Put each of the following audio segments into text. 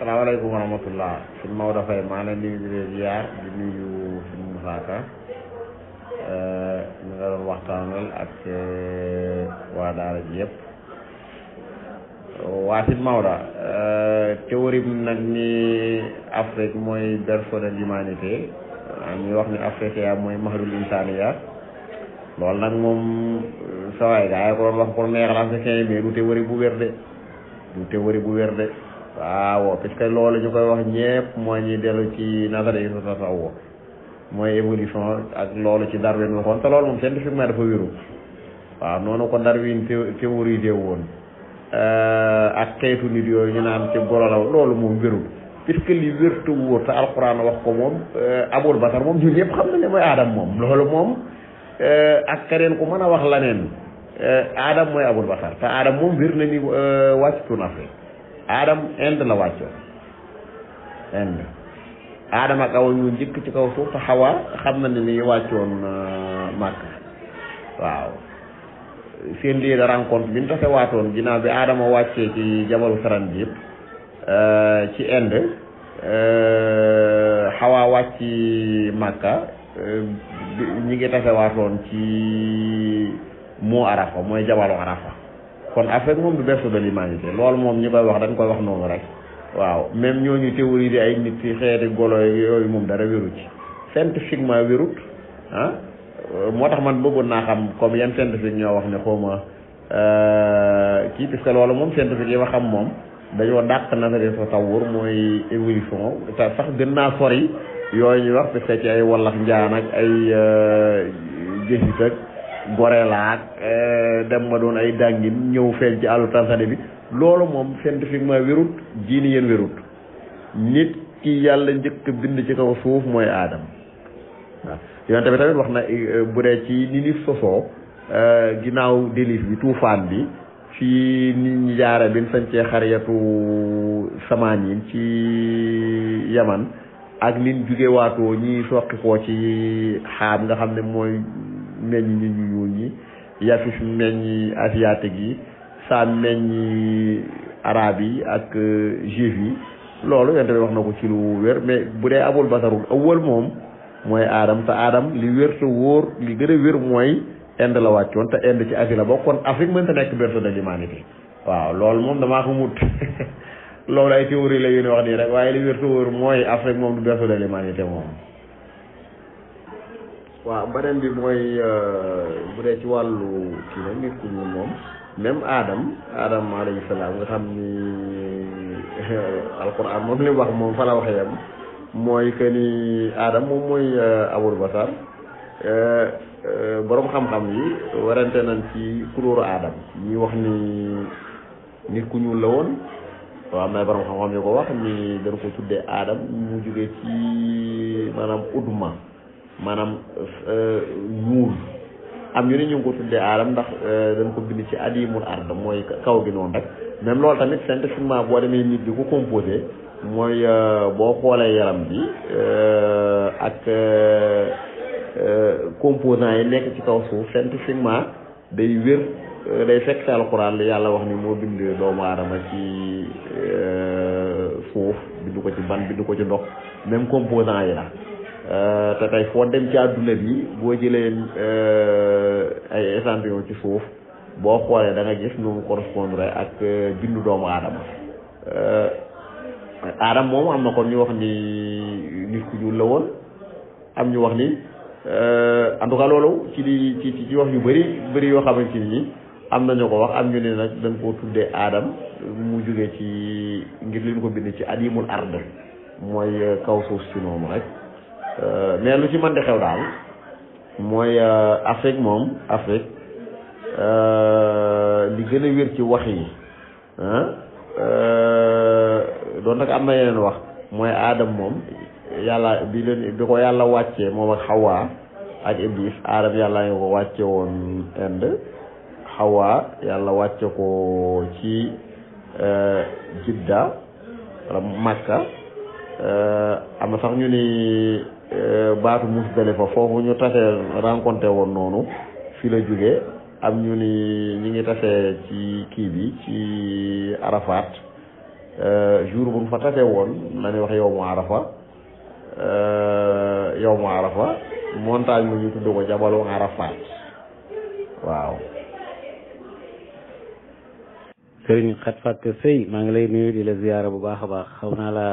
salaamaaleykum wa rahmatullah suñ Maodo Faye maa leen di nuyu di leen nuyu suñ Moussa nga doon waxtaanal ak waa daara ji yëpp waa suñ Maodo théorie bi nag ni Afrique mooy berceau de l'humanité ñuy wax ni Afrique yaa mooy mahrul insaniya loolu nag moom eh, sawaay gaa yi ko wax pour neexal africain yi mais du théorie bu wér de du théorie bu wér de waaw puisque loolu ñu koy wax ñëpp moo ñuy dellu ci nasara yi tasawoo mooy évolution ak loolu ci Darwin waxoon te loolu moom scientifiquement dafa wéru waaw noonu ko Darwin théorisé woon euh, ak xeetu nit yooyu ñu naan ci gorolaw loolu moom wérul puisque li wértu wóor te alxuraan wax ko moom euh, abul basar moom ñun ñëpp xam nañ ne mooy aadam moom loolu moom euh, ak keneen ku mën a wax laneen aadam mooy abul basar te aadam moom wér na ni wàcc tuun aadama inde la wàccoon inde aadama ak ñu njëkk ci kaw suuf te xam na ne ni wàccoon uh, màkk waaw seen lieu de rencontre bi ñu tase waatoon bi aadama wàccee ci jabalu saran bi uh, ci inde xawa uh, wàcc màkka ñi ngi tase ci moo arafa mooy jabalu arafa kon Afrique moom du berceau de l'humanité loolu moom ñi koy wax dañ koy wax noonu rek waaw même ñooñu de ay nit ci xeeti golo yooyu moom dara wéru ci scientifiquement wérut ah moo tax man bëggoon naa xam comme yan scientifique ñoo wax ne xawma euh, kii parce que loolu moom scientifique yi ma xam moom dañoo dàq nazari sa tawur mooy évolution te sax gën naa sori yooyu ñuy wax parce que ci ay wallax njaan ak ay gësit euh, ak goreelaak eh, dem ma doon ay dàngin ñëw feeñ ci àllu Tanzanie bi loolu moom scientifiquement wérut diini yéen wérut nit ki yàlla njëkk bind ci kaw suuf mooy aadam waaw yonent bi tamit wax na eh, bu dee ci ni nit sosoo eh, ginnaaw délif bi tuufaan bi ci nit ñi jaare bin sañcee xariyatu samaan yi ci yaman ak nin juge waatoo ñi soqikoo ci xaam nga xam ne mooy meññ ñi ñu ñuul ñi yafis meññ asiatique yi saam meññ arab yi ak euh, juif yi loolu yonent bi wax na ko ci lu wér mais bu dee abul basarul awwal moom mooy aadam te aadam li wér te wóor li gën a wér mooy Inde la wàccoon te Inde ci Asie la bokkoon Afrique mën ta nekk berceau de l'humanité waaw loolu moom damaa ko mut loolu ay théorie la yu ne wax nii rek waaye li wér te wóor mooy Afrique moom du berceau de l'humanité moom waaw beneen bi mooy euh, bu dee ci wàllu kii nag nit ku ñuul moom même Adam Adam alayhi salaam nga xam ni euh, alquran moom li wax moom fa waxee yam mooy que ni Adam moom mooy euh, abul basar boroom xam-xam yi warante nañ ci kulóoru Adam ñi wax ni nit ku ñuul la woon waaw am na borom xam-xam yu ko wax ni dañ ko tuddee Adam mu jugee ci maanaam udma maanaam ñuul euh, am ñu ne ñu ngi ko tuddee aadam ndax euh, dañ ko bind ci adimul ard mooy kaw gi noonu rek même loolu tamit scientifiquement boo demee nit di ko composé mooy euh, boo xoolee yaram bi ak composants yi nekk ci kaw suuf scientifiquement day wér day fekk ci alxuraan yàlla wax ni moo bind doomu aadama ci suuf bindu ko ci ban du ko ci ndox même composants yi la Euh, te tey foo dem ci àdduna bi boo jëlee euh, ay échantillon ci suuf boo xoolee danga gis nu correspondre ak euh, bindu doomu aadama aadama moom am na kon ñu wax ni nit ku am ñu wax ni en tout cas loolu ci di ci ci wax yu bari bari yoo xamante ni am na ñu ko wax am ñu ne nag dañ koo tuddee aadam mu jógee ci ngir li ko bind ci adimul ard mooy kaw suuf si noonu rek Euh, mais lu ci man di xew daal mooy euh, Afrique moom Afrique euh, li gën a wér ci wax yi doon nag am na yeneen wax mooy aadam moom yàlla bi leen bi ko yàlla wàccee moom ak xawa ak iblis aadam yàlla nga ko wàcce woon Inde xawaa yàlla wàcce ko ci jidda wala makka am na sax ñu ni Euh, baatu Musdalifa foofu ñu tase rencontré woon noonu fi la jóge am ñu ni ñi ngi tase ci kii bi ci Arafat euh, jour bu ñu fa tase woon nañu wax yow mu Arafa euh, yow mu Arafa montagne mu ñu tudd ko jabalu Arafat waaw sëriñ xat fàkk sëy maa ngi lay nuyu di la ziyaara bu baax a baax xaw naa la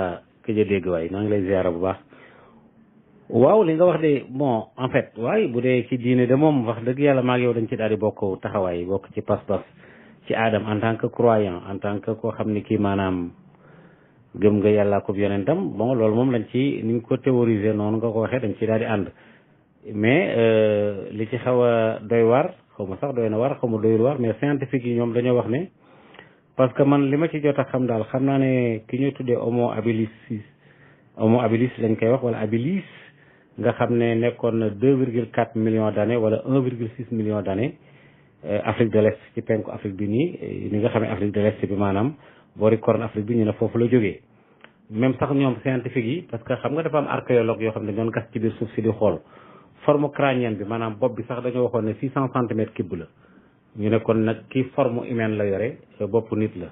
këj a dégg waaye maa ngi lay ziyaara bu baax waaw li nga wax de bon en fait waaye bu dee ci diine de moom wax dëgg yàlla maa ngi yow dañ ci daal di bokk taxawaay bokk ci pas-pas ci aadam en tant que croyant en tant que ko xam ne kii maanaam gëm nga yàlla ko yonentam bon loolu moom lañ ci ni ñu ko théoriser noonu nga ko waxee dañ ci daal di ànd mais euh, li ci xaw a doy waar xaw ma sax doy na waar xaw ma doyul waar mais scientifique yi ñoom dañoo wax ne parce que man li ma ci jot a xam daal xam naa ne ki ñu tuddee homo habilis homo habilis lañ koy wax wala habilis nga xam ne nekkoon na deux virgule quatre million d'années wala un virgule six millions d'années euh, Afrique de l'Est ci penku Afrique bi nii euh, ni nga xam ne Afrique de l'Est bi maanaam boori Corne Afrique bi ñu ne foofu la jógee même sax ñoom scientifique yi parce que xam nga dafa am archéologue yoo xam ne doon gas ci biir suuf si di xool forme crânienne bi maanaam bopp bi sax dañoo waxoon ne six cent centimètres cube la ñu ne kon nag kii forme humaine la yore bopp nit la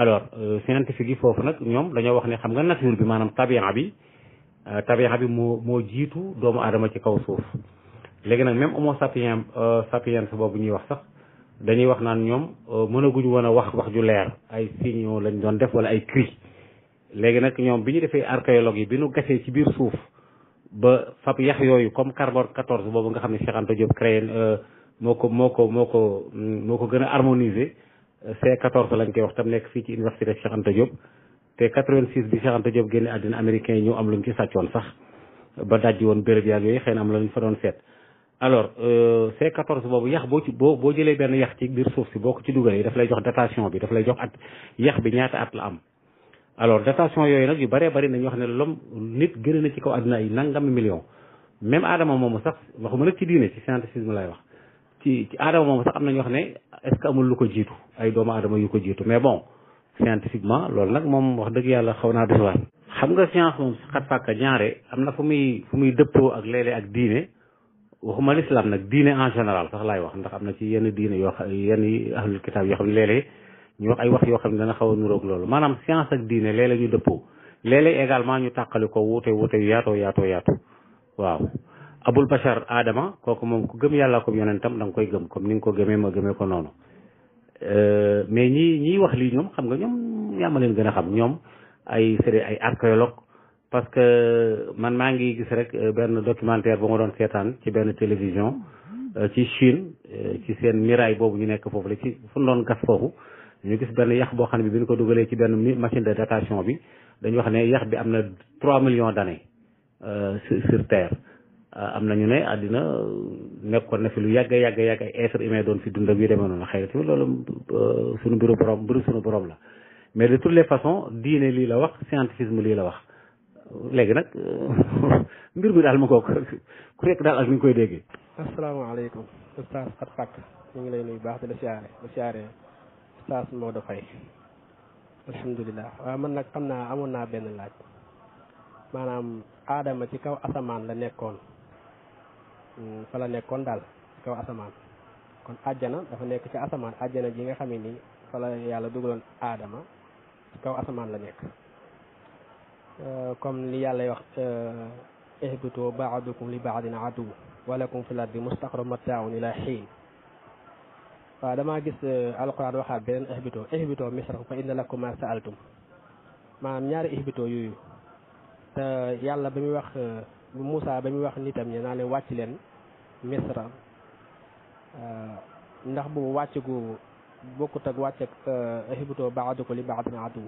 alors euh, scientifique yi foofu nag ñoom dañoo wax ne xam nga nature bi maanaam tabia bi Euh, tabixa bi moo moo jiitu doomu aadama ci kaw suuf léegi nag même homo sapiens euh, sapiens boobu ñuy wax sax dañuy wax naan ñoom euh, mënaguñu woon a wax wax ju leer ay signaux lañ doon def wala ay cri léegi nag ñoom bi ñu defee archéologue yi bi ñu gasee ci biir suuf ba fab yax yooyu comme carbone 14 boobu nga xam ne Cheikh Anta Diop créé moo ko moo ko moo ko moo ko gën a harmoniser C14 lañ koy wax tam nekk fii ci université Cheikh Anta te 86 bi Cheikh Anta Diop génne àddina américain yi ñu am luñ ci sàccoon sax ba dajji woon béréb yaag yooyu xëy na am la ñu fa doon seet alors euh, C14 boobu yax boo ci boo boo jëlee benn yax ci biir suuf si boo ko ci dugalee daf lay jox datation bi daf lay jox at yax bi ñaata at la am alors datation yooyu nag yu bëree bëri nañu wax ne lom nit gën na ci kaw àddina ay nangami million même aadama moomu sax waxuma nag ci diine ci scientisme lay wax ci ci aadama moomu sax am na ñu wax ne est-ce lu ko jiitu ay doomu aadama ko jiitu mais bon scientifiquement loolu nag moom wax dëgg yàlla xaw naa doy xam nga science moom si xat fàkk ñaare am na fu muy fu muy dëppoo ak léeg-léeg ak diine waxuma l'islam nag diine en général sax laay wax ndax am na ci yenn diine yoo xam yenn yi yoo xam ne léeg-léeg ñu wax ay xam ne dana xaw a nuroog loolu maanaam science ak diine léeg ñu dëppoo léeg-léeg également ñu tàqali ko wuute wuute yu yaatoo yaatoo yaatu waaw abul bachar adama kooku moom ku gëm yàlla comme yonentam da nga koy gëm comme ni nga ko gëmee ma gëmee ko noonu Euh, mais ñi ñiy wax lii ñoom xam nga ñoom yaa ma leen gën a xam ñoom ay c'est ay archéologue parce que man maa ngi gis rek euh, benn documentaire bu ma doon seetaan ci benn télévision euh, ci Chine ci seen miraay boobu ñu nekk foofu la ci fu ñu doon gas foofu ñu gis benn yax boo xam ne bi ñu ko dugalee ci benn machine de datation bi dañu wax ne yax bi am na trois millions d'années sur terre am ñu ne àddina nekkoon na fi lu yàgg yàgg yàgg ay être humain doon fi dund ak yu demee noonu xëy na tamit loolu euh, suñu mbiru borom mbiru suñu borom la mais de toutes les façons diine lii la wax scientifisme lii la wax léegi nag euh, mbir bi daal mu ko ku nekk koy déggee. asalaamaaleykum oustaz Fat Fak ñu ngi lay nuyu baax di la siyaare la siyaare oustaz Maodo Faye alhamdulilah waaw man nag xam naa amoon naa benn laaj maanaam aadama ci kaw asamaan la nekkoon. Mm, fa la nekkoon daal ci kaw asamaan kon àjjana dafa nekk ci asamaan àjjana ji nga xam ne nii fa la yàlla dugaloon aadama ci kaw asamaan la nekk euh, comme li yàlla wax euh, ihbitu ba'dukum li ba'din aduw walakum fil ardi mustaqarrun mataaun ila xiin waaw damaa gis euh, alquran waxaat beneen ihbitu ihbitu misra fa inna lakum ma sa'altum maanaam ñaari ihbitu yooyu te yàlla ba muy wax Moussa ba muy wax nitam ñi naa leen wàcc leen Misra euh, ndax boobu wàcc gu bokkut ak wàcc ak euh, ihbitu ba'dukum li ba'din aduw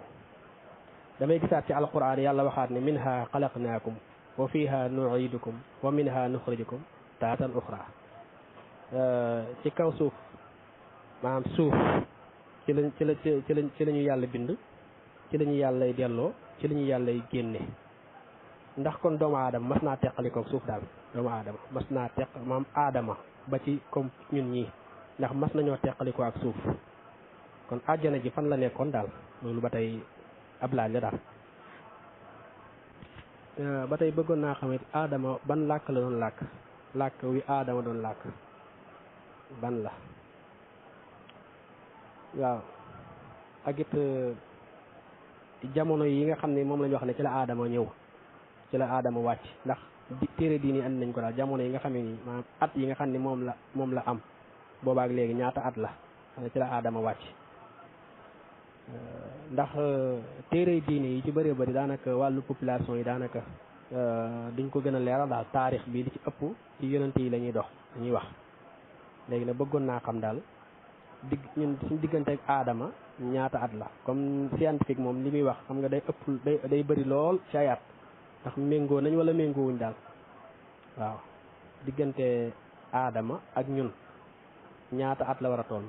damay gisaat ci alquran yàlla waxaat ne minha xalaqnaakum wa fiha nu'idukum wa minha nuxrijukum taatan uxra euh, ci kaw suuf maanaam suuf ci lañ ci la ci lañ ci la ñu yàlla bind ci la ñu yàllay delloo ci la ñu yàllay génne ndax kon doomu aadama mas naa teqalikoog suuf daal mas naa teq maam aadama ba ci comme ñun ñii ndax mas nañoo teqalikoo ak suuf kon àjjana ji fan la nekkoon daal loolu ba tey ab laaj la daal euh, ba tey bëggoon naa xamit aadama ban làkk la doon làkk làkk wi aadama doon làkk ban la waaw ak it euh, jamono yi nga xam ne moom la ñu wax ne ci la aadama ñëw ci la aadama wàcc ndax di téere diini andi nañ ko daal jamono yi nga xam ni maanaam at yi nga xam ne moom la moom la am boobaak léegi ñaata at la ci la aadama wàcc euh, ndax euh, téere diini yi ci bëree bëri daanaka wàllu population yi daanaka euh, duñ ko gën a leeral daal taarix bi li ci ëpp ci yonent yi lañuy dox dañuy wax léegi nag bëggoon naa xam daal digg ñun suñu diggante ak aadama ñaata at la comme scientifique moom li muy wax xam nga day ëpp day day bëri lool ci ndax méngoo nañ wala méngoowuñ daal waaw diggante aadama ak ñun ñaata at la war a toll.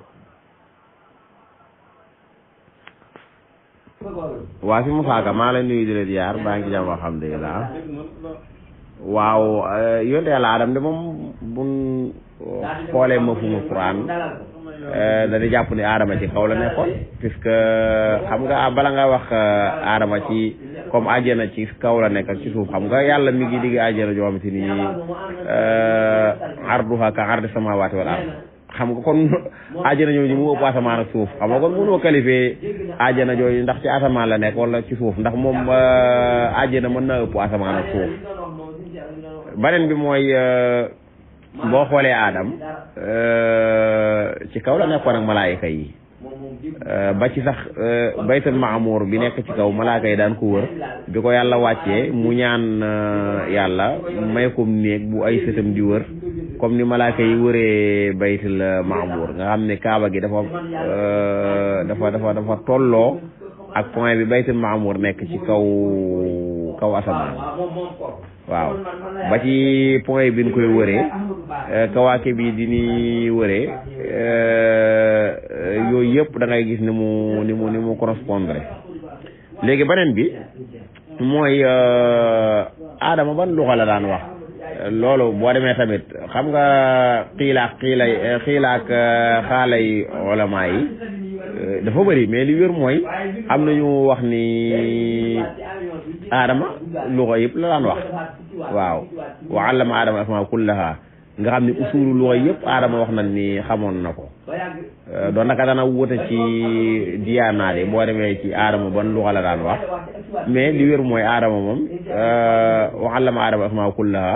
waa si Moussa Ka maa la nuyu di la ziar baa ngi jàmm alhamdulilah waaw eh, yonte yàlla Adam de moom buñ xoolee ma fu mu Quran eh, dañu jàpp ni Adama ci kaw la nekkoon puisque xam nga bala nga wax eh, Adama ci. comme àjjana ci kaw la nekk ak ci suuf xam nga yàlla mi ngi digg àjjana joo xamante ni euh, arduha ka ardi samawati wal xam nga kon àjjana jooju mu ëpp asamaan ak suuf xam nga kon mënoo qualifier àjjana jooju ndax ci asamaan la nekk wala ci suuf ndax moom euh, àjjana mën na ëpp asamaan ak suuf beneen bi mooy euh, boo xoolee aadam ci kaw la nekkoon ak malaayika yi Euh, ba ci sax euh, baytal maamuur bi nekk ci kaw malaaka yi daan ko wër bi ko yàlla wàccee mu ñaan euh, yàlla may ko néeg bu ay sëtam di wër comme ni malaaka yi wëree baytal maamuur nga xam ni kaaba gi dafa dafa dafa tolloo ak point bi baytal maamuur nekk ci kaw kaw asamaan waaw ba ci point bi ñu koy wëree euh, kawaake bi di ni wëree euh, yooyu yëpp dangay gis ni mu ni mu ni mu correspondre léegi beneen bi mooy aadama euh, ban luxa la daan wax loolu boo demee tamit xam nga xiilaak xiila xiilaak xaalay ulama yi dafa bëri mais li wér mooy am nañu wax ni aadama luxa yëpp la daan wax waaw wa allama aadama asmaa kullaha nga xam ne usulu luwa yëpp aadama wax nañ ni xamoon na ko euh, doon naka dana wute ci diyaan diyaanaale boo demee ci aadama ban luwa la daan wax mais li wér mooy adama moom euh, wa allama aadama asmaa kullaha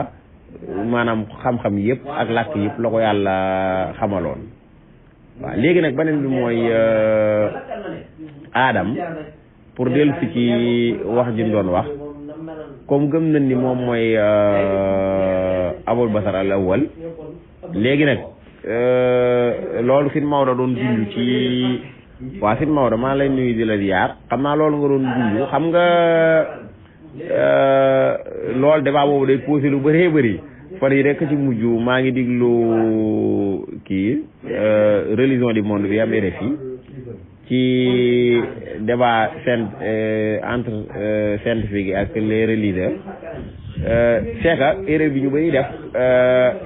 maanaam xam-xam yëpp ak làkk yëpp la ko yàlla xamaloon waaw léegi nag beneen bi mooy aadam euh, pour dellu si ci wax ji doon wax comme gëm nañ ni moom mooy euh, abul basar al awal léegi nag euh, loolu sin Maodo doon junj ci waa sin Maodo maa lay nuyu di la ziar xam naa loolu nga doon junj xam nga euh, loolu débat boobu day posé lu bëree bëri fan yi rek ci mujj maa ngi diglu kii religion du monde bi am RFI ci débat seen euh, entre euh, scientifique yi ak les religieux euh, c'est que bi ñu bëri def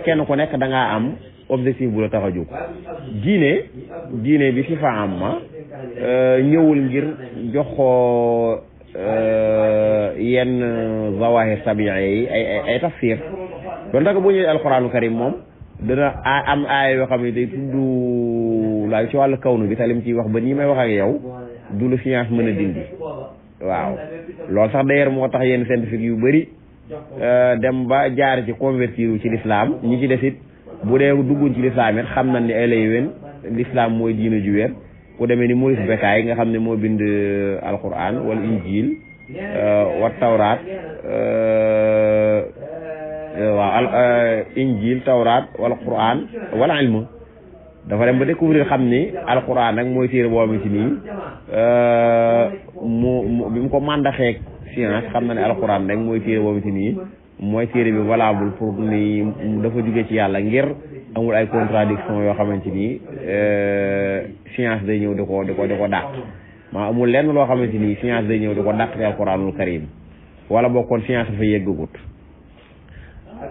kenn ku nekk da ngaa am objectif bu la tax a jóg diine diine bi fi am ma ah, ñëwul ngir jox ko yenn zawahir tabiya yi ay ay tafsir doon tax bu ñëwee alquranu karim moom dana am aaya xam ne day laay ci wàllu no bi talim ciy wax ba nii may wax ak yow du lu science mën a dindi waaw loolu sax d'ailleurs moo tax yenn scientifique yu bëri euh, dem ba jaar ci convertir wu ci l'islam ñi ci des it bu dee dugguñ ci l'islam it xam na ni ay lay wen mooy diina ju wér ku demee ni Maurice Bucaille nga xam ne moo bind euh, alquran wala injil euh, wa tawraat waaw injil tawraat wala quran wala ilmu dafa dem ba découvrir xam ni alxuraan nag mooy téere boobu ci nii mu mu bi mu ko màndaxee science xam na ne alxuraan rek mooy téere boobu ci nii mooy téere bi valable pour ni dafa jóge ci yàlla ngir amul ay contradiction yoo xamante ni euh, science day ñëw di ko di ko di ko dàq maa amul lenn loo xamante ni science day ñëw di ko dàq ci alxuraanul karim wala bokkoon science dafa yeggagut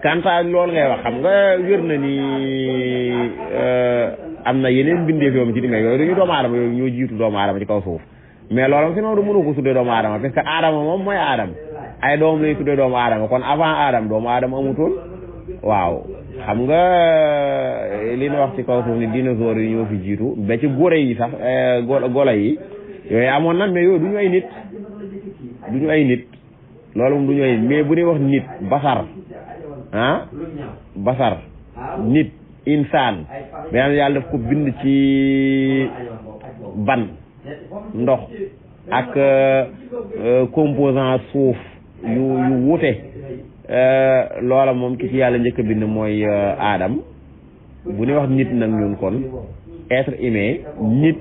kanta loolu ngay wax xam nga wér na ni euh, am na yeneen bindeef yoo ci dingay yooyu dañuy doomu aadama yooyu ñoo jiitu doomu aadama ci kaw suuf mais loolu sinon du mënu ko parce que aadama moom mooy aadama ay doom lay tuddee doomu aadama kon avant aadama doomu aadama amutoon waaw xam nga euh, li ñu wax ci kaw suuf ni dinosaures yi ñoo fi jiitu ba ci góore yi sax euh, golo yi yooyu amoon na mais yooyu du ñu ay nit du ñu ay nit loolu moom du ñu ay bu ñuy wax nit basar ah basar nit insaan bi nga yàlla daf ko bind ci ban ndox ak euh, composant suuf yu yu wuute euh, loola moom ki ci yàlla njëkk bind mooy aadam euh, bu ñu wax nit nag ñun kon être humain nit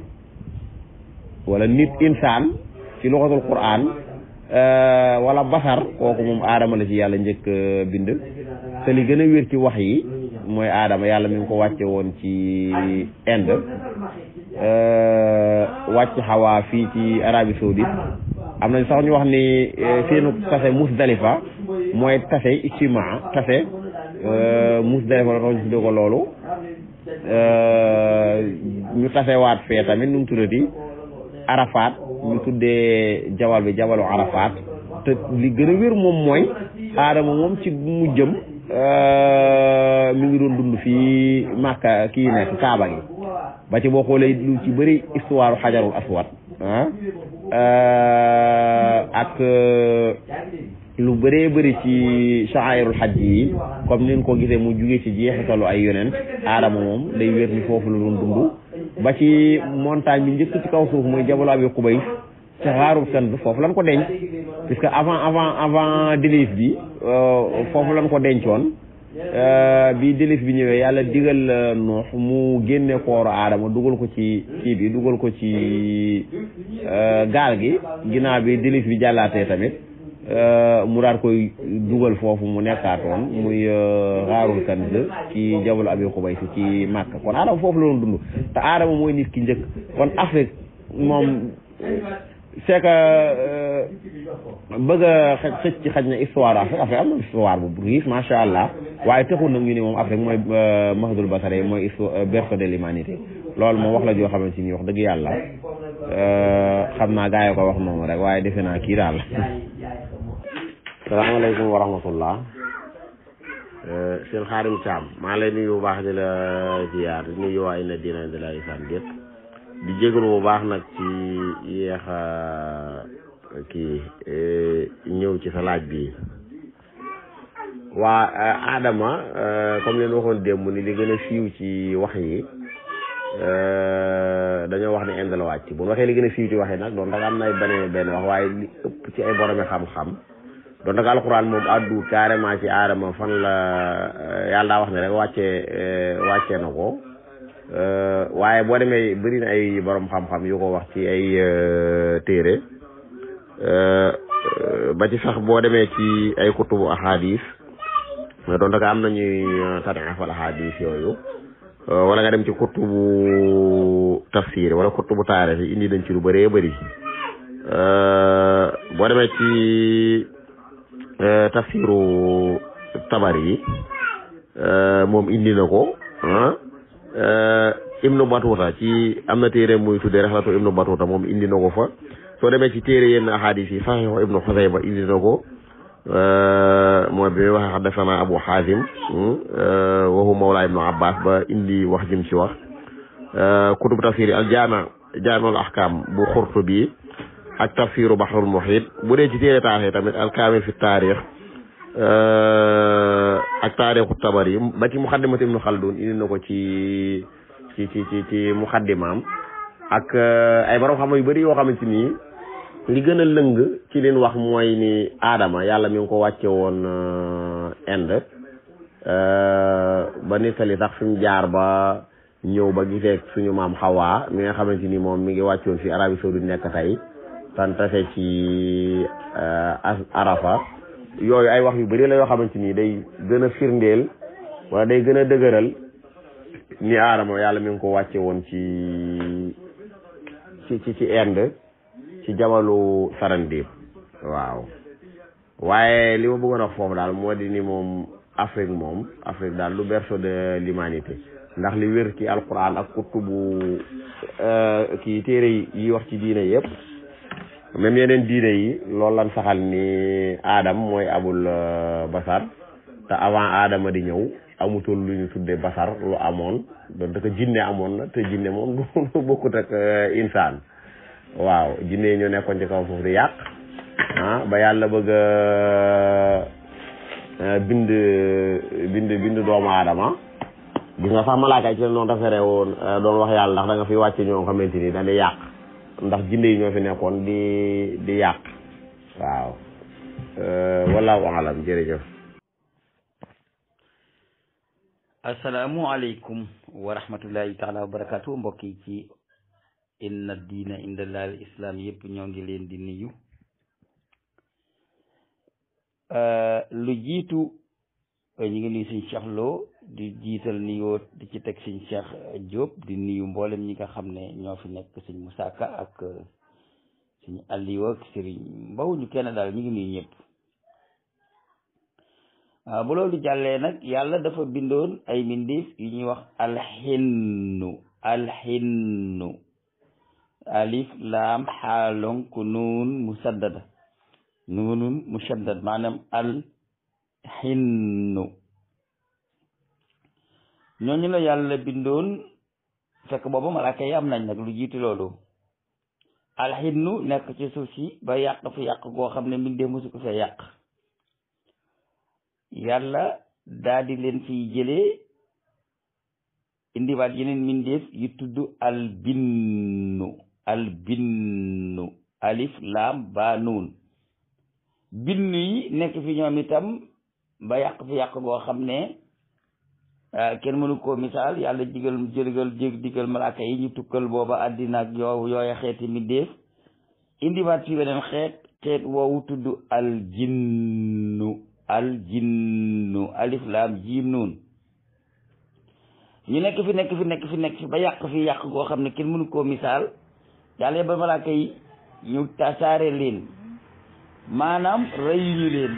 wala nit insaan ci luxatul quran Euh, wala basar kooku moom aadama la ci yàlla njëkk euh, bind te li gën a wér ci wax yi mooy aadama yàlla mi ngi ko wàcce woon ci Inde euh, wàcc xawaa fii ci Arabie Saoudite am na sax ñu wax ni seenu tase Musdalifa mooy tase istima tase Musdalifa la tax ñu tuddee ko loolu ñu tasewaat fee tamit nu mu tuddati Arafat ñu tuddee jawal bi jawalu Arafat te li gën a wér moom mooy aadama moom ci mu jëm euh, mi ngi doon dund fii Màkka kii nekk Kaaba gi ba ci boo xoolee lu ci bëri histoire xajarul aswad ah, euh, ak euh, lu bëree bëri ci sha'airul hajj yi comme ni ko gisee mu jugee ci jeexitalu ay yonent aadama moom day wér ni foofu la doon dund ba ci montagne bi njëkk ci kaw suuf mooy jabalu abi xubay ca xaaru sand foofu lan ko denc que avant avant avant délif bi euh, foofu lan ko dencoon euh, bi délif bi ñëwee yàlla digal euh, noox mu génne kooru aadama dugal ko ci kii bi dugal ko ci gaal gi ginnaaw bi délif bi jàllaatee tamit Euh, mu daal koy dugal foofu mu nekkaatoon muy xaarul euh, kan de ci jabal abi xubay si ci màkk kon aadama foofu la doon te aadama mooy nit ki njëkk kon Afrique moom c'est que euh, a xëcc ci xaj na histoire Afrique Afrique am na histoire bu riis macha allah waaye taxul nag ñu ne moom Afrique mooy mahdul basare mooy berceau de l'humanité loolu moom wax la joo xamante ni wax dëgg yàlla xam naa gaa yi ko wax noonu rek waaye defe naa kii salaamaaleykum wa rahmatullah seen eh, xaarim Thiam maa lay nuyu bu baax di la ziyaar di nuyu waa Ina Dina di la isaan gépp di jégalu bu baax nag ci yéex a kii eh, ñëw ci sa laaj bi waa eh, Adama comme leen waxoon démb ni li gën a siiw ci wax yi dañoo wax ne Inde la wàcc bu ñu waxee li gën a siiw ci wax yi nag doon da am na ay benn benn wax waaye ci ay boromi xam-xam. doon nag alxuraan moom addu carrément ci aadama fan la euh, yàlla daa wax na rek wàcce euh, wàccee na ko euh, waaye boo demee bëri na ay boroom xam-xam yu ko wax ci ay téere ba ci sax boo demee ci ay kutubu ahadis mais doon nag am nañuy tariifal ahadis yooyu wala nga dem ci kutubu tafsir wala kutubu taarix yi indi dañ ci lu bëree bëri boo demee ci Euh, tafsiru tabari euh, moom indi na ko ah. euh, ibnu batuta ci am na téere muy tuddee rexlatu ibnu batuta moom indi na ko fa soo demee ci téere yenn ahadis yi saxiixu ibnu xusayba indi na ko mooy bi wax xaddasanaa abu xaasim hmm. waxu mawlaa ibnu abbas ba indi wax jim ci wax kutub tafsir yi al jaama jaamul bu xurtu bi ak tafsiru bahrul muhit bu dee ci téere taarix tamit alkaamil fi taarix euh, ak taarixu yi ba ci muxaddimatu xal xaldun indi na ko ci ci ci ci ci muxaddimaam ak euh, ay borom xam yu bari yoo xamante ni li gën a lëng ci leen wax mooy ni aadama yàlla mi ngi ko wàcce woon euh, Inde ba nettali sax fi mu jaar ba ñëw ba giseeg suñu maam xawaa mi nga xamante ni moom mu ngi wàccoon fi Arabie Saoudite nekk tey tan tase ci euh, arafa yooyu ay wax yu bari la yoo xamante ni day gën a firndeel wala day gën a dëgëral ni aadama yàlla mi ngi ko wàcce woon ci ci ci ci Inde ci jabalu Sarandib waaw waaye li ma bëggoon a foofu daal moo di ni moom Afrique moom Afrique daal lu berceau de l'humanité ndax li wér ci alquran ak kutubu euh, kii téere yi wax ci diine yëpp même yeneen diine yi loolu lan saxal ni aadam mooy abul euh, basar te avant aadama di ñëw amutoon lu ñu tuddee basar lu amoon doon te jinne amoon na te jinne moom du bokkut ak euh, insaan waaw jinne yi ñoo nekkoon ci kaw foofu di yàq ah, ba yàlla bëgg a euh, bind bind bind doomu aadama gis nga sax laa yi ci leen doon référé woon doon wax yàlla ndax da nga fi wàcc ñoo xamante ni dañuy yàq ndax jinne ñoo fi nekkoon di di yàq waaw euh, wallahu alam jërëjëf asalaamualeykum wa rahmatullahi taala wa barakatu mbokk yi ci inna diina inda laal islam yëpp ñoo ngi leen di nuyu euh, lu jiitu ñu ngi nuyu suñu Cheikh Lo di jiital nuyoo di ci teg sëñ Cheikh Diop di nuyu mboolem ñi nga xam ne ñoo fi nekk sëñ Moussa Ka ak euh, sëñ Aliou ak sëriñ Mbow ñu kenn daal ñu ngi nuyu ñëpp ah, bu loolu jàllee nag yàlla dafa bindoon ay mbindeef yu ñuy wax alxinnu alxinnu alif laam xaalon ku nuun musaddada nuunun musaddad maanaam alxinnu ñooñu la yàlla bindoon fekk boobu malaaka yi nañ nag lu jiitu loolu alxinnu nekk ci suuf si ba yàq fu yàq goo xam ne mbindee mosu ko fee yàq yàlla daa di leen fiy jëlee indiwaat yeneen mbindeef yu tudd albinnu albinnu alif laam baa nuun binnu yi nekk fi ñoom itam ba yàq fu yàq goo xam ne Eh, kenn mënu koo misaal yàlla jigal jëlgal digal malaaka yi ñu tukkal booba àddina ak yoo yooya xeeti mi déef indiwaat fi beneen xeet xeet woowu tudd al jinnu al jinnu alif laam ñu nekk fi nekk fi nekk fi nekk fi ba yàq fi yàq koo xam ne kenn mënu koo misaal yàlla ba malaaka yi ñu tasaare leen maanaam rëyu ñu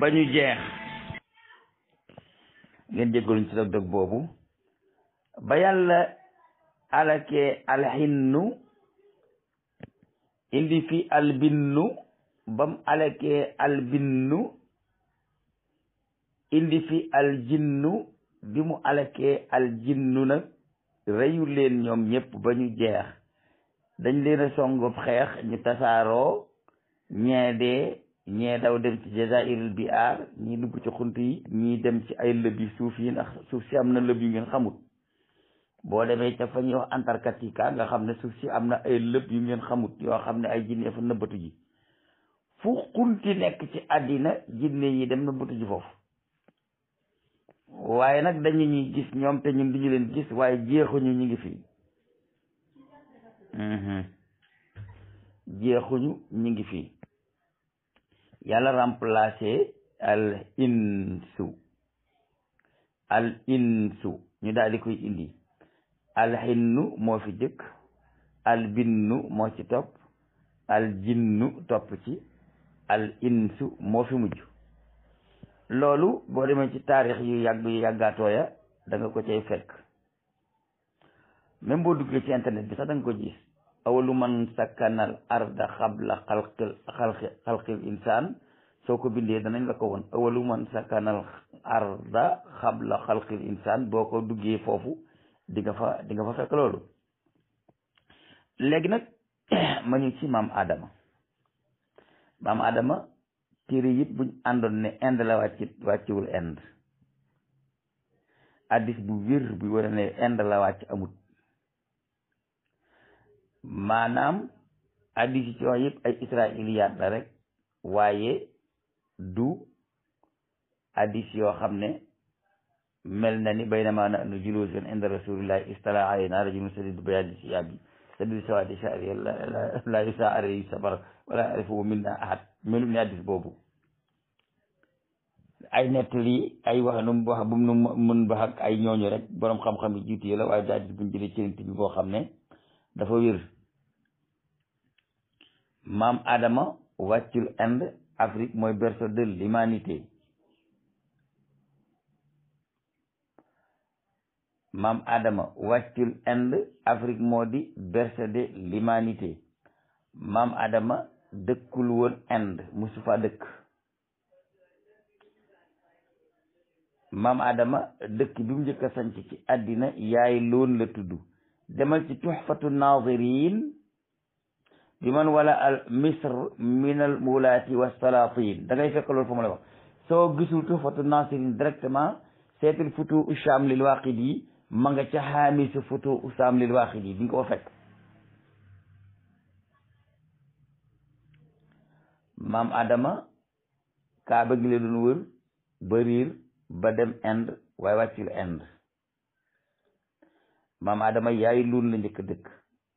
ba ñu jeex ngeen jéggaluñ ci dog dog boobu ba yàlla alakee alxinnu indi fi albinnu bam alakee albinnu indi fi aljinnu bi mu alakee aljinnu nag reyu leen ñoom ñépp ba ñu jeex dañ leen a songub xeex ñu tasaaroo ñeedee ñee daw dem ci jazairul bi aar ñii dugg ci xunt yi ñii dem ci ay lëbi suuf yi ndax suuf si am na lëb yu ngeen xamut boo demee ca fa ñuy nga xam ne suuf si am na ay lëb yu ngeen xamut yoo xam ne ay jinne fa nëbbatu ji fu xunti nekk ci àddina jinne yi dem nëbbatu ji foofu waaye nag dañu ñuy gis ñoom te ñun duñu leen gis waaye jeexuñu ñu ngi fii mhm. jeexuñu ñu ngi fii yàlla remplacé al insu al insu ñu daal di koy indi al xinnu moo fi jëkk al binnu moo ci topp al jinnu topp ci al insu moo fi mujj loolu boo demee ci taarix yu yàgg yu ko cay fekk même boo duggee ci internet bi sax da ko gis awalu man sakkanal arda xabla xalqil xalqi xalqil insaan soo ko bindee danañ la ko woon awalu man sakkanal arda xabla xalqil insaan boo ko duggee foofu di fa di nga fa fekk loolu léegi nag ma ci maam Adama maam Adama téere yit buñ àndoon ne Inde la wàcci wàcciwul Inde addis bu wér bu wara ne Inde la wàcc amut maanaam addition yëpp ay israiliyaat la rek waaye du addis yoo xam ne mel na ni bay na maana nu juluusun inda rasulillahi istala alayna rajulun sadidu bayaadi siyaabi sadidu sawaadi sha'ri la yusa alayhi sabar wala ya'rifu minna ahad melu ni addis boobu ay nettali ay wax num wax bu mun wax ak ay ñooñu rek borom xam-xam yi jiitu yi la addis buñ jëlee ci bi boo xam ne dafa wér maam Adama wàccul Inde Afrique mooy berceau de l'humanité maam Adama wàccul Inde Afrique moo di berceau maam Adama dëkkul woon Inde musu fa dëkk maam Adama dëkk bi mu njëkk a sanc ci àddina yaay loon la tudd demal ci tuxfatu nazirin bi man wala al misr min al mulaati wa salatin da ngay fa mu la wax soo gisul tuhfatu nasirin directement seetil futu usham lil ma nga ca xaamisu futu usham lil waaqidi di nga ko fekk maam adama kaaba gi la doon wër ba riir ba dem Inde waaye wàccul Inde maam adama yaay luun la njëkk dëkk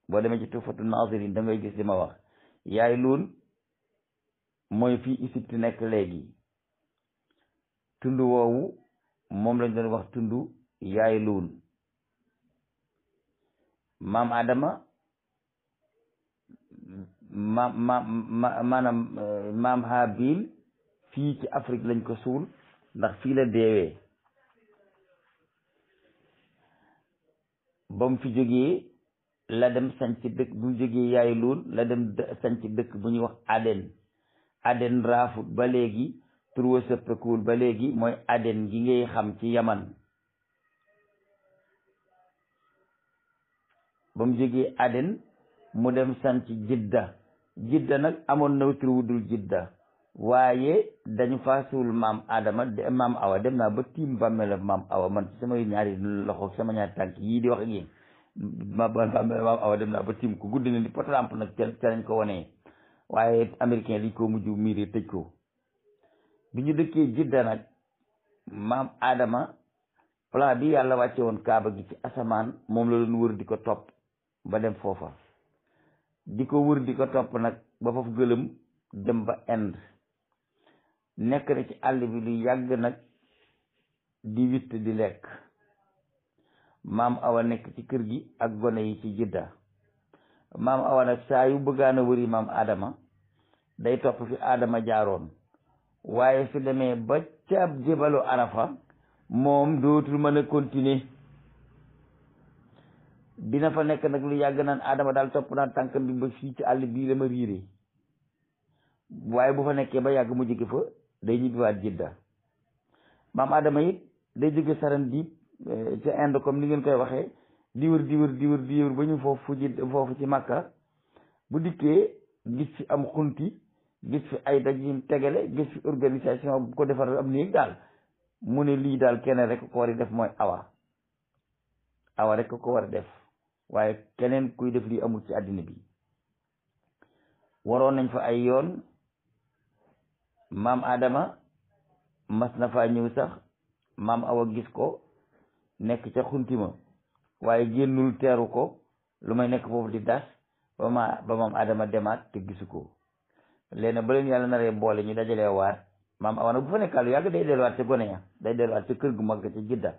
boo demee ci tufatu nazirin da ngay gis li ma wax yaay luun mooy fii Égypte nekk léegi tund woowu moom lañ doon wax tundu yaay luun maam Adama ma ma maanaam euh, maam Habil fii ci Afrique lañ ko suul ndax fii la deewee ba fi jógee la dem sanc dëkk bu jógee yaay lool la dem sanc dëkk bu ñuy wax aden aden raafut ba léegi turwa sëppekuwul ba léegi mooy aden gi ngay xam ci yaman ba mu jógee aden mu dem sanc jidda jidda nag amoon na tur wudul jidda waaye dañu faasuwul maam Adama maam Awa dem naa ba tiim bàmmeelam maam Awa man ci samay ñaari loxo sama ñaari tànk yii di wax ak ma maam awa dem naa ba tim ko guddi na ni potlamp nag ca ca lañ ko wanee waaye américain liñ ko mujj miiree tëj bi ñu dëkkee jidda nag maam Adama plan bi yàlla wàcce woon kaaba gi ci asamaan moom la doon wër di ko topp ba dem foofa di ko wër di ko topp nag ba foofu gëlëm dem ba Inde nekk na ci àll bi lu yàgg nag di witt di lekk maam awa nekk ci kër gi ak gone yi ci jidda maam awa nag saa yu bëggaan a wëri maam aadama day topp fi aadama jaaroon waaye su demee ba ca ab jébalu arafa moom dootul mën a continuer dina fa nekk nag lu yàgg naan aadama daal topp naan tànkam bi ba fii ci àll bii dama riire waaye bu fa nekkee ba yàgg mu jóge fa day ñibbiwaat jidda maam aadama it day jóge saran diib Euh, ca Inde comme ni ngeen koy waxee di wër di wër ba ñu foofu ci foofu ci Makka bu dikkee gis ci am xunti gis fi ay daj tegale gis fi organisation bu ko defar am néeg daal mu ne lii daal kenn rek ko war a def mooy awa awa rek ko war a def waaye keneen kuy def lii amul ci àddina bi waroon nañ fa ay yoon maam aadama mas na faa ñëw sax maam awa gis ko nekk ca xuntima waaye génnul teeru ko lu may nekk foofu di das ba ma ba maam Adama demaat te ko léegi ba leen yàlla naree boole ñu dajalee waat maam awana bu fa nekkaat lu yàgg day delluwaat ca gone ya day delluwaat kër gu mag ca jidda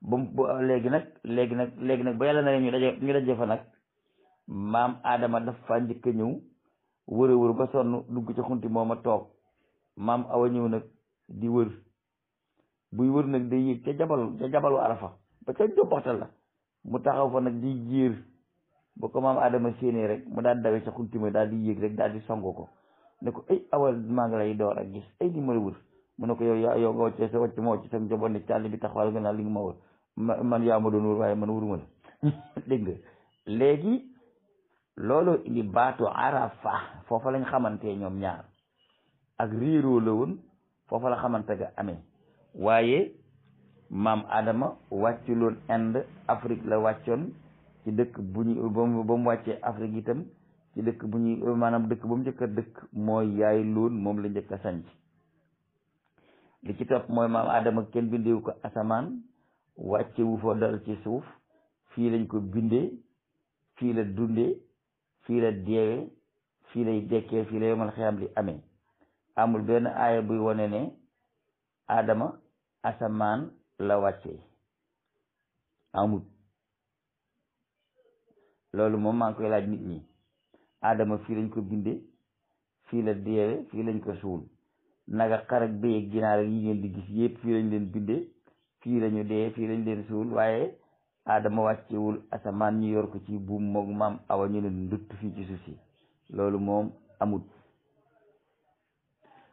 ba mu léegi nag léegi nag léegi nag ba yàlla naree ñu daje ñu daje fa nag dafa njëkk a ñëw wër wër ba sonn dugg xunti moom a toog maam awa ñëw nag di wër buy wër nag day yéeg ca jabalu ca jabalu ba ca jobota la mu taxaw fa nag di jiir ba ko maam Adama séenee rek mu daal dawe sa xuntuma daal di yéeg rek daal di songo ko ne ko ay awal maa ngi lay door ak gis ay li ma la wër mu ne ko yow yaa yow nga wàccee sa wàcc ma wàcc sa njaboot ne càll bi nga naa li nga ma wër ma man yaa ma doon waaye man wëruma la dégg nga léegi looloo indi baatu arafa foofa lañ xamantee ñoom ñaar ak réeroo la woon foofa la xamante ga amee waaye maam Adama wàcculoon Inde Afrique la wàccoon ci dëkk bu ñu ba mu wàccee Afrique itam ci dëkk bu ñuy maanaam dëkk ba mu njëkk dëkk mooy yaay loon moom la njëkk sanc li ci topp mooy maam Adama kenn bindewu ko asamaan wàcce wu dal ci suuf fii lañ ko bindee fii la dundee fii la deewee fii lay dekkee fii la yomal xiyam li amee amul benn aaya buy wone ne Adama asamaan la wàccee amut loolu moom maa ngi koy laaj nit ñi Adama fii lañ ko bindee fii la deewe fii lañ ko suul naga xar ak bëy ak ginaar ak yi ngeen di gis yépp fii lañ leen bindee fii lañu dee fii lañ leen suul waaye Adama wàccewul asamaan ñu yor ci buum moog maam awa ñu ne ndutt fii ci suuf loolu moom amut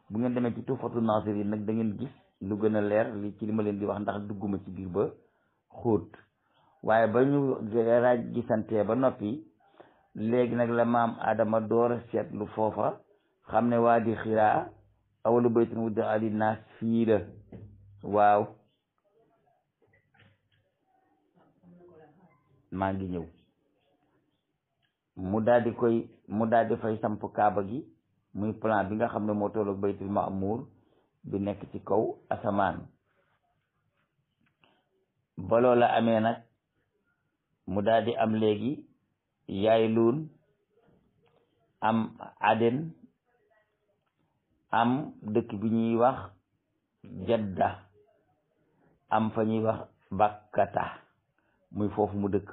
bu ngeen demee ci tuufatu naasir nag da gis lu gën a leer li ci lima leen di wax ndax dugguma ci biir ba xóot waaye ba ñu raaj gisantee ba noppi léegi nag la maam Adama door a seetlu foofa xam ne waa di xiraa awalu baytun mu ali naas fii la waaw maa ngi ñëw mu daal di koy mu daal di fay samp kaaba gi muy plan bi nga xam ne moo tolloog baytul ma'mur bu nekk ci kaw asamaan ba loola amee nag mu daldi am léegi yayluun am aden am dëkk bi ñuy wax jadda am fa ñuy wax bakkata muy foofu mu dëkk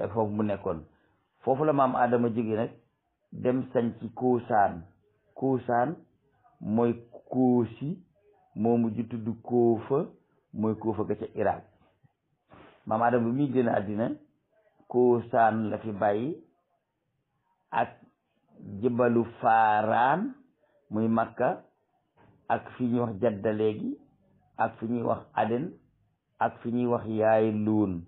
eh, foofu mu nekkoon foofu la maam Adama jóge nag dem sañ ci kuusaan kuusaan mooy kóosi moo mujj tudd kóofa mooy kóofa ga ca Irak maam Adama bi muy génn àddina koosaan la fi bàyyi ak jëbalu faaraan muy Makka ak fi ñuy wax Jadda léegi ak fi ñuy wax Aden ak fi ñuy wax yaay luun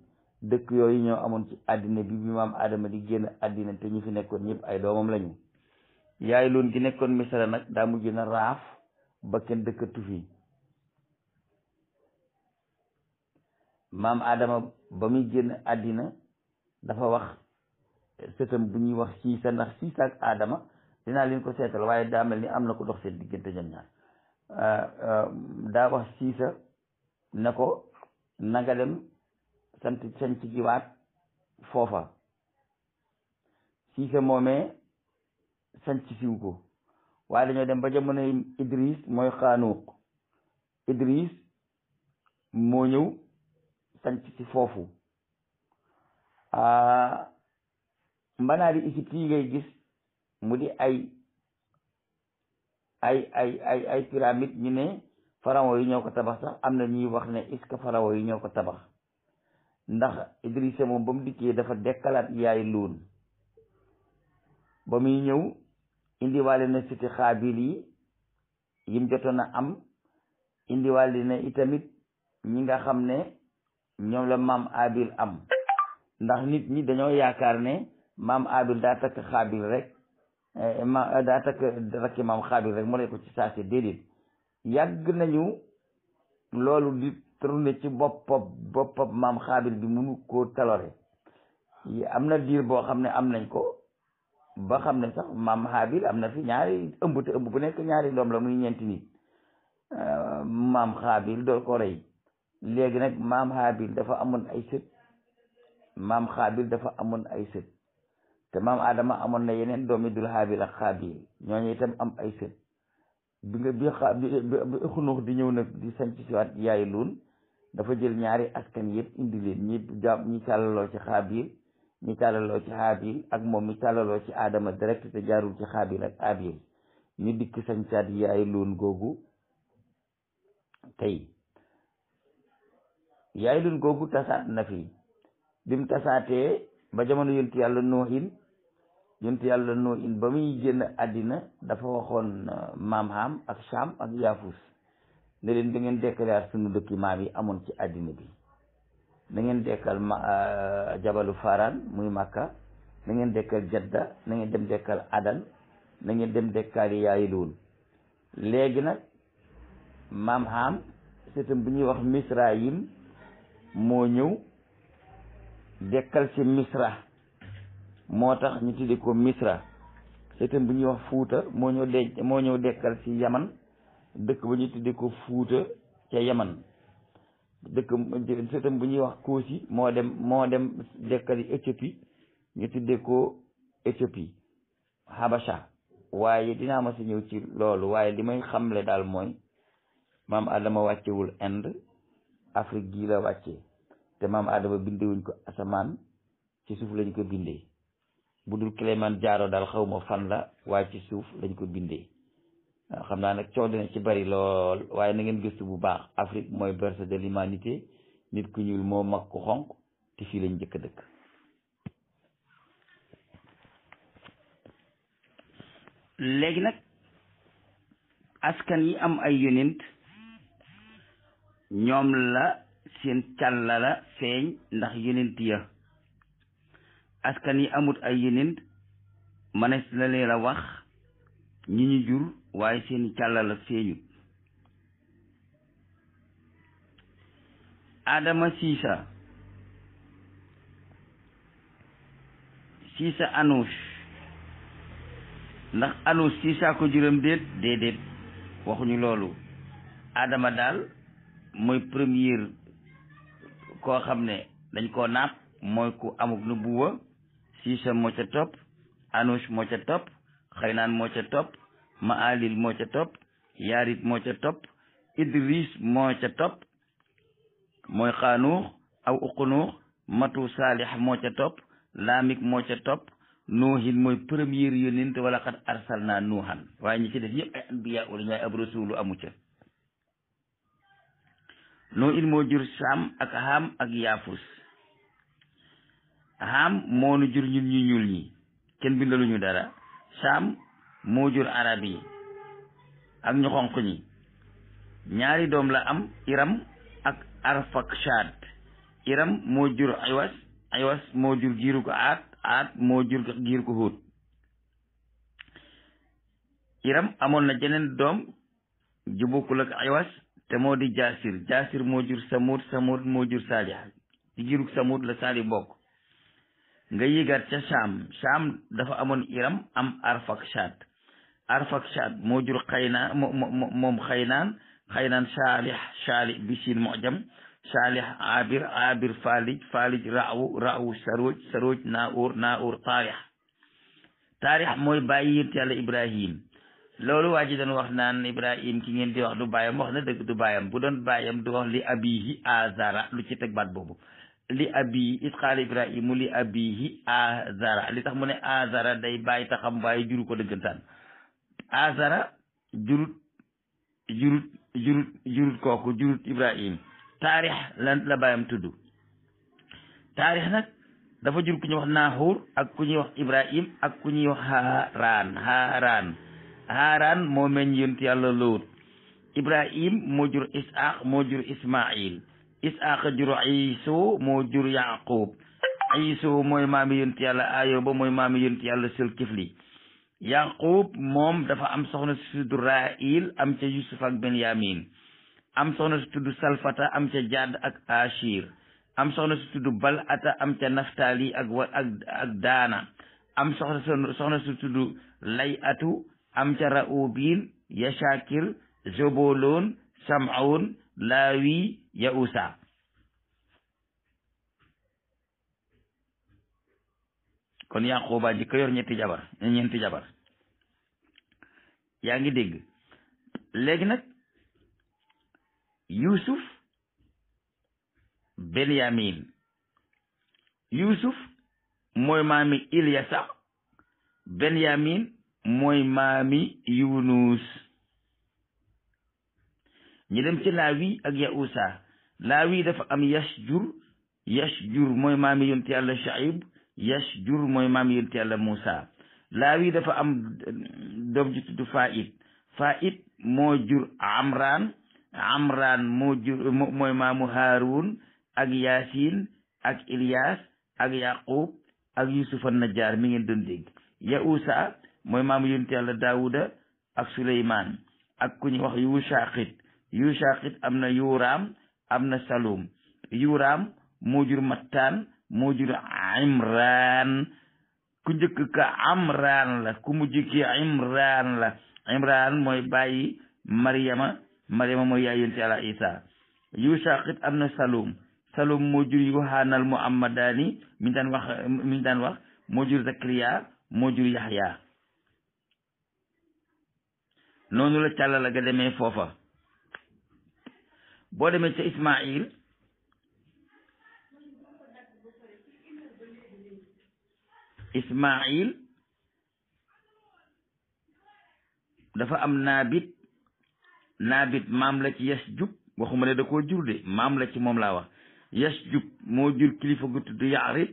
dëkk yooyu ñoo amoon ci àddina bi bi maam Adama di génn àddina te ñu fi nekkoon ñëpp ay doomam lañu yaay loolu gi nekkoon misra nag daa mujj na raaf ba kenn dëkkatu fi maam Adama ba muy génn àddina dafa wax sëtam bu ñuy wax siisa ndax siisa Adama dinaa leen ko seetal waaye daa mel ni am na ko dox seen diggante ñoom ñaar euh, euh, daa wax siisa ne ko na nga dem sant sant jiwaat foofa siisa moomee sanc siwu ko waa dañoo dem ba jamono Idris mooy xaanuuq Idris moo ñëw sanc si foofu ah, mbanaari Égypte yi ngay gis mu di ay ay ay ay ay pyramide ñu ne pharaon yi ñoo ko tabax sax am na ñuy wax ne est-ce que pharaon yi ñoo ko tabax ndax Idrissa moom ba mu dikkee dafa dekkalaat yaay lool ba muy ñëw indiwaale na siti xaabil yi yim jotoon na am indiwaale na itamit ñi nga xam ne ñoom la maam abil am ndax nit ñi dañoo yaakaar ne maam abil daa takk xaabil rek eh, ma daa takk rakki maam xaabil rek mu ne ko ci saasi déedéet yàgg nañu loolu di tourné ci boppam boppam maam xaabil bi mënu koo talore am na diir boo xam ne am nañ ko ba xam ne sax maam Habil am na fi ñaari ëmb te ëmb bu nekk ñaari doom la muy ñeenti nit euh, maam Habil dool ko rey léegi nag maam Habil dafa amoon ay sët maam Habil dafa amoon ay sët te maam Adama amoon na yeneen doomi dul Habil ak Habil yi itam am ay sët bi nga bi bi xunux di ñëw nag di sañ ci siwaat yaay luun dafa jël ñaari askan yëpp indi ñi jaam ñi càllaloo ci Habil mi tàllaloo ci xaabil ak moom mi tàllaloo ci aadama direct te jaarul ci xaabil ak abil ñu dikk sañcaat yaay luun googu tey yaay luun googu tasaat na fi bim tasaatee ba jamono yonent yàlla noohin yonent yàlla noohin ba muy génn àddina dafa waxoon uh, maam haam ak saam ak yaafus ne leen da ngeen déclarer sunu dëkki maam yi amoon ci àddina bi na ngeen dekkal ma euh, jabalu Faraan muy Makka na ngeen dekkal Jadda na dem dekkal Adan na dem dekkaali yaayi luul léegi nag maam Haam sëtam bu ñuy wax Misrayim moo ñëw dekkal ci Misra moo tax ñu tudde ko Misra sëtam bu ñuy wax Fuuta moo ñëw de moo ñëw dekkal ci Yaman dëkk ba ñu tudde ko Fuuta ca Yaman dëkk sëtam bu ñuy wax Koosi moo dem moo dem dëkkali Éthiopie ñu tuddee ko Éthiopie Habasha waaye dinaa ma si ñëw ci loolu waaye li may xamle daal mooy maam Adama wàccewul Inde Afrique gii la wàcce te maam Adama bindewuñ ko asamaan ci suuf lañ ko bindee bu dul jaaro daal xaw ma fan la waaye ci suuf lañ ko bindee xam naa nag coow dina ci bari lool waaye na ngeen gëstu bu baax Afrique mooy berceau de l'humanité nit ku ñuul moo mag ku xonq te fii lañ njëkk a dëkk léegi nag askan yi am ay yonent ñoom la seen càlla la feeñ ndax yonent ya askan yi amut ay yonent mënees la leen a wax ñi ñu jur waaye seeni càllala feeñu adama siisa siisa anuus ndax anuus siisa ko juróom déet déedéet waxuñu loolu aadama daal mooy premier koo xam ne dañ koo napp mooy ku amuk nubuwa siisa moo ca topp anuus moo ca topp xaynaan moo ca topp maalil moo ca topp yaarit moo ca topp idris moo ca topp mooy xaanuux aw uqunuux matu saalix moo ca topp laamik moo ca topp nuuhin mooy premier yonent wala xat arsal naa nuuhan waaye ñi def ñëpp ay anbiya wala ñooy ab rasulu amu ca nuuhin moo jur saam ak haam ak yaafus haam moo nu jur ñu ñuul ñi kenn bindaluñu dara saam moo jur arab yi ak ñu xonq ñi ñaari doom la am iram ak arfakshad iram moo jur aywas aywas moo jur giiru aat aat moo jur giiru ko huut iram amoon na jeneen doom ju bokkul ak aywas te moo di jaasir jaasir moo jur samud samud moo jur saalih ci giiru samud la saali bokk nga yéegaat ca saam saam dafa amoon iram am arfakshad arfakshat moo jur xaynaan moom xaynaan xaynaan saalih saalih bisin mojam saalih abir abir falij falij rawu rawu saroj saroj naur naur taarix taarix mooy bàyyi yént yàlla ibrahim loolu waa ji doon wax naan ibrahim ki ngeen di wax du baayam wax na bayam du baayam bu doon baayam du li abihi azara lu ci teg baat boobu li abihi azara li tax mu ne azara day bàyyi taxam waaye juru ko dëggantaan azara jurut jurut jurut jurut kooku jurut ibrahim taarix la la tudd taarix nag dafa jur ku ñuy wax naaxuur ak ku ñuy wax ibrahim ak ku ñuy wax haaraan haaraan haaraan moo meñ yàlla lóot ibrahim moo jur isaaq moo jur ismail isaaq jur iiso moo jur yaqub iiso mooy maami yonent yàlla ayoba mooy maam yonent yàlla sulkifli yaqub moom dafa am soxna si tudd rail am ca yusuf ak benyamin am soxna si tudd salfata am ca jadd ak ashir am soxna si balata am ca naftali ak wa daana am soxna soxna si tudd layatu am ca raubin yashakir zoboloon samoun laawi yausa kon Yaquba ji ko yor ñetti jabar ñeenti jabar yaa ngi dégg léegi nag Yusuf Benyamin Yusuf mooy maami Ilyasa Benyamin mooy maami Yunus ñu dem ci Laawi ak Yausa Laawi dafa am Yashjur Yashjur mooy maami yonti Yàlla Shaib yash jur mooy maam yonent yàlla Moussa laawi dafa am doom ju tudd Faid Faid moo jur Amran Amran moo maamu Haarun ak Yaasin ak Ilyas ak Yaqub ak Yusuf an Najjar mi ngeen doon dégg Yausa mooy maamu yonent yàlla Daawuda ak Suleymaan ak ku ñu wax Yushaqit Yushaqit am na Yuram am na Salum Yuram moo jur moo jur imraan ku njëkk ka amraan la ku mujj ki imraan la imraan mooy bàyyi mariama mariama mooy yaay yonent Yàlla isa yushaqit am na salum salum moo jur yohanal muhammadani min daan wax min daan wax moo jur zakariya moo jur yaxya noonu la càlla la demee foofa boo demee ca ismail Ismail dafa am naabit naabit maam la ci Yasjub waxuma ne da koo jur de maam la ci moom laa wax Yasjub moo jur kilifa gu tudd Yaarib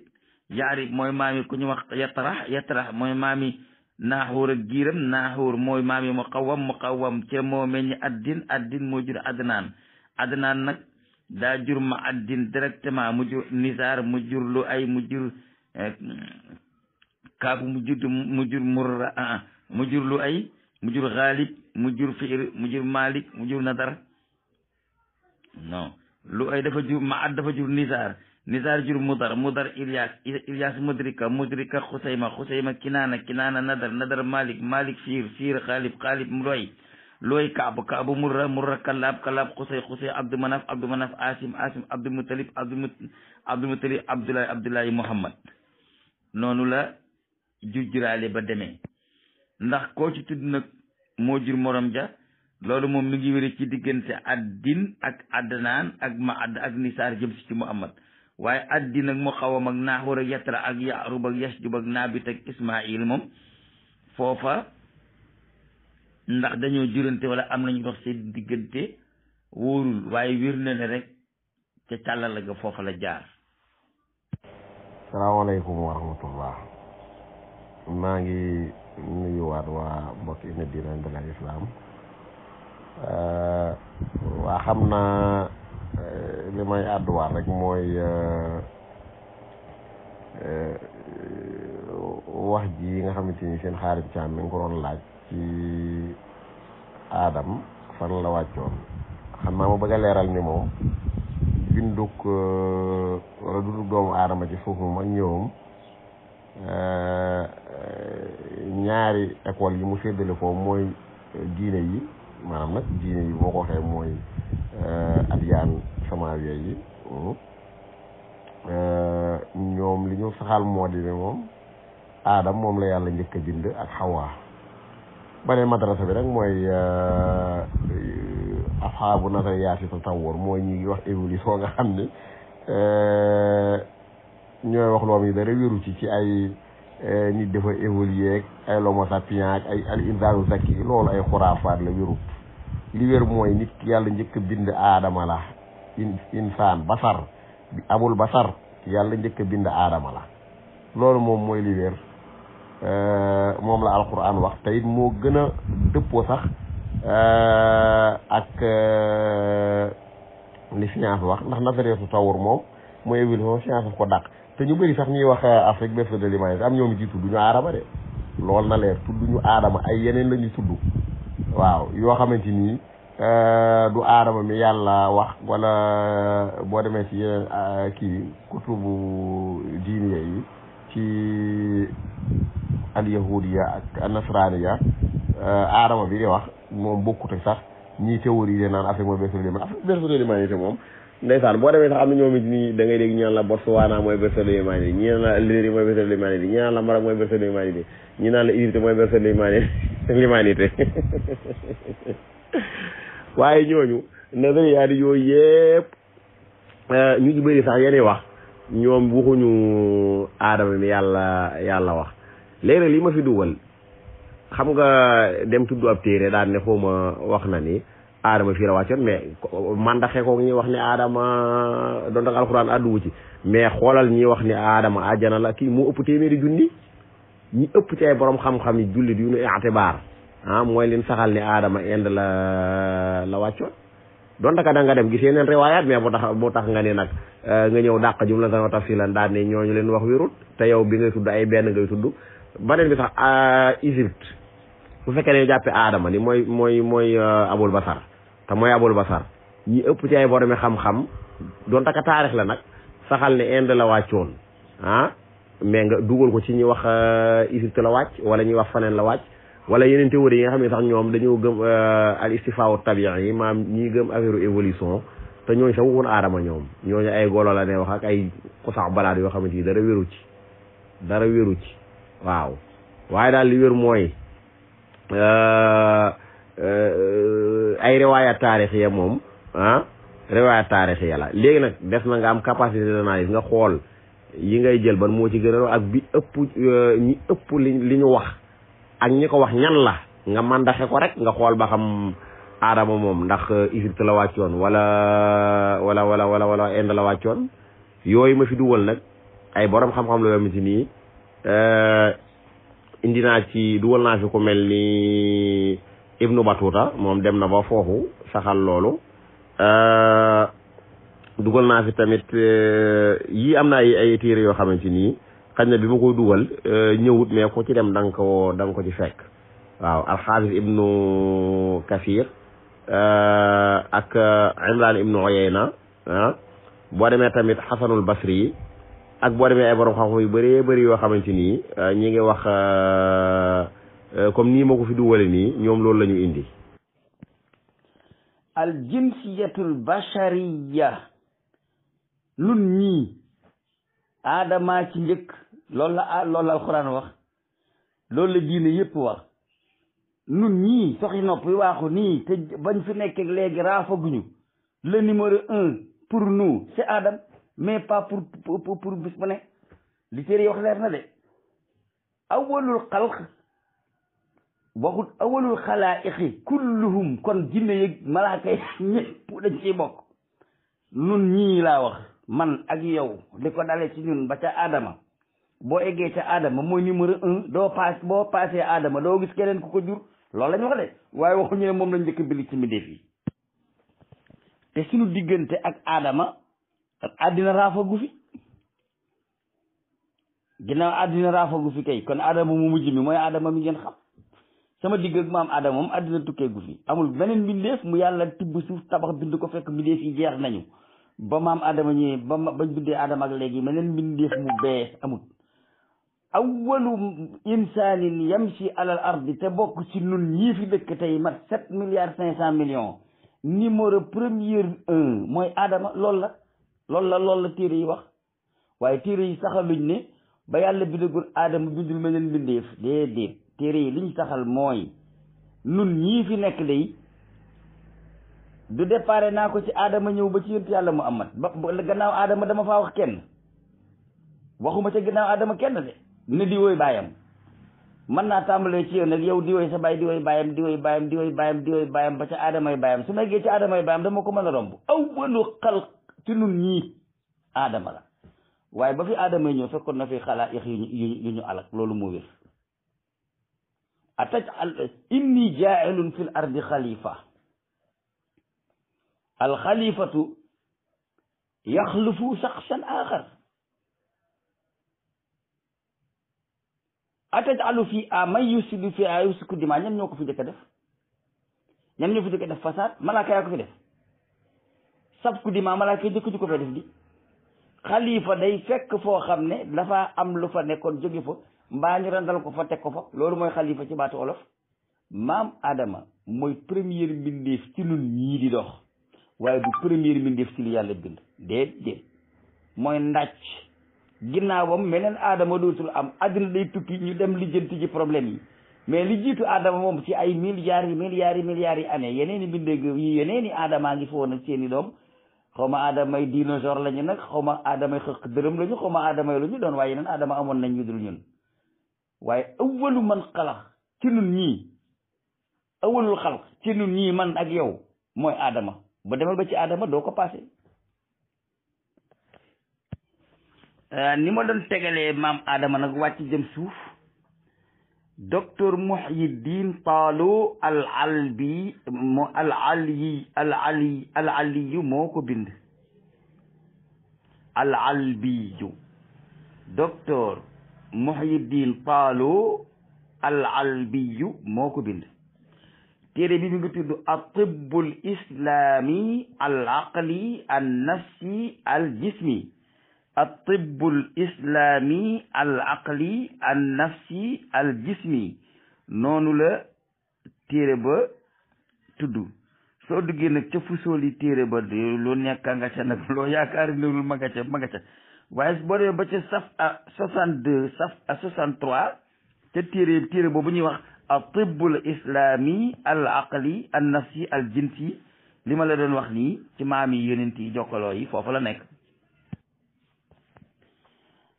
Yaarib mooy maami ku wax Yatrax Yatrax mooy maami Naaxuur ak giiram Naaxuur mooy maami Muqawam Muqawam ca moo meññ Addin Addin moo jur Adnaan Adnaan nag daa jur ma Addin directement mu jur Nizaar mu jur lu ay mu jur. Eh, kaabu mu jur mu jur murra ah, ah mu jur lu ay mu jur xaalib mu jur fiir mu jur malik mu jur nadar non lu ay dafa jur maat dafa jur nisaar nisaar jur mudar mudar ilyas ilyas mudrika mudrika xusayma xusayma kinaana kinaana nadar nadar malik malik fiir fiir xaalib xaalib looy looy kaabu kaabu murra murra kalaab kalaab xusay xusay abdu manaf abdu manaf asim asim abdul mutalib abdul mutalib abdoulaye abdoulaye muhammad noonu la jujjuraale ba demee ndax koo ci tudd nag moo jur moroom ja loolu moom mi ngi wéri ci diggante addin ak addanaan ak ma add ak nisaar jëm si muhammad waaye addi nag mu xawam ak naaxur ak yatra ak yaarub ak yasjub ak naabit ak ismail moom foofa ndax dañoo jurante wala am nañu dox seen diggante wóorul waaye wér na ne rek ca càllala ga foofa la jaar salaamaaleykum wa rahmatullah maa ngi nuyuwaat waa mbokk ina diina bi al islaam euh, waa xam naa euh, li may àdduwaat rek mooy euh, wax ji nga xamante ni seen xaarit caam mi ngi ko doon laaj ci aadam fan la wàccoon xam naa ma bëgg leeral ni moom binduk wala duduk doomu aadama ci suuf moom Euh, euh, ñaari école yi mu séddale foofu mooy euh, diine yi maanaam nag diine yi boo ko waxee mooy adiyaan samawiya yi hmm. ñoom li ñu saxal moo di moom aadam moom la yàlla njëkk a bind ak xawaa beneen madrasa bi rek mooy afxaabu nazariyaati tatawur mooy ñi wax évolution nga xam ni ñooy wax loom yi ci ay eh, nit dafa évoluer ay al insaanu zakki loolu la wérut li mooy yàlla njëkk bind aadama la insaan basar abul basar yàlla njëkk bind aadama la moom mooy li wér eh, moom la alquran wax te moo gën a dëppoo sax eh, ak li science wax ndax nazaree su tawur moom mooy évolution science ko dàq te ñu bëri sax ñuy wax euh, Afrique berceau de l'humanité am ñoom ci tudd ñu aadama de loolu na leer tudd ñu aadama ay yeneen lañuy ñu tudd waaw yoo xamante nii euh, du aadama mi yàlla wax wala euh, boo demee ci yeneen kii kutubu diine yi ci al yahudiya ak al nasraniya aadama bi di wax moom bokkute sax ñii théorie de naan Afrique mooy berceau de l'humanité Afrique moom ndeysaan boo demee sax am na ñoom it nii da ngay dégg ñu naan la Botswana mooy berceau l'humanité ñi naan la Algérie mooy berceau l'humanité ñi naan la Maroc mooy berceau l'humanité ñi naan la Égypte mooy waaye ñooñu nazariyaat yooyu yëpp euh, ñu ci bëri sax yéen wax ñoom waxuñu yàlla yàlla wax léegi nag li ma fi dugal xam nga dem tudd ab téere daan ne xaw ma wax na ni aadama fii la wàccoon mais mandaxe koog wax ne aadama doon tax alxuraan mais xoolal ñi wax ne aadama àjjana la kii mu ëpp ëpp ci ay borom xam-xam yi yu nu itibaar ah mooy leen saxal ne aadama ind la la wàccoon donte ka nga dem gis yeneen riwaayaat mais bu tax bu tax nga ne nag euh, nga ñëw dàq jumla tan wa tafsilan daan ne ñooñu leen wax wérut te yow bi ngay tudd ay benn ngay tudd beneen bi sax euh, Égypte bu fekkee ne jàppee aadama ni mooy mooy mooy euh, abul basar te mooy abul basar ñi ëpp ci ay boromi xam-xam doon taka taarix la nag saxal ne Inde la wàccoon ah mais nga dugal ko ci ñi wax euh, Égypte la wàcc wala ñi wax faneen la wàcc wala yeneen théorie yi nga xam ne sax ñoom dañoo gëm euh, al istifaawu tabi'i yi maam ñi gëm affaire évolution te ñooñu sa woon aadama ñoom ñooñu ay golo la ne wax ak ay kusax balaad yoo xamante ni dara wéru ci dara wéru ci waaw waaye daal li wér mooy euh, Euh, ay riwaaya taarix ya moom ah riwaaya taarix ya la léegi nag des na nga am capacité d'analyse nga xool yi ngay jël ban moo ci gën a ak bi ëpp euh, ñi ëpp li li ñu wax ak ñi ko wax ñan la nga màndaxe ko rek nga xool ba xam aadama moom ndax euh, Égypte la wàccoon wala wala wala wala wala Inde la wàccoon yooyu ma fi dugal nag ay borom xam-xam la yoo ci nii indi naa ci dugal naa fi ku mel ni ibnu batuta moom dem na ba foofu saxal loolu euh, dugal naa fi tamit euh, yii am na ay ay téere yoo xamante ni xañ na bi ma koy dugal euh, ñëwut mais ku ci dem danga nga ko ko ci fekk waaw alxaafis ibnu kasir ak imran ibnu oyeyna ah boo demee tamit xasanul basri yi ak boo demee ay borom xam-xam yu bëree bëri yoo xamante ni ñi ngi wax Euh, comme nii ma ko fi duwale nii ñoom loolu lañu ñu indi al jinsiyatul bashariya lun ñii aadamaa ci njëkk loolu la ah loolu la alxuraan wax loolu la diine yépp wax nun ñii soxi nopp yi waaxu nii te bañ fi nekk léegi raafaguñu le numéro un pour nous c'est Adam mais pas pour pour pour li téere yi wax leer na de awwalul xalq waxut awalul xalaa'iqi kulluhum kon jinne yëg malaaka yi ñëpp dañ ciy bokk nun ñii laa wax man ak yow li ko dale ci ñun ba ca Adama boo eggee ca Adama mooy numéro un doo paas boo paasee Adama doo gis keneen ku ko jur loolu la wax de waaye ñu ne moom lañ njëkk bind ci mbindéef yi te suñu diggante ak Adama àddina raafagu fi ginnaaw àddina raafagu fi kay kon Adama mu mujj mi mooy Adama mi ngeen xam sama digg ak maam Adama moom àddina tukkee gu fi amul beneen mbindeef mu yàlla tibb suuf tabax bind ko fekk mbindeef yi jeex nañu ba maam Adama ñëwee ba ma bañ bindee Adama ak léegi beneen mbindeef mu bees amul. awwalu insaanin si alal bi te bokk si nun ñii fi dëkk tey mat sept milliards cinq cent millions numéro premier un mooy Adama lool la loolu la loolu la téere yi wax waaye téere yi saxaluñ ni ba yàlla bindagul Adama bindul beneen mbindeef déedéet. téere yi liñ taxal mooy nun ñii fi nekk day du déparé naa ko ci aadama ñëw ba ci yonent yàlla mu am muhammad ba gannaaw aadama dama faa wax kenn waxuma ca gannaaw aadama kenn de ne di woy baayam mën naa tàmbalee ci yow nag yow di woy sa baay di woy baayam di baayam di baayam di baayam ba ca aadamay baayam su ma eggee ci aadamay baayam dama ko man a romb awwalu xalq ci nun ñii aadama la waaye ba fi aadama ñëw fekkoon na fi xalaa yu ataj al inni jaailun fil ardi xalifa alxalifatu yaxlufu saxsan axar ataj alu fi a man yusidu fi a yusiku dima ñan ñoo ko fi njëkk a def ñan ñoo fi njëkk a def fasaad malaaka yaa ko fi def sabku dima malaaka jëkk ko fee def di xalifa day fekk foo xam ne dafa am lu fa nekkoon jóge fa mbaa ñu randal ko fa teg ko fa loolu mooy xalifa ci baatu olof maam Adama mooy premier mbindeef ci nun ñii di dox waaye du premier mbindeef ci li yàlla bind déet déet mooy ndàcc ginnaawam meneen Adama dootul am àddina day tukki ñu dem lijjanti ci problème yi mais li jiitu Adama moom ci ay milliards yi milliards yi milliards yi année i mbindeef yi yeneen i Adama ngi foon ak seen i doom xaw ma Adama yi dinosaure lañu nag xaw ma Adama yi xëq dërëm lañu xaw ma Adama ñu doon waaye Adama amoon nañ ñu dul ñun. waaye awalu man xalaq ci nun ñii awalul xalq ci nun ñii man ak yow mooy aadama ba demal ba ci aadama doo ko paase euh, ni ma doon tegalee maam aadama nag wàcc jëm suuf docteur Muhyiddin Taalo al albi moo al ali al ali al aliyu moo ko bind al albiyu docteur muhyiddin paalo al albiyu moo ko bind téere bi mi ngi tudd atibbul islami al aqli al nafsi al jismi atibbul islami al aqli al nafsi al jismi noonu la téere ba tuddu soo duggee nag ca fusooli téere ba lu nekka nga ca nag loo yaakaari newul ma nga waaye boo demee ba ci saf a soixante deux saf soixante trois ca téere boobu ñuy wax al tibbul islami al aqli al nafsi al jinsi li ma la doon wax nii ci maam yi yonent yi foofu la nekk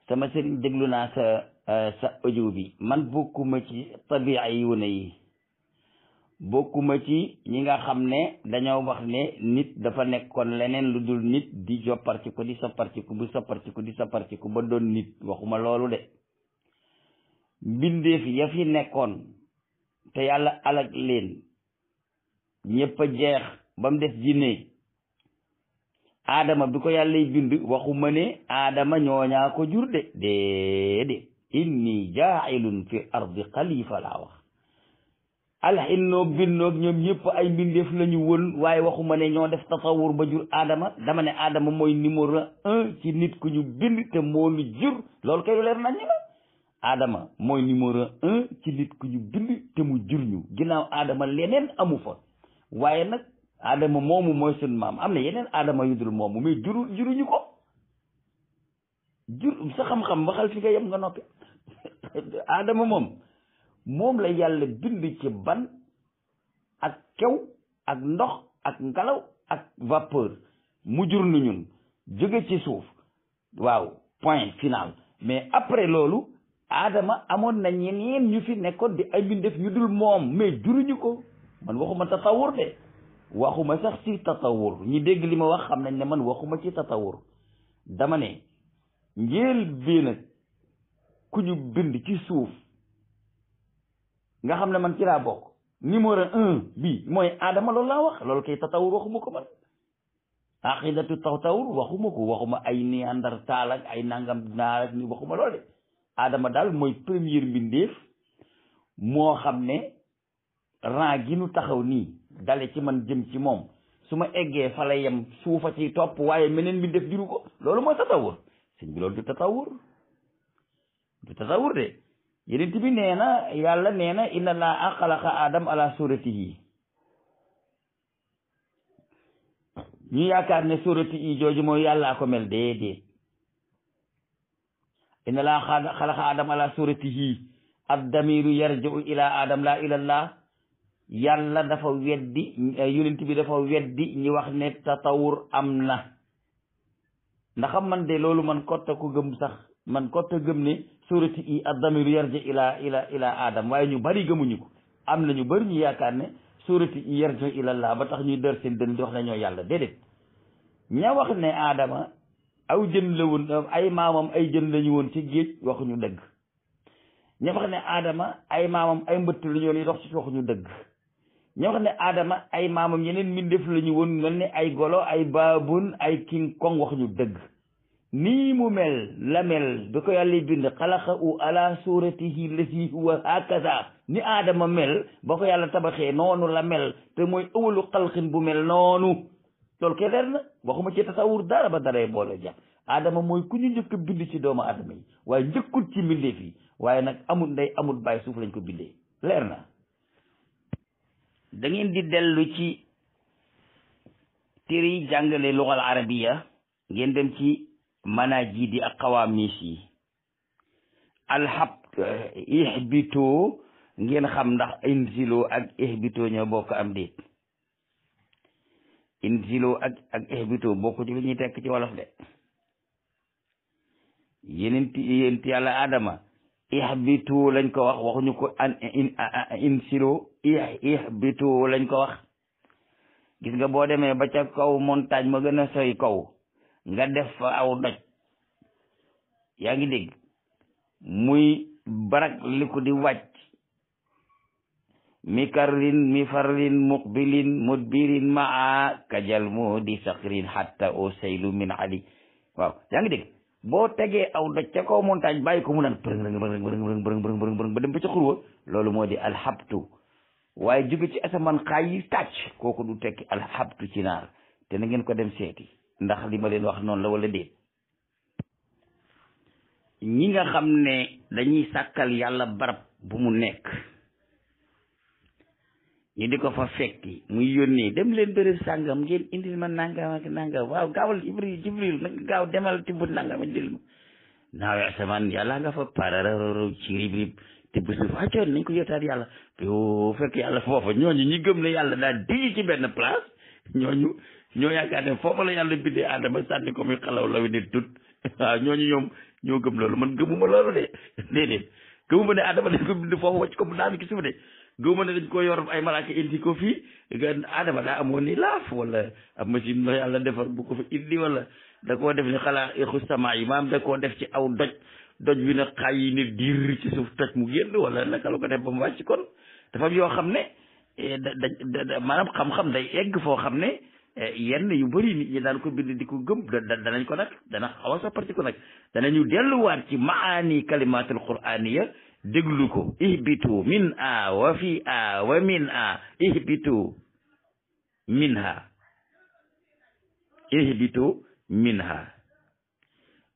sama sëriñ déglu naa sa euh, sa audio bi man bokkuma ci tabiiya yu bokkuma ci ñi nga xam ne dañoo wax ne nit dafa nekkoon leneen lu dul nit di joppartiku di soppartiku bu soppartiku di soppartiku ba doon nit waxuma loolu de mbindeef ya fi nekkoon te yàlla alag leen ñépp jeex ba mu des jinne aadama bi ko yàllay bind waxuma ne aadama ñooñaa ko jur de déedéet inni jaailun fi ardi xalifa laa wax alxinnoog binnoog ñoom ñëpp ay mbindeef lañu ñu wël waaye waxuma ne ñoo def tasawur ba jur aadama dama ne aadama mooy numéro un ci nit ku ñu bind te loolu kay mooy numéro un ci nit mu jur ñu ginnaaw aadama leneen amu fa waaye nag aadama moomu mooy sun maam am na yeneen aadama yu dul moomu mais juru juruñu ko jur sa xam-xam waxal fi nga yem nga noppi aadama moom moom la yàlla bind ci ban ak kew ak ndox ak ngelaw ak vapeur mu jur nu ñun jóge ci suuf waaw point final mais après loolu Adama amoon na ñeneen ñu fi nekkoon di ay mbindeef ñu dul moom mais juruñu ko man waxuma tatawur de waxuma sax ci tatawur ñi dégg li ma wax xam nañ ne man waxuma ci tatawur dama ne njël bi nag ku ñu bind ci suuf nga xam ne man ci laa bokk bi mooy aadama loolu laa wax loolu kay tatawur waxuma ko man aqidatu tatawur waxuma ko waxuma ay néandertal ak ay nangam naar ak ni waxuma lool de aadama daal mooy premier mbindeef moo xam ne rang gi nu taxaw nii dale ci man jëm ci moom su ma eggee fa la yem suufa ci topp waaye meneen mbindeef diru ko loolu mooy tatawur sëñ bi loolu du tatawur du tatawur de yenent bi nee na yàlla nee na inna laa xalaqa adam ala suratihi ñu yaakaar ne surati yi jooju mooy yàllaa ko mel déedéet inna laa xalaqa adam ala suratihi ad damiru yarji'u ila laa yàlla dafa weddi yonent bi dafa weddi ñi wax ne tatawur am na ndaxam man de loolu man kotta ko gëm sax man kotta gëm ne surati i addamiru yarji ila ila ila waaye ñu bari gëmuñu ko am na ñu bari ñu yaakaar ne surati i yarji ila laa ba tax ñuy dër seen dën di wax ne ñoo yàlla déedéet ña wax ne aadama aw jën la woon ay maamam ay jën lañu woon ci géej waxuñu dëgg ña wax ne aadama ay maamam ay mbëtt la ñu waxuñu dëgg ña wax ne aadama ay maamam yeneen mbindeef la ñu woon mel ne ay golo ay baabun ay king kong ñu dëgg nii mu mel la mel bi ko yàlla bind xalaqa u ala suratihi lati huwa hakaza ni aadama mel ba ko yàlla tabaxee noonu la mel te mooy awalu xalqin bu mel noonu loolu kay leer na waxuma ci tasawur dara ba daree boole jàpp aadama mooy ku ñu njëkk bind ci doomu aadama yi waaye njëkkul ci mbindeef yi waaye nag amul ndey amul bàyyi suuf lañ ko bindee leer na da di dellu ci téere jàngale luxal arabiya ngeen dem ci manajidi ak xawaamis yi alxab ihbito ngeen xam ndax inzilo ak ihbito ñoo bokk am déet inzilo ak ak ihbito bokk ci li ñuy tekk ci wolof de yeneen yéen yàlla adama ihbito lañ ko wax waxuñu ko an inzilo ihbito lañ ko wax gis nga boo demee ba ca kaw montagne ma gën a soy kaw nga def fa aw doj yaa ngi dégg muy barak liku di wàcc mi karrin mi farrin muqbilin mudbirin maa kajal moo di sakrin hatta o saylu min ali waaw yaa ngi dégg boo tegee aw doj ca kaw montagne bàyyi ko mu naan bërëng bërëng bërëng bërëng bërëng bërëng bërëng ba dem ba ca xurwa loolu moo di alxabtu waaye jóge ci asamaan xaay yi tàcc kooku du tekki alxabtu ci naar te na ngeen ko dem seeti ndax li ma leen wax noonu la wala déet ñi nga xam ne dañuy sàkkal yàlla barab bu mu nekk ñu di ko fa fekki muy yónnee dem leen béréb sàngam ngeen indil ma nangam ak nangam waaw gaawal jibril jibril nag gaaw demal tibb nangam indil ma naawe asamaan yàlla nga fa parararo ci rib rib te bu suuf nañ ko yotaat yàlla yoo fekk yàlla foofa ñooñu ñi gëm ne yàlla daal di ci benn place ñooñu ñoo yaakaar ne foofa la yàlla bindee aadama sànni ko muy xalaw lawi nit tut waaw ñooñu ñoom ñoo gëm loolu man gëmuma loolu de déedéet gëmuma ne aadama dañ ko bind foofu wàcc ko mu daanu ci suuf de gëmuma ne dañ ko yor ay malaaka ko fii nga aadama daa amoon ni laaf wala ab machine la yàlla defar bu ko fa wala da koo def ni xalaa iqu samaa yi maam da koo def ci aw doj doj bi nag xay yi ne diir ci suuf toj mu génn wala naka la ko def ba mu wàcc kon dafa yoo xam ne eh, da da maanaam xam-xam day egg foo xam ne Eh, yenn yu bëri nit ñi daan ko bind di ko gëm danañ ko nag dana xaw a sopparti ko nag danañu delluwaat ci maani kalimatul quraniya déglu ko ihbitu min a wa fi a wa min a ihbitu min ha ihbitu min ha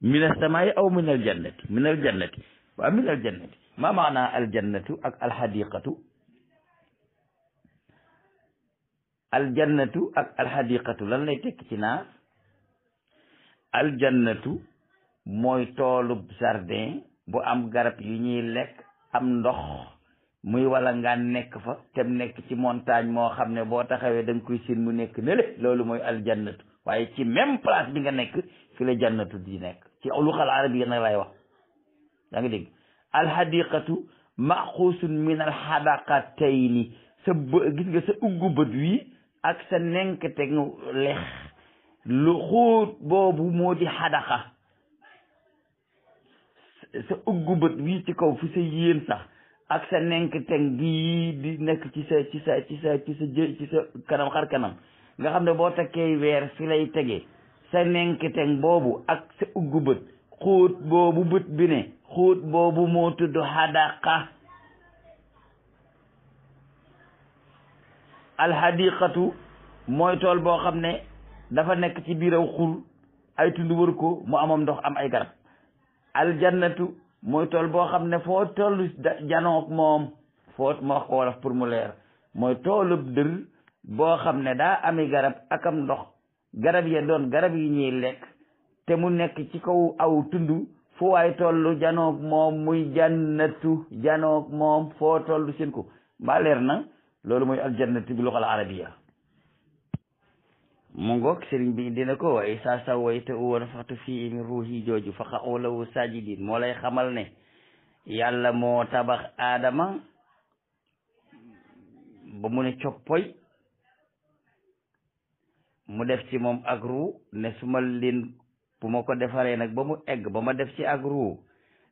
min asamayi aw min aljannati min aljannati waaw min aljannati ma maana aljannatu ak alxadiqatu aljannatu ak alxadiqatu lan lay tekki ci naar aljannatu mooy toolu jardin bu am garab yu ñuy lekk am ndox muy wala nga nekk fa te nekk ci montagne moo xam ne boo taxawee da nga koy sin mu nekk ne loolu mooy aljannatu waaye ci même place bi nga nekk fi la jannatu di nekk ci luxal arabiya nag lay wax da dégg alxadiqatu maxuusun min alxadaqatayni sa gis nga sa uggu bët wii ak sa nenkategu lex lu xóot boobu moo di xadaxa sa uggu bët wii ci kaw fi sa yéen sax ak sa nenkateg gi di nekk ci sa ci sa ci sa kanam xar kanam nga xam ne boo takkee weer fi lay tege sa nenkateg boobu ak sa uggu bët xóot boobu bët bi ne xóot boobu moo tudd xadaxa alxadiqatu mooy tool boo xam ne dafa nekk ci biiraw xur ay tund wër ko mu amam ndox am ay garab aljannatu mooy tool boo xam ne foo tollu janoog moom foo ma mu leer mooy toolub dër boo xam ne daa ami garab akam ndox garab ya doon garab yi ñuy te mu nekk ci kaw aw tund fu waay toll janoog moom muy jannatu janoog moom foo toll seen ko mbaa leer na loolu mooy aljannati bi luxal arabiya mu ngoog sëriñ bi indi ko waaye saa sa wayte u wan faxtu fii min ruuhi jooju fa xaw lawu sajidin moo lay xamal ne yàlla moo tabax aadama ba mu ne coppoy mu def ci moom agru ruu ne su ma leen ko defaree nag ba mu egg ba ma def ci ak ruu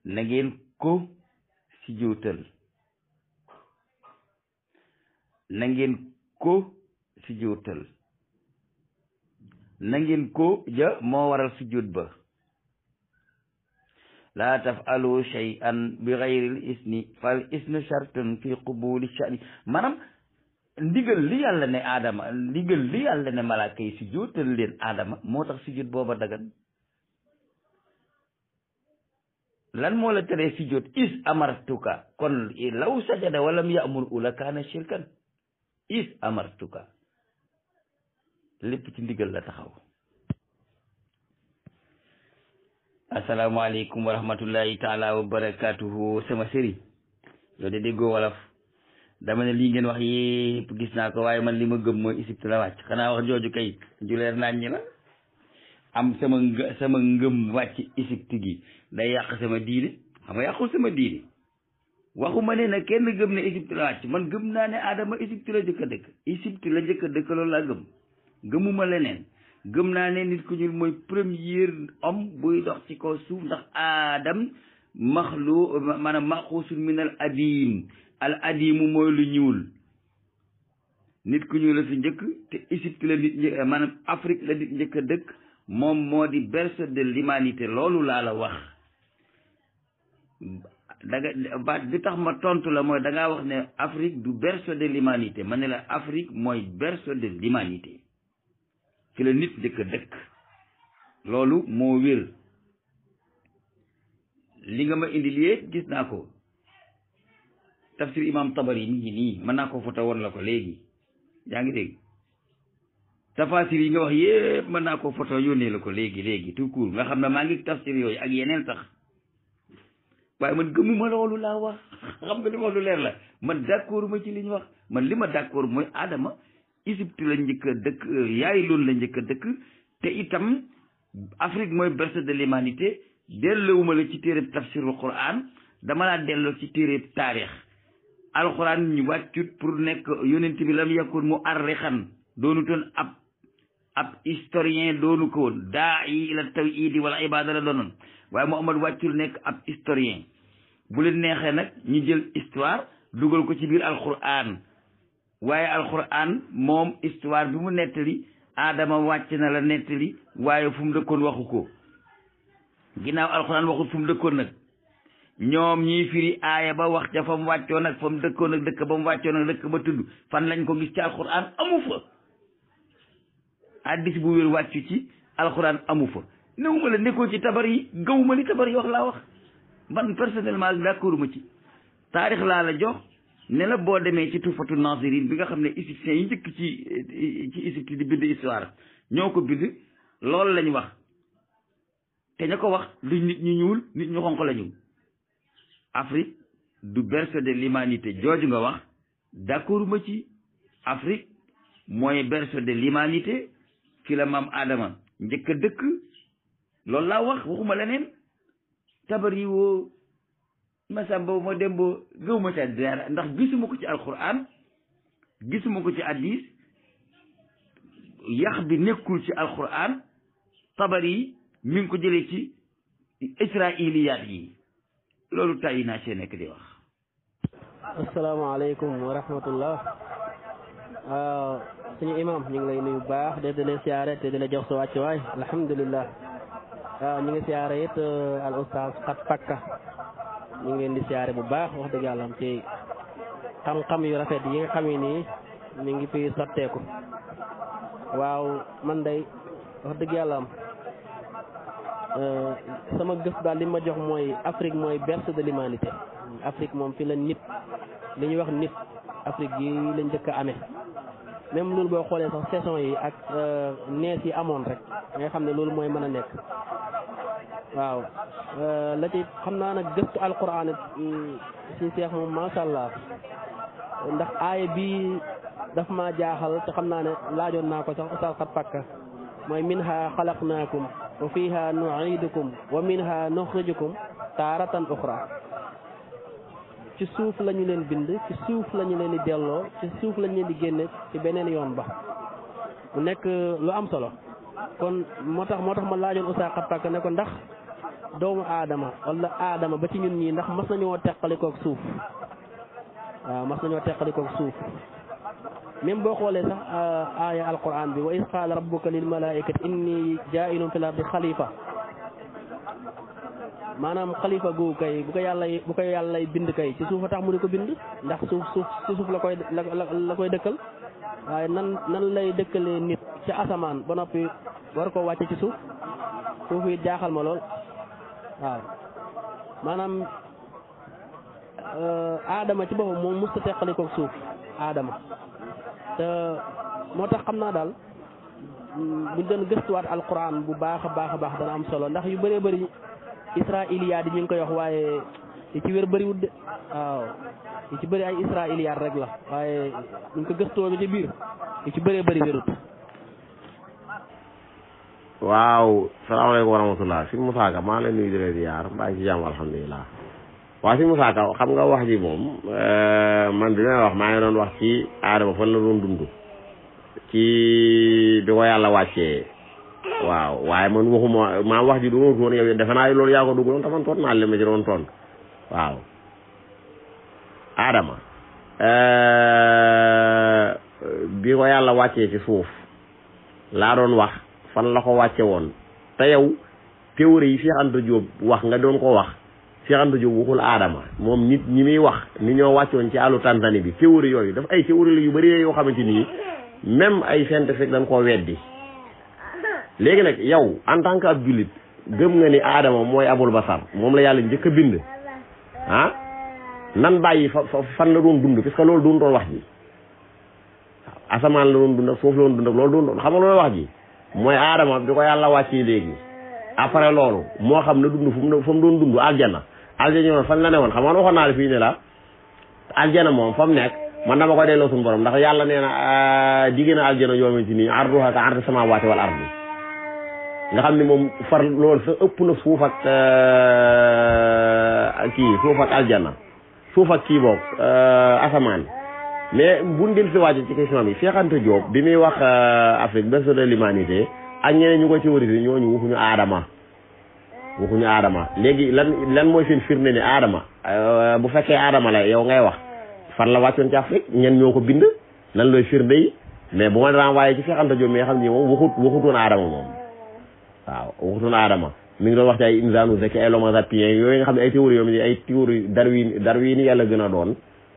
na ngeen ko si na ngeen ko sujjóotal na ngeen ko ja moo waral sujjóot ba laa tafalu shay'an bi xayril isni fal isnu shartun fi qubuli shani maanaam ndigal li yàlla ne aadama ndigal li yàlla ne malaaka yi leen aadama moo tax sujjóot booba dagan lan moo la teree sujjóot is amartuka kon law sajada walam ya'mur ula kaana shirkan is amartuka lépp ci ndigal la taxaw asalaamaaleykum wa rahmatullahi taala wa barakaatuhu sama sëriñ yow de déggoo wolof dama lii ngeen wax yépp gis naa ko waaye man li ma gëm mooy Égypte la wàcc xanaa wax jooju kay juleer naañ ñi am sama sama ngëm wàcc Égypte gi day yàq sama diine xam nga sama diine waxuma ne na kenn gëm ne Égypte la wàcc man gëm naa ne aadama Égypte la jëkk a dëkk Égypte la jëkk a dëkk loolu laa gëm gëmuma leneen gëm naa ne nit ku ñuul mooy premier homme buy dox ci kaw suuf ndax Adam maxlu maanaam maxuusun min al adim al adimu mooy lu ñuul nit ku ñuul la fi njëkk te Égypte la nit njëkk Afrique la nit njëkk dëkk moom moo di berceau de l'humanité loolu laa la wax danga baat bi tax ma tontu la mooy danga wax ne Afrique du berceau de l'humanité ma ne la Afrique mooy berceau de l'humanité fi la nit njëkk dëkk loolu moo wér li nga ma indil yépp gis naa ko tafsir imam tabari yi ngi nii mën naa ko foto woon la ko léegi yaa ngi dégg tafasir yi nga wax yépp mën naa ko foto yónnee la ko léegi léegi tout court nga xam ne maa ngi tafsir yooyu ak yeneen sax waaye man gëmuma loolu laa wax xam nga li ma lu leer la man d'accord ma ci liñ wax man li ma d'accord mooy aadama Égypte la njëkk a dëkk yaay loolu la njëkk a dëkk te itam Afrique mooy berceau de l'humanité delloowuma la ci téeréb tafsirul Qur'an dama laa delloo ci téeréb taarix alxuraan ñu wàccut pour nekk yonent bi lam yakun mu arrixan doonu toon ab ab historien doonu ko woon daa yi ila tawhid wala ibada la doonoon waaye Muhammad wàccul nekk ab historien bu leen neexee nag ñu jël histoire dugal ko ci biir alquran waaye alquran moom histoire bi mu nettali Adama wàcc na la nettali waaye fu mu dëkkoon waxu ko ginnaaw alquran waxut fu mu dëkkoon nag ñoom ñiy firi aaya ba wax ca fa mu wàccoon ak fa mu dëkkoon ak dëkk ba mu wàccoon ak dëkk ba tudd fan lañ ko gis ci alquran amu fa addis bu wér wàccu ci alquran amu fa newuma la nekkoo ci tabar yi gawuma li tabar yi wax laa wax man ma d'accord ma ci taarix laa la jox ne boo demee ci tufatu nazirin bi nga xam ne égyptiens yi njëkk ci ci Égypte di bind histoire ñoo ko bind loolu lañ wax te ña ko wax du nit ñu ñuul nit ñu xonq lañu Afrique du berceau de l'humanité jooju nga wax d'accord ci Afrique mooy berceau de l'humanité fi la maam Adama njëkk a dëkk loolu laa wax waxuma leneen tabari woo masamba ma dem boo gëwuma ca dara ndax gisuma ko ci alquran gisuma ko ci hadis yax bi nekkul ci alquran tabar yi ngi ko jëlee ci israiliyaat yi loolu tàyyi naa see nekk di wax asalaamaaleykum wa rahmatullah ah, suñu imam ñu ngi lay nuyu baax de di la siyaare te di la jox sa wàccuwaay alhamdulillah Ah, ñu ngi siyaare it euh, al oustaz xat pakka ñu ngi leen di siyaare bu baax wax dëgg yàlla ci xam-xam yu rafet yi nga xam ne nii mu ngi fi sotteeku waaw man day wax dëgg yàlla euh, sama gës daal li ma jox mooy Afrique mooy berceau de l'humanité Afrique moom fi la nit li ñuy wax nit Afrique yi lañ dëkk a amee même loolu boo xoolee sax saison yi ak euh, nees yi amoon rek nga xam ne loolu mooy mën a nekk waaw euh, la xam naa nag gëstu alquran mm, si seex moom macha allah ndax aaya bi daf maa jaaxal te xam naa ne laajoon naa ko sax ustaas xat pakka mooy minha xalaqnaakum wa fiha nuidukum wa minha nuxrijukum taaratan uxra ci suuf la leen bind ci suuf la leen di delloo ci suuf la leen di génne ci beneen yoon ba mu nekk euh, lu am solo kon moo tax moo tax ma laajoon Oustaz Xattaak ne ko ndax doomu aadama wala aadama ba ci ñun ñii ndax mas nañoo kook suuf waaw mas nañoo teqalikook suuf même boo xoolee sax euh, aaya alquran bi wa is qaala rabbuka lil malaikati inni jaa'ilun fil ardi xalifa maanaam xalifa gu kay bu ko yàlla bu ko yàllay bind kay ci suuf a tax mu ne ko bind ndax suuf suuf ci suuf la koy la koy dëkkal waaye nan nan lay dëkkalee nit ci asamaan ba noppi war koo wàcce ci suuf suuf yi jaaxal ma lool waaw maanaam euh, aadama ci boppam moom musta teqalikoo suuf aadama te moo tax xam naa daal buñ doon gëstuwaat alquran bu baax a baax a baax dana am solo ndax yu bare bari israiliyaat yi ñu ngi koy wax waaye yi ci wér bëriwut de waaw yi ci bëri ay israiliyaat rek la waaye ñu ko gëstoo ba ci biir yi ci bëree bëri wérut waaw salaamaaleykum wa rahmatulah si Moussa maa leen nuyu di leen ziar mbaa ci jàmm alhamdulilah waaw si Moussa xam nga wax ji moom euh, man bi may wax maa ngi doon wax ci aadama fan la doon dund ci bi ko yàlla wàccee waaw waaye man waxuma maa wax ji du ma woon defe naa loolu yaa ko dugaloon te man toon naa leen ma doon tontu waaw. Adama eh, bi ko yàlla wàccee ci suuf laa doon wax fan la ko wàcce woon te yow théorie yi Cheikh Anta Diop wax nga doon ko wax Cheikh Anta Diop waxul moom nit ñi muy wax ni ñoo wàccoon ci àllu Tanzanie bi théorie yooyu dafa ay théorie yu bari yoo xamante ni même ay scientifique dañ koo weddi. léegi nag yow en tant que ab jullit gëm nga ni aadama mooy abul basar moom la yàlla njëkk a bind ah nan bàyyi fa fan la doon dund parce que loolu doon doon wax ji waaw asamaan la doon dund ak suuf la dund loolu doon doon xam nga loolu wax ji mooy aadama bi ko yàlla wàccee léegi après loolu moo xam ne dund fu mu fa mu doon dund aljana aljana fan la ne woon xam nga waxoon naa la fii ne la aljana moom fa mu nekk man dama koy delloo suñu borom ndax yàlla nee na ah, digg na aljana yoo xamante ni arduha ka ardi nga xam ni moom far loolu sa ëpp na suuf euh, ak kii suuf ak aljana suuf ak kii boog euh, asamaan mais buñ dil si wàcc ci question bi Cheikh Anta Diop bi muy wax euh, Afrique berceau de l'humanité ak ñeneen ñu ko théorisé ñooñu waxuñu aadama waxuñu aadama léegi lan lan mooy seen firnde ne aadama bu fekkee aadama la yow ngay wax fan la wàccoon ci Afrique ñen ñoo ko bind lan looy firnde yi mais bu ma renvoyé ci Cheikh Anta Diop mi nga xam ne moom waxut waxutoon aadama moom waaw waxutoon aadama mi ngi doon wax ci ay insaanu zeki ay l'homo sapiens yooyu nga xam ne ay théorie yoo mi ay théorie darwin darwin yàlla gën a doon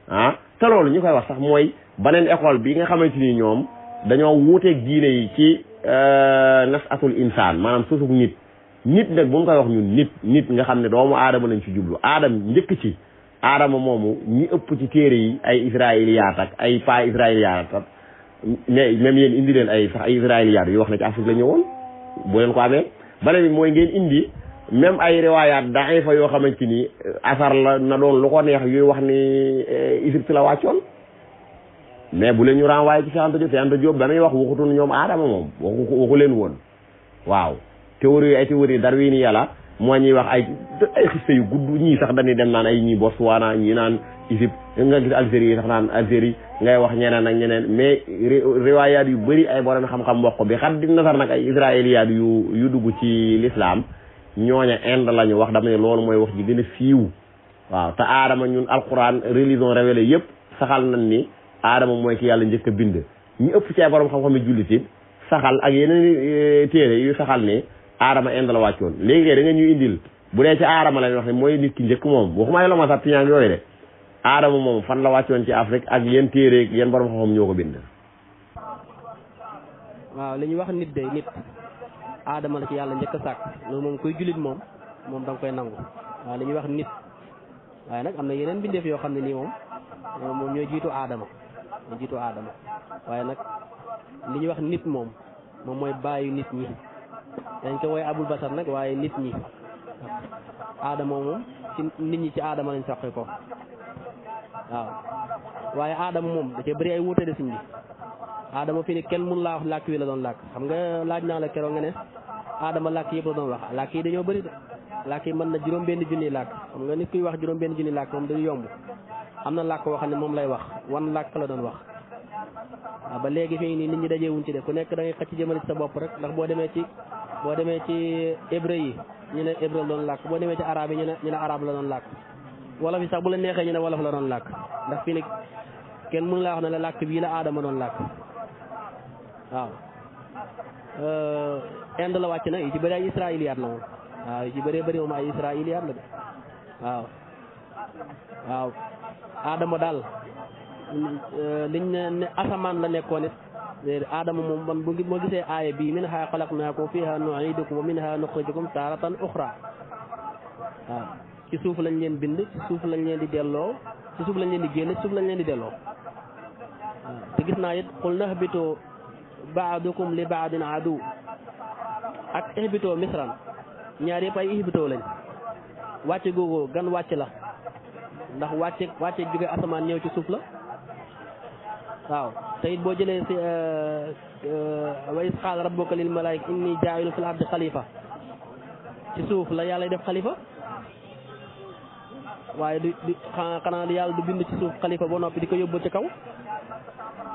ah te loolu ñu koy wax sax mooy beneen école bi nga xamante ni ñoom dañoo wuuteeg diine yi ci euh, nasatul insaan maanaam susuk nit nit nag bu ñu koy wax ñun nit nit nga xam ne doomu aadama lañ ci jublu aadam njëkk ci aadama moomu ñi ëpp ci téere yi ay israiliyaat ak ay pas israiliyaat ak mais mem yéen indi leen ay sax ay israiliyaat yu wax ne ci Afrique la ñëwoon bu leen ko amee beneen mooy ngeen indi même ay riwaayaat daifa yoo xamante ni eh, asar la na doon lu ko neex yuy wax ni eh, Égypte la wàccoon mais bu leen ñu renvoyé ci Cheikh Anta Diop Cheikh Anta Diop ba muy wax waxutoon ñoom aadama moom waxu leen woon waaw théorie yi ay théorie darwini yàlla moo ñuy wax ay ay yu gudd ñii sax dañuy dem naan ay ñii Botswana ñii naan Égypte nga gis Algérie yi sax naan Algérie ngay wax ñeneen ak ñeneen mais riwaayaat yu bëri ay borom xam-xam wax ko bi xam di nasar nag ay israéliyaat yu yu dugg ci l'islam ñooña Inde la ñu wax dama ne loolu mooy wax ji gën a fiiw waaw te aadama ñun alquran religion révélée yëpp saxal nañ ni aadama mooy ki yàlla njëkk bind ñu ëpp ci ay borom xam-xam yi jullit it saxal ak yeneen eh, téere yu saxal ni aadama Inde la wàccoon léegi da nga ñuy indil bu dee ci la ñu wax ne mooy nit aadama moom fan la wàccoon ci Afrique ak yéen téere yéen borom xam-xam ñoo ko bind. waaw li ñuy wax nit de nit adama la ci yàlla njëkk a sàkk loolu moom kuy jullit moom moom da koy nangu waaw ñuy wax nit waaye nag am na yeneen bindeef yoo xam ne nii moom moom jiitu aadama ñooy waaye nag li ñuy wax nit moom moom mooy bàyyi nit ñi dañ ko woy abul basar nag waaye nit ñi aadama moom ci nit ñi ci aadama lañ sàqi ko waaw waaye aadama moom da cee bëri ay wuute de siñ bi aadama fii ni kenn mun laa wax làkk wi la doon làkk xam nga laaj naa la keroog nga ne aadama làkk yëpp la doon wax làkk yi dañoo bëri de làkk yi mën na juróom benn junni làkk xam nga nit kuy wax juróom benn junni làkk moom dañu yomb am na làkk woo xam ne moom lay wax wan làkk la doon wax waaw ba léegi fii nii nit ñi dajewuñ ci de ku nekk da ngay xëcc jëmale sa bopp rek ndax boo demee ci boo demee ci hébreu yi ñu ne hébreu la doon làkk boo demee ci araab yi ñu ne ñu ne la doon làkk wolof yi sax bu la neexee ñu ne wolof la doon làkk ndax fii nii kenn mënu laa wax ne la làkk bii la aadama doon làkk waaw euh, Inde la wàcc na yu ci bëri ay israiliyaat la moom waaw yu ci bëree bëri moom ay israiliyaat la de waaw waaw aadama daal euh, liñ ne asamaan la nekkoon it moom man bu gisee aaya bii minhaa xalaqnaakum fiihaa nu'iidukum wa minhaa nuxrijukum taaratan uxraa waaw ci suuf lañ leen bind ci suuf lañ leen di delloo ci suuf lañ leen di génn ci suuf lañ leen di delloo te gis naa it qul nahbitu baadukum li baadin adu ak ihbitoo misran ñaar yëpp ay ihbitoo lañ wàcce googu gan wàcc la ndax wàcce wàcce jóge asamaan ñëw ci suuf la waaw te it boo jëlee si euh, euh, wa is qaala rabbuka lil malaayika inni jaa'ilu xalifa ci suuf la yàlla def xalifa waaye du du xanaa yàlla du bind ci suuf xalifa ba noppi di ko yóbbu ci kaw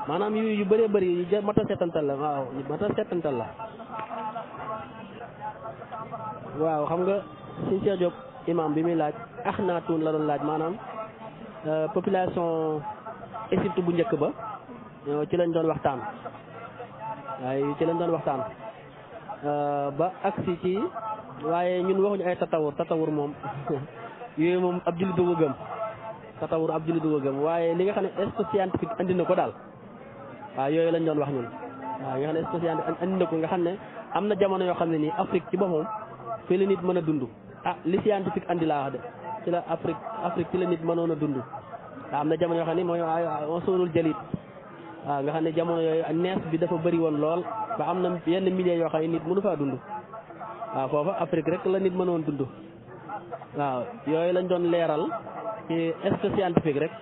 maanaam yu yu bëree bëri yu ja mata seetantal la waaw mata seetantal la waaw xam nga suñ Cheikh Diop imam bi muy laaj axnaatun la doon laaj maanaam euh, population Égypte bu njëkk ba ci lañ doon waxtaan waaye ci lañ doon waxtaan euh, ba agsi ci waaye ñun waxuñu ay tatawur tatawur moom yooyu moom ab jullit du ko gëm tasawur ab jullit du ko gëm waaye li nga xam ne espèce scientifique andi na ko daal waa yooyu lañ doon wax ñun waaw nga xam ne espèce scientifique ko nga xam ne am na jamono yoo xam ne nii Afrique ci boppam fii la mën a dund ah li scientifique andi laa wax de ci la Afrique Afrique ci la mënoon a dund am na jamono yoo xam ne mooy on soorul jëlit waaw nga xam ne jamono yooyu bi dafa bëri woon lool am na yenn milliers yoo xam ne nit mënu faa dund waaw foofa Afrique rek la nit mënoon dund waaw yooyu lañ doon leeral ci est scientifique rek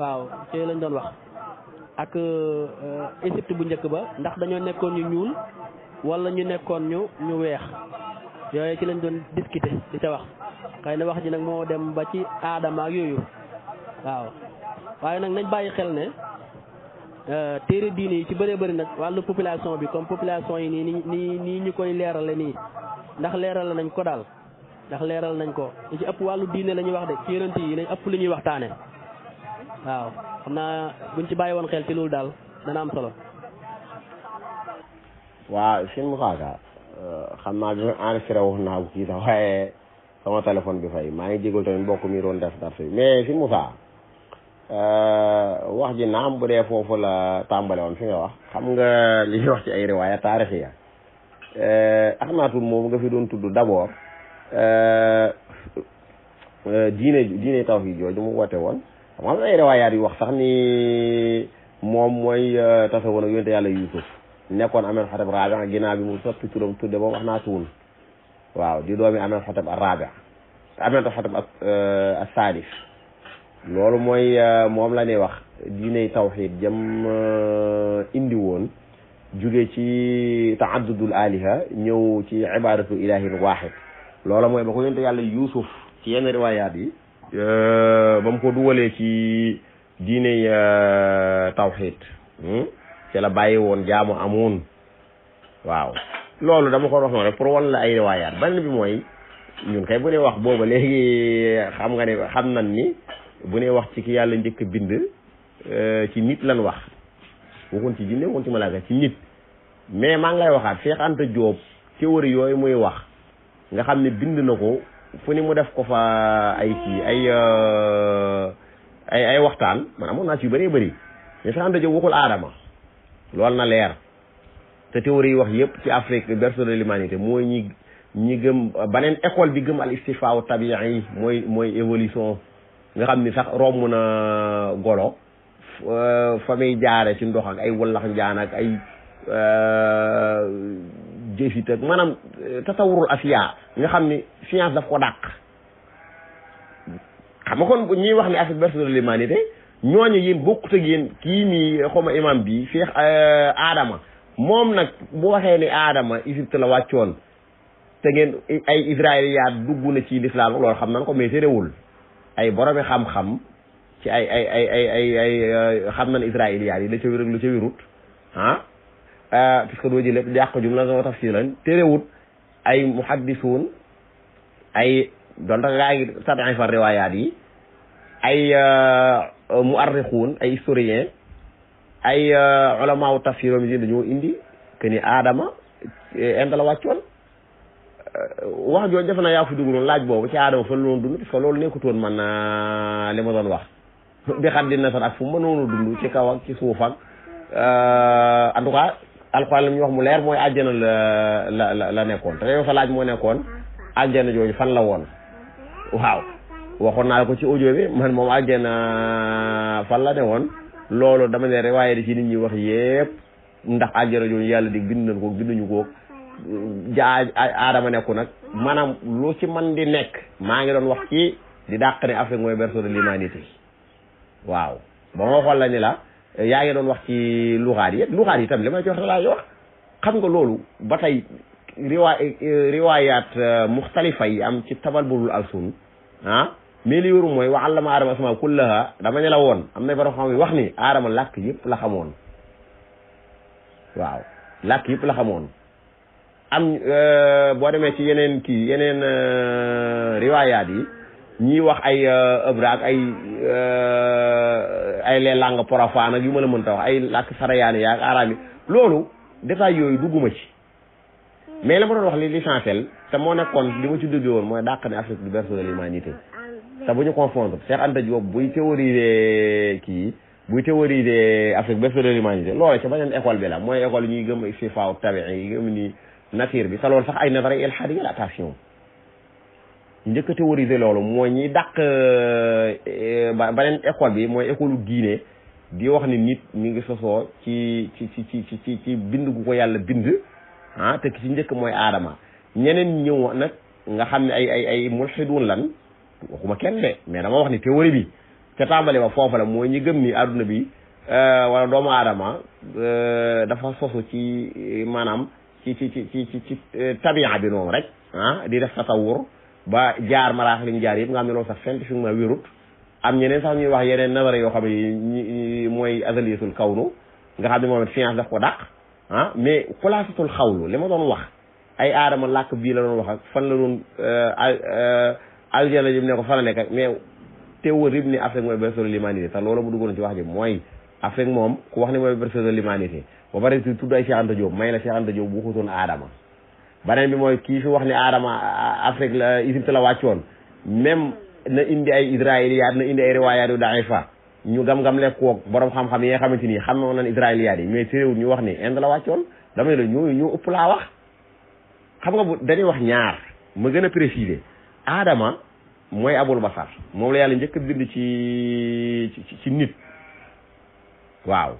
waaw ci lañ doon wax ak euh, Égypte bu njëkk ba ndax dañoo nekkoon ñu ñuul wala ñu nekkoon ñu ñu weex yooyu ci lañ doon discuter di ca wax xëy na wax ji nag moo dem ba ci aadama yooyu waaw waaye nag nañ bàyyi xel ne euh, téere diine yi ci bëree bëri nag wàllu population bi comme population yi nii nii nii ñu koy leerale nii ndax leerale nañ ko daal ndax leeral nañ ko li ci ëpp wàllu diine la ñuy wax de ci yonent yi lañ ëpp lu ñuy waxtaane waaw xam naa buñ ci bàyyi woon xel ci loolu daal dana am solo. waaw sëñ Moussa euh, xam naa dina enregistré wax naa ko kii sax waaye sama téléphone bi fay maa ngi jégal tamit mbokk mi doon def dars bi mais sëñ Moussa euh, wax ji naam bu dee foofu la tàmbale woon fi nga wax xam nga li ñuy wax ci ay riwaaya taarix ya euh, axnaatul moom nga fi doon tudd d'abord Euh, euh, diine diine tawhid mu woote woon xam nga am na yu wax sax ni moom mooy tasa woon ak yàlla yusuf nekkoon amel xatab rabia ginnaaw bi mu soppi turam tudde boobu waaw di doomi amel xatab ak rabia euh, amel loolu mooy moom la ñuy wax diiney tawxid jëm indi woon jóge ci taaddudul aliha ñëw ci ibaadatu ilahin wahid loola mooy ba ko yonte yàlla yuusuf ci yenn riwaayaat yi euh, ba mu ko dugalee ci diine euh, tawxiid hmm? ci la bàyyi woon jaamu amoon waaw loolu dama ko wax noonu pour wan la ay riwaayaat benn bi mooy ñun kay bu ne wax booba léegi xam nga ne xam nan ni bu ne wax ci ki yàlla njëkk bind euh, ci nit lan wax waxun ci jinne waxun ci malaaka ci nit mais maa ngi lay waxaat Cheikh Anta Diop théorie yooyu muy wax nga xam ne bind na ko fu ni mu def ko fa ay kii ay euh, ay ay waxtaan man amoon naa ci yu bëree bëri mais Cheikh Anta Diop aadama loolu na leer te théorie yi wax yépp ci Afrique berceau de l'humanité mooy ñi gëm beneen école bi gëm al istifaaw tabiya yi mooy mooy évolution nga xam ni sax romb na golo euh, fa muy jaare ci ndox ak ay wallax njaan ak ay euh, jésuite maanaam euh, tasawurul asiya nga xam ni science daf ko dàq xam kon ñuy wax ne Afrique berceau de ñooñu yéen bokkut ak yéen kii nii comme imam bi Cheikh euh, Adama moom nag bu waxee ni Adama Égypte la wàccoon te ngeen ay israéliyaat dugg na ci lislaam loolu xam nan ko mais terewul ay boromi xam-xam ci ay ay ay ay ay ay euh, xam nan israéliyaat yi la ca wér ak lu ca ah. Ah, parce que doo ji lépp jàq jum la nga tafsiran terewut ay muhaddisuun ay doon tax gaa ngi satin fa riwaayaat yi ay ah, muarrixuun ay historien ay ah, ulamaawu tafsiroom yi dañoo indi que ni aadama eh, inde la wàccoon wax jooju defe naa laaj boobu ci aadama fan la dund parce que loolu nekkutoon man li ma doon wax bi xat di nasar ak fu mu mënoon dund ci kaw ak ci suuf ak tout cas alxuraan la ñu wax mu leer mooy àjjana la la la la nekkoon te yow sa laaj moo nekkoon àjjana jooju fan la woon waaw waxoon naa ko ci audio bi man moom àjjana fan la ne woon loolu dama ne waaye di ci nit ñi wax yépp ndax àjjana jooju yàlla di bind nañ ko binduñu ko jaa aadama nekku nag maanaam lu ci man di nekk maa ngi doon wax kii di dàq ne Afrique mooy berceau waaw ba ma waxoon la ni la yaa ngi doon wax ci luxaar yi luxaar yi tam li may ci wax laa wax xam nga loolu ba tey riwa eh, eh, riwaayaat euh, muxtalifa yi am ci tabalbulul alsun ah mais li wéru mooy wa allama aadama asmaa kullaha dama ne la woon am na borom xam yi wax ni aadama làkk yépp la xamoon waaw làkk yépp la xamoon am euh, boo demee ci yeneen kii yeneen euh, riwaayaat yi ñiy wax ay ëbra euh, ak ay euh, ay les langues profanes ak yu ma la mënta wax ay làkk sarayaani yaak araami loolu détail yooyu dugguma ci mais la ma doon wax li l'essentiel te moo nekkoon li ma ci duggee woon mooy dàq ne Afrique du berceau de l'humanité te bu ñu confondre Cheikh Anta Diop buy théoriser kii buy théoriser Afrique berceau de l'humanité loolu ca beneen école bi la mooy école ñuy gëm si faaw tabi yi gëm ni nature bi te loolu sax ay nazare ilhaad yi njëkk a loolu mooy ñi dàq beneen école bi mooy école diine di wax ni nit ñu ngi sosoo ci ci ci ci ci ci bind gu ko yàlla bind ah te ci njëkk mooy aadama ñeneen ñëw nag nga xam ne ay ay ay mulxiduun lan waxuma kenn de mais dama wax ni théorie bi ca tàmbali ba foofu la mooy ñi gëm ni àdduna bi wala doomu aadama dafa sosu ci maanaam ci ci ci ci ci tabiya bi noonu rek di def tasawur ba jaar maraax liñ jaar yëpp nga xam ne loolu sax scientifiquement wérut am ñeneen sax ñuy wax yeneen nazar yoo xam ne mooy azaliyatul kawnu nga xam ne moom it science ko dàq ah mais xulaasatul xawlu li ma doon wax ay aadama làkk bii la doon wax ak fan la doon euh, algérie euh, jëm ne ko fan la nekk ak mais teewul rib ni Afrique mooy ci wax ji mooy Afrique moom ku wax ne mooy berceau de l'humanité ba pare tudd ay Cheikh Anta may la Cheikh Anta Diop bu xutoon aadama beneen bi mooy kii fi wax ni aadama Afrique la Égypte la wàcc woon même na indi ay israiliyaat na indi ay riwaayaat yu daifa ñu gam-gam lekk woog borom xam-xam yi nga xamante ni xam nañ israiliyaat yi mais téréwul ñu wax ni Inde la wàcc damay dama la ñu ëpp laa wax xam nga bu dañuy wax ñaar ma gën a préciser aadama mooy abul basar moom la yàlla njëkk bind ci ci nit waaw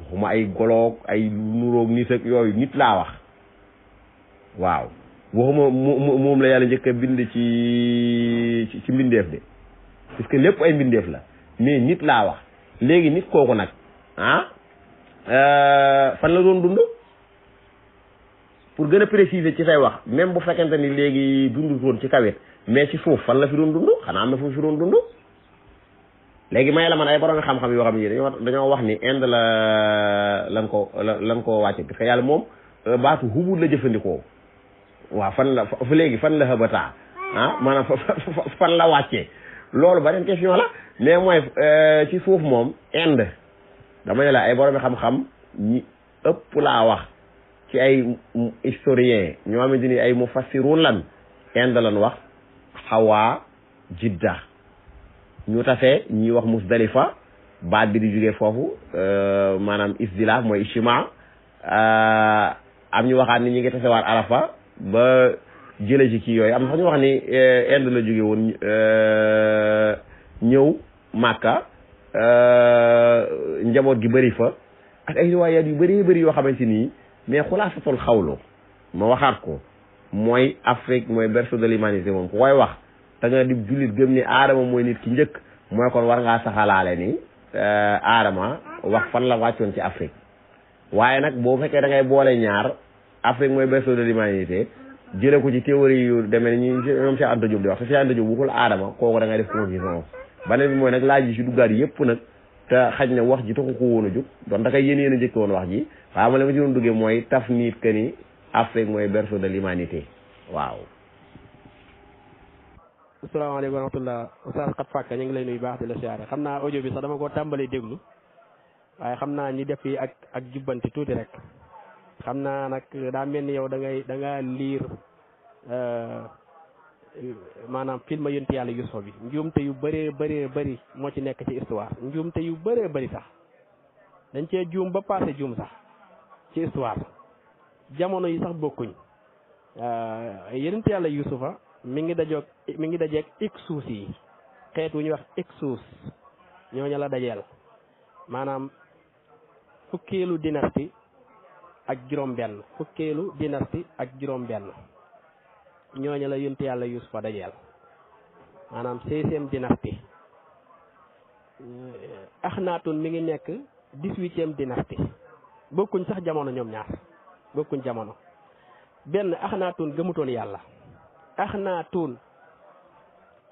waxuma ay goloog ay nuroog nit ak yooyu nit laa wax waaw waxuma moom la yàlla njëkk a bind ci ci mbindeef de parce que lépp ay mbindeef la mais nit laa wax léegi nit kooku nag ah euh, fan la doon dund pour gën a préciser ci say wax même bu fekkente ni léegi dund woon ci kawet mais ci suuf fan la fi doon dund xanaa am na fu fi doon dund léegi may la man ay borom xam-xam yoo xam ni dañoo dañoo wax ni Inde la lan ko lan ko wàcce parce que yàlla moom euh, baatu hubut la jëfandikoo waaw fan la fu léegi fan la xëbataa ah maanaam fan la wàcce loolu beneen question la mais mooy euh, ci suuf moom inde dama ne la ay borom xam-xam ñi ëpp laa wax ci ay historien ñoo xamante ni ay mufassirun lan inde lan wax xawaa jidda ñu tase ñi wax musdalifa baat bi di jógee foofu euh, maanaam isdila mooy ishima euh, am ñu waxaat ni ñu ngi tasewaat arafa ba jële ci kii yooyu am na sax ñu wax ni eh, Inde la jóge woon eh, ñëw Màkka eh, njaboot gi bëri fa ak ay riwaayaat yu bëree bëri yoo xamante nii mais xulaasatul xawlo ma waxaat ko mooy Afrique mooy berceau de l'humanité moom ku koy wax da nga di jullit gëm ni aadama mooy nit ki njëkk mooy kon war ngaa saxalaale ni aadama wax fan la wàccoon ci Afrique waaye nag boo fekkee da ngay boole ñaar Afrique mooy berceau de l'humanité jële ko ci théorie yu demee ni ñu ñoom Cheikh Anta Diop di wax te Cheikh Anta Diop waxul aadama kooku da ngay def confusion beneen bi mooy nag laaj yi ci duggaat yëpp nag te xaj na wax ji taxu ko a jóg doon da koy yéen yéen wax ji waaw ma li ma ci duggee mooy taf niit que ni Afrique mooy berceau de l'humanité waaw asalaamaaleykum wa rahmatullah oustaz xat fàkk ñu ngi lay nuyu baax di la siyaare xam naa audio bi sax dama koo tàmbali déglu xam naa ñi def yi ak ak jubbanti tuuti rek xam naa nag daa mel ni yow da ngay da ngaa liir euh, maanaam film yonent yàlla Yuusuf bi njuumte yu bëree bëree bari moo ci nekk ci histoire njuumte yu bëree bari sax dañ cee juum ba passé juum sax ci histoire jamono yi sax bokkuñ euh, yonent yàlla Yuusufa mi ngi dajoog mi suus yi xeet wu ñuy wax Hyksos ñooñu la dajeel maanaam fukkeelu dynastie ak juróom-benn fukkeelu dynastie ak juróom-benn ñooñu la yonent yàlla Yuusufa dajeel maanaam seizième dynastie eh, Axnaatun mi ngi nekk dix-huitième dynastie bokkuñ sax jamono ñoom ñaar bokkuñ jamono benn Axnaatun gëmutoon yàlla Axnaatun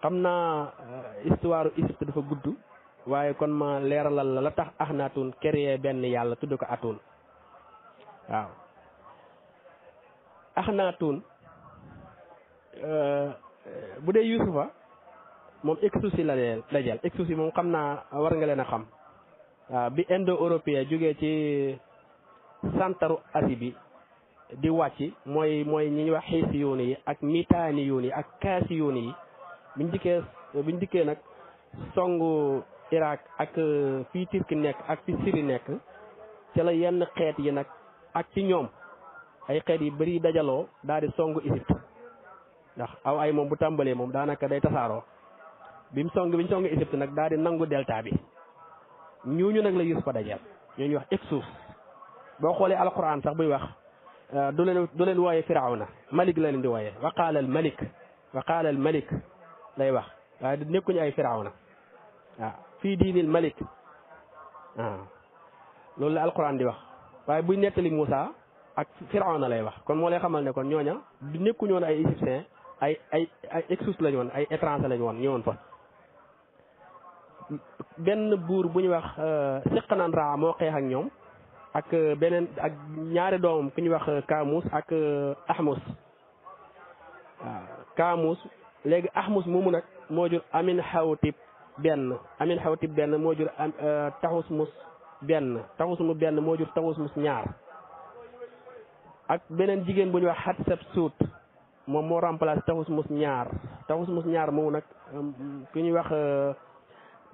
xam naa eh, histoire Égypte dafa gudd waaye kon ma leeralal la la tax Axnaatun créé benn yàlla tudd ko Atoun waaw axnaatun euh, bu dee yusufa moom exousi la deel la jël exousi moom xam naa war nga leen a xam waaw bi indo européen jógee ci santaru asi bi di wàcc mooy mooy ñi ñuy wax xiisi yoon yi ak mitaani yoon yi ak kaasi yoon yi biñ dikkee biñ dikkee nag songu Irak ak euh, fii Turki nekk ak fi Syrie nekk ci la yenn xeet yi nag ak ci ñoom ay xeet yi bëri dajaloo daal di song Égypte ndax aw ay moom bu tàmbalee moom daanaka day tasaaroo bi mu song bi ñu song Égypte nag daal di nangu delta bi ñooñu nag la Yuusuf a dajeel ñooñu wax Hyksos boo xoolee alquran sax buy wax euh, du leen du leen wooyee firawna malik la leen di wooyee waqaalal malik waqaalal malik lay wax waaye nekkuñu ay firawna waaw fii diinil malik waaw loolu la alquran di wax waaye buy nettali Moussa ak na lay wax kon moo lay xamal ne kon ñooña nekkuñu woon ay égyptiens ay ay ay exus lañu woon ay étranger lañu woon ñëwoon fa. benn buur bu ñuy wax Seqanan euh, Raa moo xeex ak ñoom ak euh, beneen ak ñaari doomam ku ñuy wax euh, Kaamus ak Ahmus waaw Kaamus léegi Ahmus moomu nag moo jur Amin Xawtib benn Amin Xawtib benn moo jur Taxus Mus benn tawus mu benn moo jur tawus mus ñaar ak beneen jigéen bu ñuy wax xat sab suut moom moo remplacé tawus mus ñaar tawus mus ñaar moomu nag ki ñuy wax euh,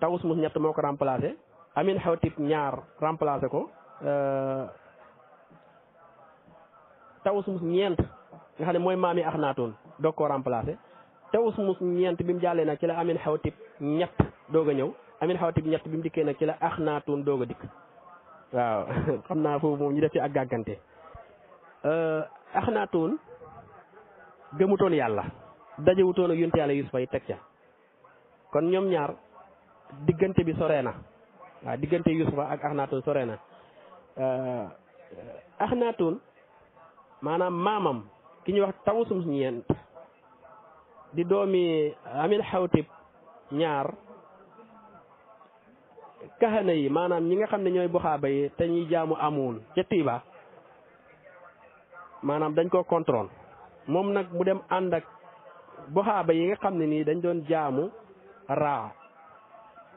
tawus mus ñett moo ko remplacé amin xawtib ñaar remplacé ko euh, tawus mus ñeent nga xam ne mooy maam yi ax naatoon doog koo remplacé tawus mus ñeent bi mu jàllee nag ci la amin xawtib ñett doog a ñëw amin bi ñett bi mu dikkee na ci la ax naatun doog a dikk waaw xam naa foofu moom ñu def ci ak gàggante euh, ax naatun gëmutoon yàlla dajewutoon ak yonent yàlla Yuusufa yi teg ca kon ñoom ñaar diggante bi soree na waaw diggante Yuusufa ak ax naatun soree na euh, ax naatun maanaam maamam ki ñuy wax tawusum ñeent di doomi amin xawti ñaar kahana yi maanaam ñi nga xam ne ñooy buxaaba yi te ñuy jaamu amuun ca Tiiba maanaam dañ koo contrôle moom nag mu dem ànd ak buxaaba yi nga xam ne nii dañ doon jaamu raa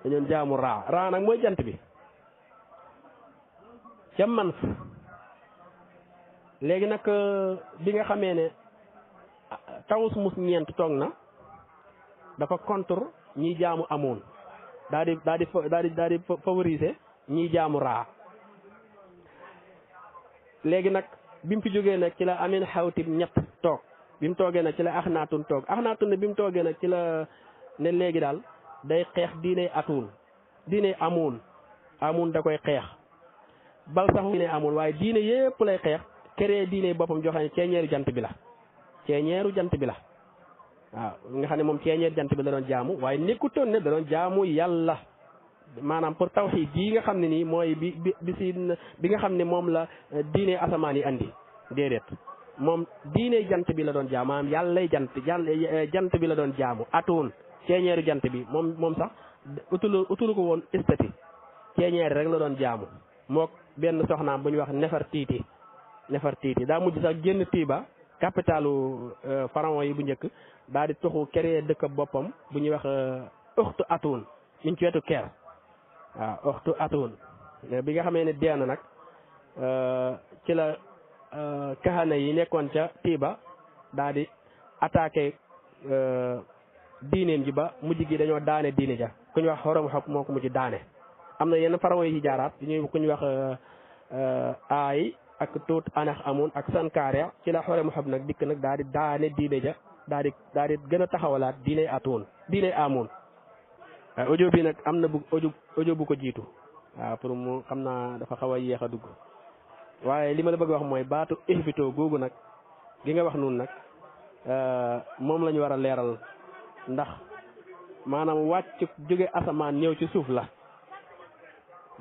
dañ doon jaamu raa raa nag mooy jant bi ca man léegi nag euh, bi nga xamee ne tawus mus ñeent toog na dafa contre ñiy jaamu amoon daa di daa di daa di daa di favoriser ñiy jaamu raa léegi nag bi mu fi jógee nag ci la amin xawtib ñett toog bi mu toogee nag ci la axnaatun toog axnaatun ne bi mu toogee nag ci la ne léegi daal day xeex diine atuun diine amuun amuun da koy xeex bal sax diine amuun waaye diine yépp lay xeex këree diine boppam joxe ne ceeñeeru jant bi la ceeñeeru jant bi la waaw nga xam ne moom ceeñeet jant bi la doon jaamu waaye nekkutoon ne da doon jaamu yàlla maanaam pour tawxiid yi nga xam ne nii mooy bi bi si bi nga xam ne moom la eh, diine asamaan yi indi déedéet moom diine jant bi la doon jaamu maanaam yàllay jant eh, jant bi la doon jaamu atoon ceeñeeru jant bi moom moom sax utulu utulu ko woon istati ceeñeer rek la doon jaamu mook benn soxnaam bu ñu wax Nefertiti Nefertiti daa mujj sax génn Tiiba capitalu eh, pharaon yi bu njëkk daa di tuxu créer dëkk boppam bu ñuy wax oxtu euh, atuun mi ci wetu ker waaw oxtu atuun euh, bi nga xamee ne dee na nag euh, ci la kaxana yi nekkoon ca tiiba daa di attaqué diineem ji ba mujj gi dañoo daane diine ja ku ñu wax xorom xog moo ko am na yenn pharaon yi ci jaaraat ñuy wax aay ak tuut anax amun ak sankaria ci la xorom xog nag dikk nag daa di daane diine ja daal di daal di gën a taxawalaat di lay atoon di lay amoon waaye euh, audio bi nag am na bu audio audio bu ko jiitu waaw pour mu xam naa dafa xaw a yéex a dugg waaye li ma la bëgg a wax mooy baatu invito googu nag gi nga wax noonu nag euh, moom lañu war a leeral ndax maanaam wàcc jóge asamaan ñëw ci suuf la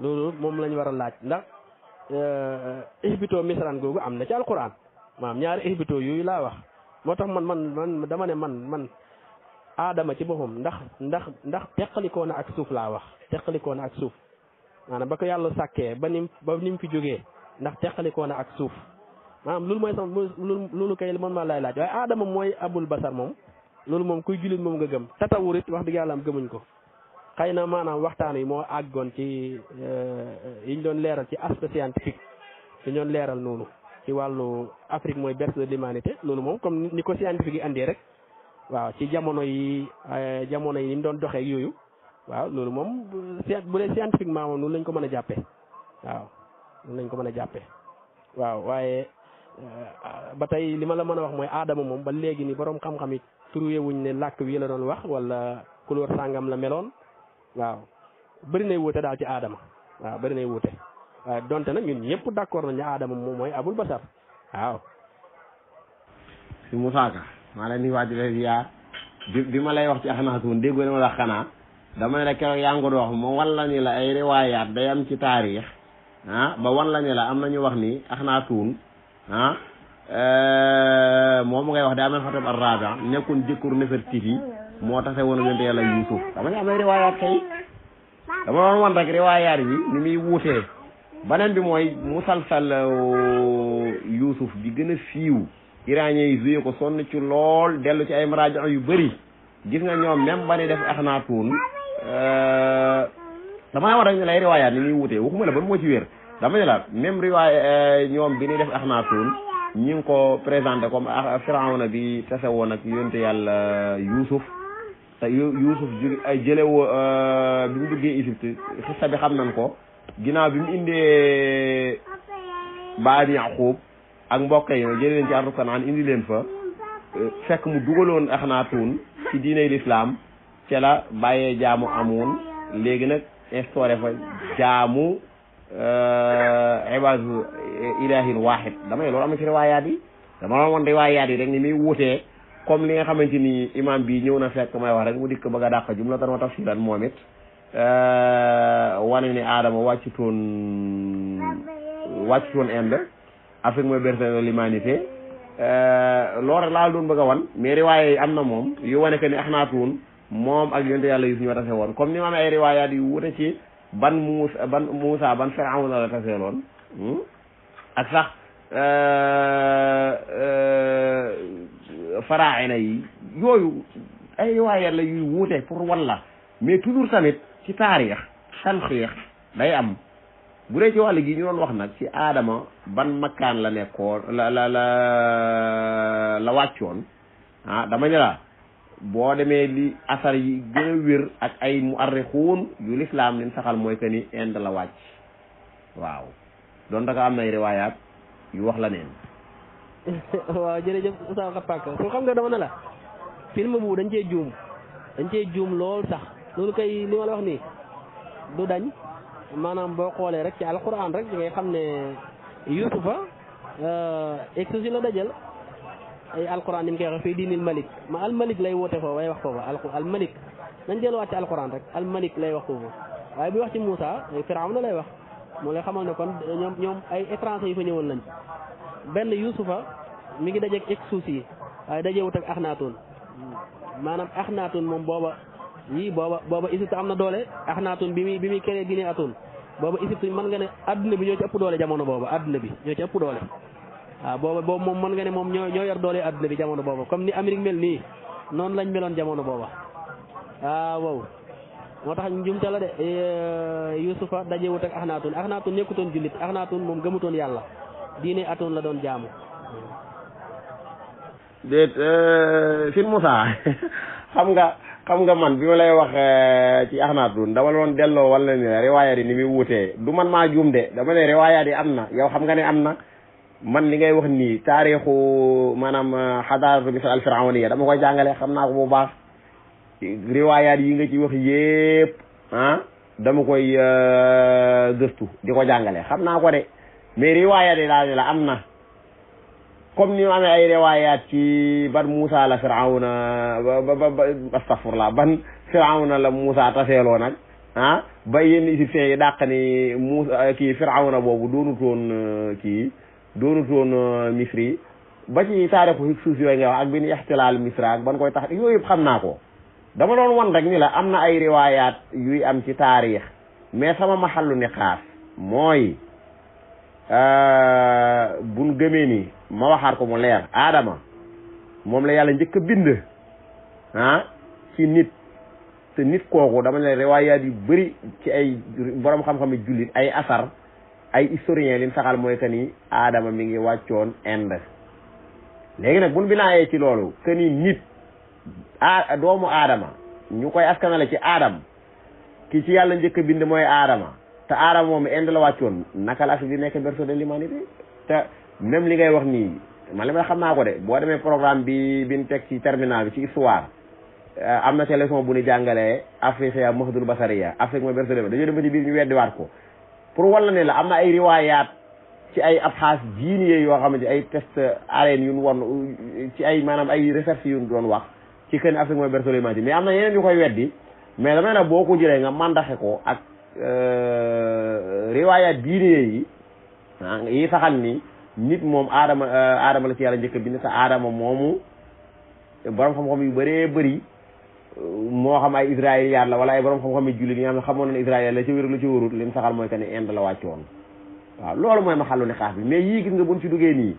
loolu moom la war a laaj ndax euh, invito misraan googu am na ci alquran maam ñaari invito yooyu laa wax. moo tax man man man dama ne man man aadama ci boppam ndax ndax ndax teqalikoo na ak suuf laa wax teqalikoo na ak suuf maanaam ba ko yàlla sàkkee ba nim ba ni mu fi jógee ndax teqalikoo na ak suuf maanaam loolu mooy sama loolu kay man maa lay laaj waaye aadama mooy abul basar moom loolu moom kuy jullit moom nga gëm tatawur it wax dëgg yàlla am gëmuñ ko xëy na maanaam waxtaan wi moo àggoon ci euh, yi ñu doon leeral ci aspect scientifique ñu doon leeral noonu ci wàllu Afrique mooy berceau de loolu moom comme ni ko scientifique yi andee rek waaw ci jamono yi euh, jamono yi ni doon doxee yooyu waaw loolu moom bu dee scientifiquement moom noonu lañ ko mën a jàppee waaw noonu lañ ko mën a jàppee waaw waaye euh, ba tey li ma la mën a wax mooy aadama moom ba léegi nii boroom xam-xam yi trouvé wuñ ne làkk wi la doon wax wala couleur sàngam la meloon waaw bëri nay wuute daal ci aadama waaw bëri nay wuute Euh, donte nag ñun ñëpp d'accord nañu aadama moom mooy abul basar waaw si Moussa Ka maa leen di waajule ziar bi bi ma lay wax ci axanaatun déggoo ne ma la dama ne la keroog yaa ngi wax la ni la ay riwaayaat day am ci taarix ah ba wan la ni la am nañu wax ni axanaatun ah euh, moom ngay wax day amee xatab arrabia nekkoon jëkkër Nefertiti moo taxe woon yonent yàlla dama ne am riwaayaat kay dama doon wan rek riwaayaat yi ni muy wuutee beneen bi mooy musalsal Yuusuf bi gën a siiw iranien yi joué ko sonn ci lool dellu ci ay maraajo yu bëri gis nga ñoom même ba ni def Axnaatuun euh, dama war a ñu lay riwaayaat ni muy wutee waxuma la ban moo ci wér dama ne la même riwaay euh, ñoom bi ni def Axnaatuun ñi ngi ko présenté comme ah, Firawna bi tase woon ak yonte yàlla Yuusuf te Yuusuf ju jële woo euh, bi mu duggee Égypte xista bi xam nañ ko ginaaw bi mu indee baam Yaquub ak mbokk yi jëlee leen ci ardu Kanaan indi leen fa fekk mu dugaloon Axnaatuun ci diiney lislaam ca la bàyyee jaamu amoon léegi nag instauré fa jaamu euh, ibadu ilahin wahid damay loolu am na ci riwaayaat yi dama doon woon riwaayaat yi rek ni muy wutee comme li nga xamante ni imam bi ñëw na fekk may wax rek mu dikk bëgg a dàq jumlatan wa tafsilan moom it Eh, wane ni aadama wàccutoon wàccutoon Inde Afrique mooy berceau de l'humanité eh, loolu rek laa doon bëgg a wan mais riwaaya yi am na moom yu wane que ni Axnaatuun moom ak yonte yàlla Yuusuf ñoo tase woon comme ni ma amee ay riwaayaat yu wute ci ban Muusa ban Muusa ban Firawna la tasee loon hmm? ak sax eh, faraayina yi yooyu ay riwaayaat la yuy wuute pour wan la mais toujours tamit ci taarix talxiix day am bu dee ci wàll gi ñu doon wax nag ci aadama ban makkaan la nekkoon la la la la wàccoon ah dama ne boo demee li asar yi gën wér ak ay muarrixuun yu lislaam liñ saxal mooy que ni Inde la wàcc waaw doon daka am nay riwaayaat yu wax la neen waaw jërëjëf Moussa Pakka soo xam nga dama ne la film bu dañ cee juum dañ cee juum lool sax loolu kay li ma la wax nii du dañ maanaam boo xoolee rek ci alquran rek ngay xam ne yusufa euh, exosi la dajal ay alquran ni mu koy waxee fii diinil malik ma almalik lay woote foofu wax foofu almalik nañ delluwaat ci alquran rek almalik lay wax foofu waaye bi wax ci Moussa na lay wax moo lay xamal ne kon ñoom ñoom ay étranger yu fa ñëwoon lañ benn yusufa mi ngi dajeeg exosi waaye dajewut ak axnaatoon maanaam axnaatoon moom booba ñii booba booba Égypte am na doole Akhenaton bi muy bi muy keneen Guinée Atoon booba Égypte man nga ne àdduna bi ñoo ci ëpp doole jamono booba adduna bi ñoo ci ëpp doole. waaw booba boobu moom mën nga ne moom ñoo ñoo yor doole adduna bi jamono booba comme ni Amérique mel nii noonu lañ meloon jamono booba waaw wow moo tax njumte la de Yuusufa dajewut ak Akhenaton Akhenaton nekkutoon jullit Akhenaton moom gëmutoon yàlla diine Atoon la doon jaamu. déet fi Moussa xam nga. xam nga man bi ma lay wax eh, ci axnaatun dama la doon delloo wala ni ni muy wutee du man maa juum de dama ne riwaayaat yi am na yow xam nga ne am na man li ngay wax nii taarixu maanaam xadaaratu eh, misr al firawniya dama koy jàngale xam naa ko bu baax riwaayaat yi nga ci wax yépp ah, dama koy eh, gëstu di ko jàngale xam naa ko de mais riwaayaat yi la am na comme ni mu amee ay riwaayaat ci ban Moussa la Firawna ba ba ba astafurla ban Firawna la Moussa taseeloo nag ah ba yenn égyptiens yi dàq ni Moussa eh, kii Firawna boobu doonutoon eh, kii doonutoon eh, Misri ba ci taarixu suuf yooyu nga wax ak bi ñu ixtilaal Misra ban koy tax yooyu yëpp xam naa ko dama doon wan rek ni la am na ay riwaayaat yuy am ci taarix mais sama maxallu ni xaas mooy Euh, buñ gëmee ni ma waxaat ko mu leer aadama moom la yàlla njëkk a bind ah ci nit te nit kooku dama ne riwaayaat yu bëri ci ay borom xam-xam yu jullit ay asar ay historien lim saxal mooy que ni aadama mi ngi wàccoon Inde léegi nag buñ binaayee ci loolu que ni nit a doomu aadama ñu koy askanale ci aadam ki ci yàlla njëkk a bind mooy aadama te aadama moom inde la wàccoon naka la Afrique di nekk berceau de l'humanité te même li ngay wax nii ma li may xam naa ko de boo demee programme bi bi ñu teg ci terminal bi ci histoire euh, am na ca bu nu jàngalee Afrique ya mahadul basariya Afrique mooy berceau de dañoo dem ba ci biir ñu weddiwaat ko pour wala ne la am na ay riwaayaat ci ay abxaas diine yoo xamante ay test arène yu ñu won ci ay maanaam ay recherche yu ñu doon wax ci kenn Afrique mooy berceau de l'humanité mais yeneen yu koy weddi mais damay nag boo ko nga mandaxe ko ak Euh, riwaaya diine yi ah, yi saxal ni nit moom aadama euh, aadama la ci yàlla njëkk a bind te aadama moomu borom xam-xam yu bëree bëri euh, moo xam ay israéliyaat la wala ay borom xam-xam yu jullit yi xam ne xamoon na israéliyaat la ci wér la ci wërut lim saxal mooy que ne Inde la wàcc woon waaw loolu mooy ma xàllu ne xaaf bi mais yii gis nga buñ ci duggee nii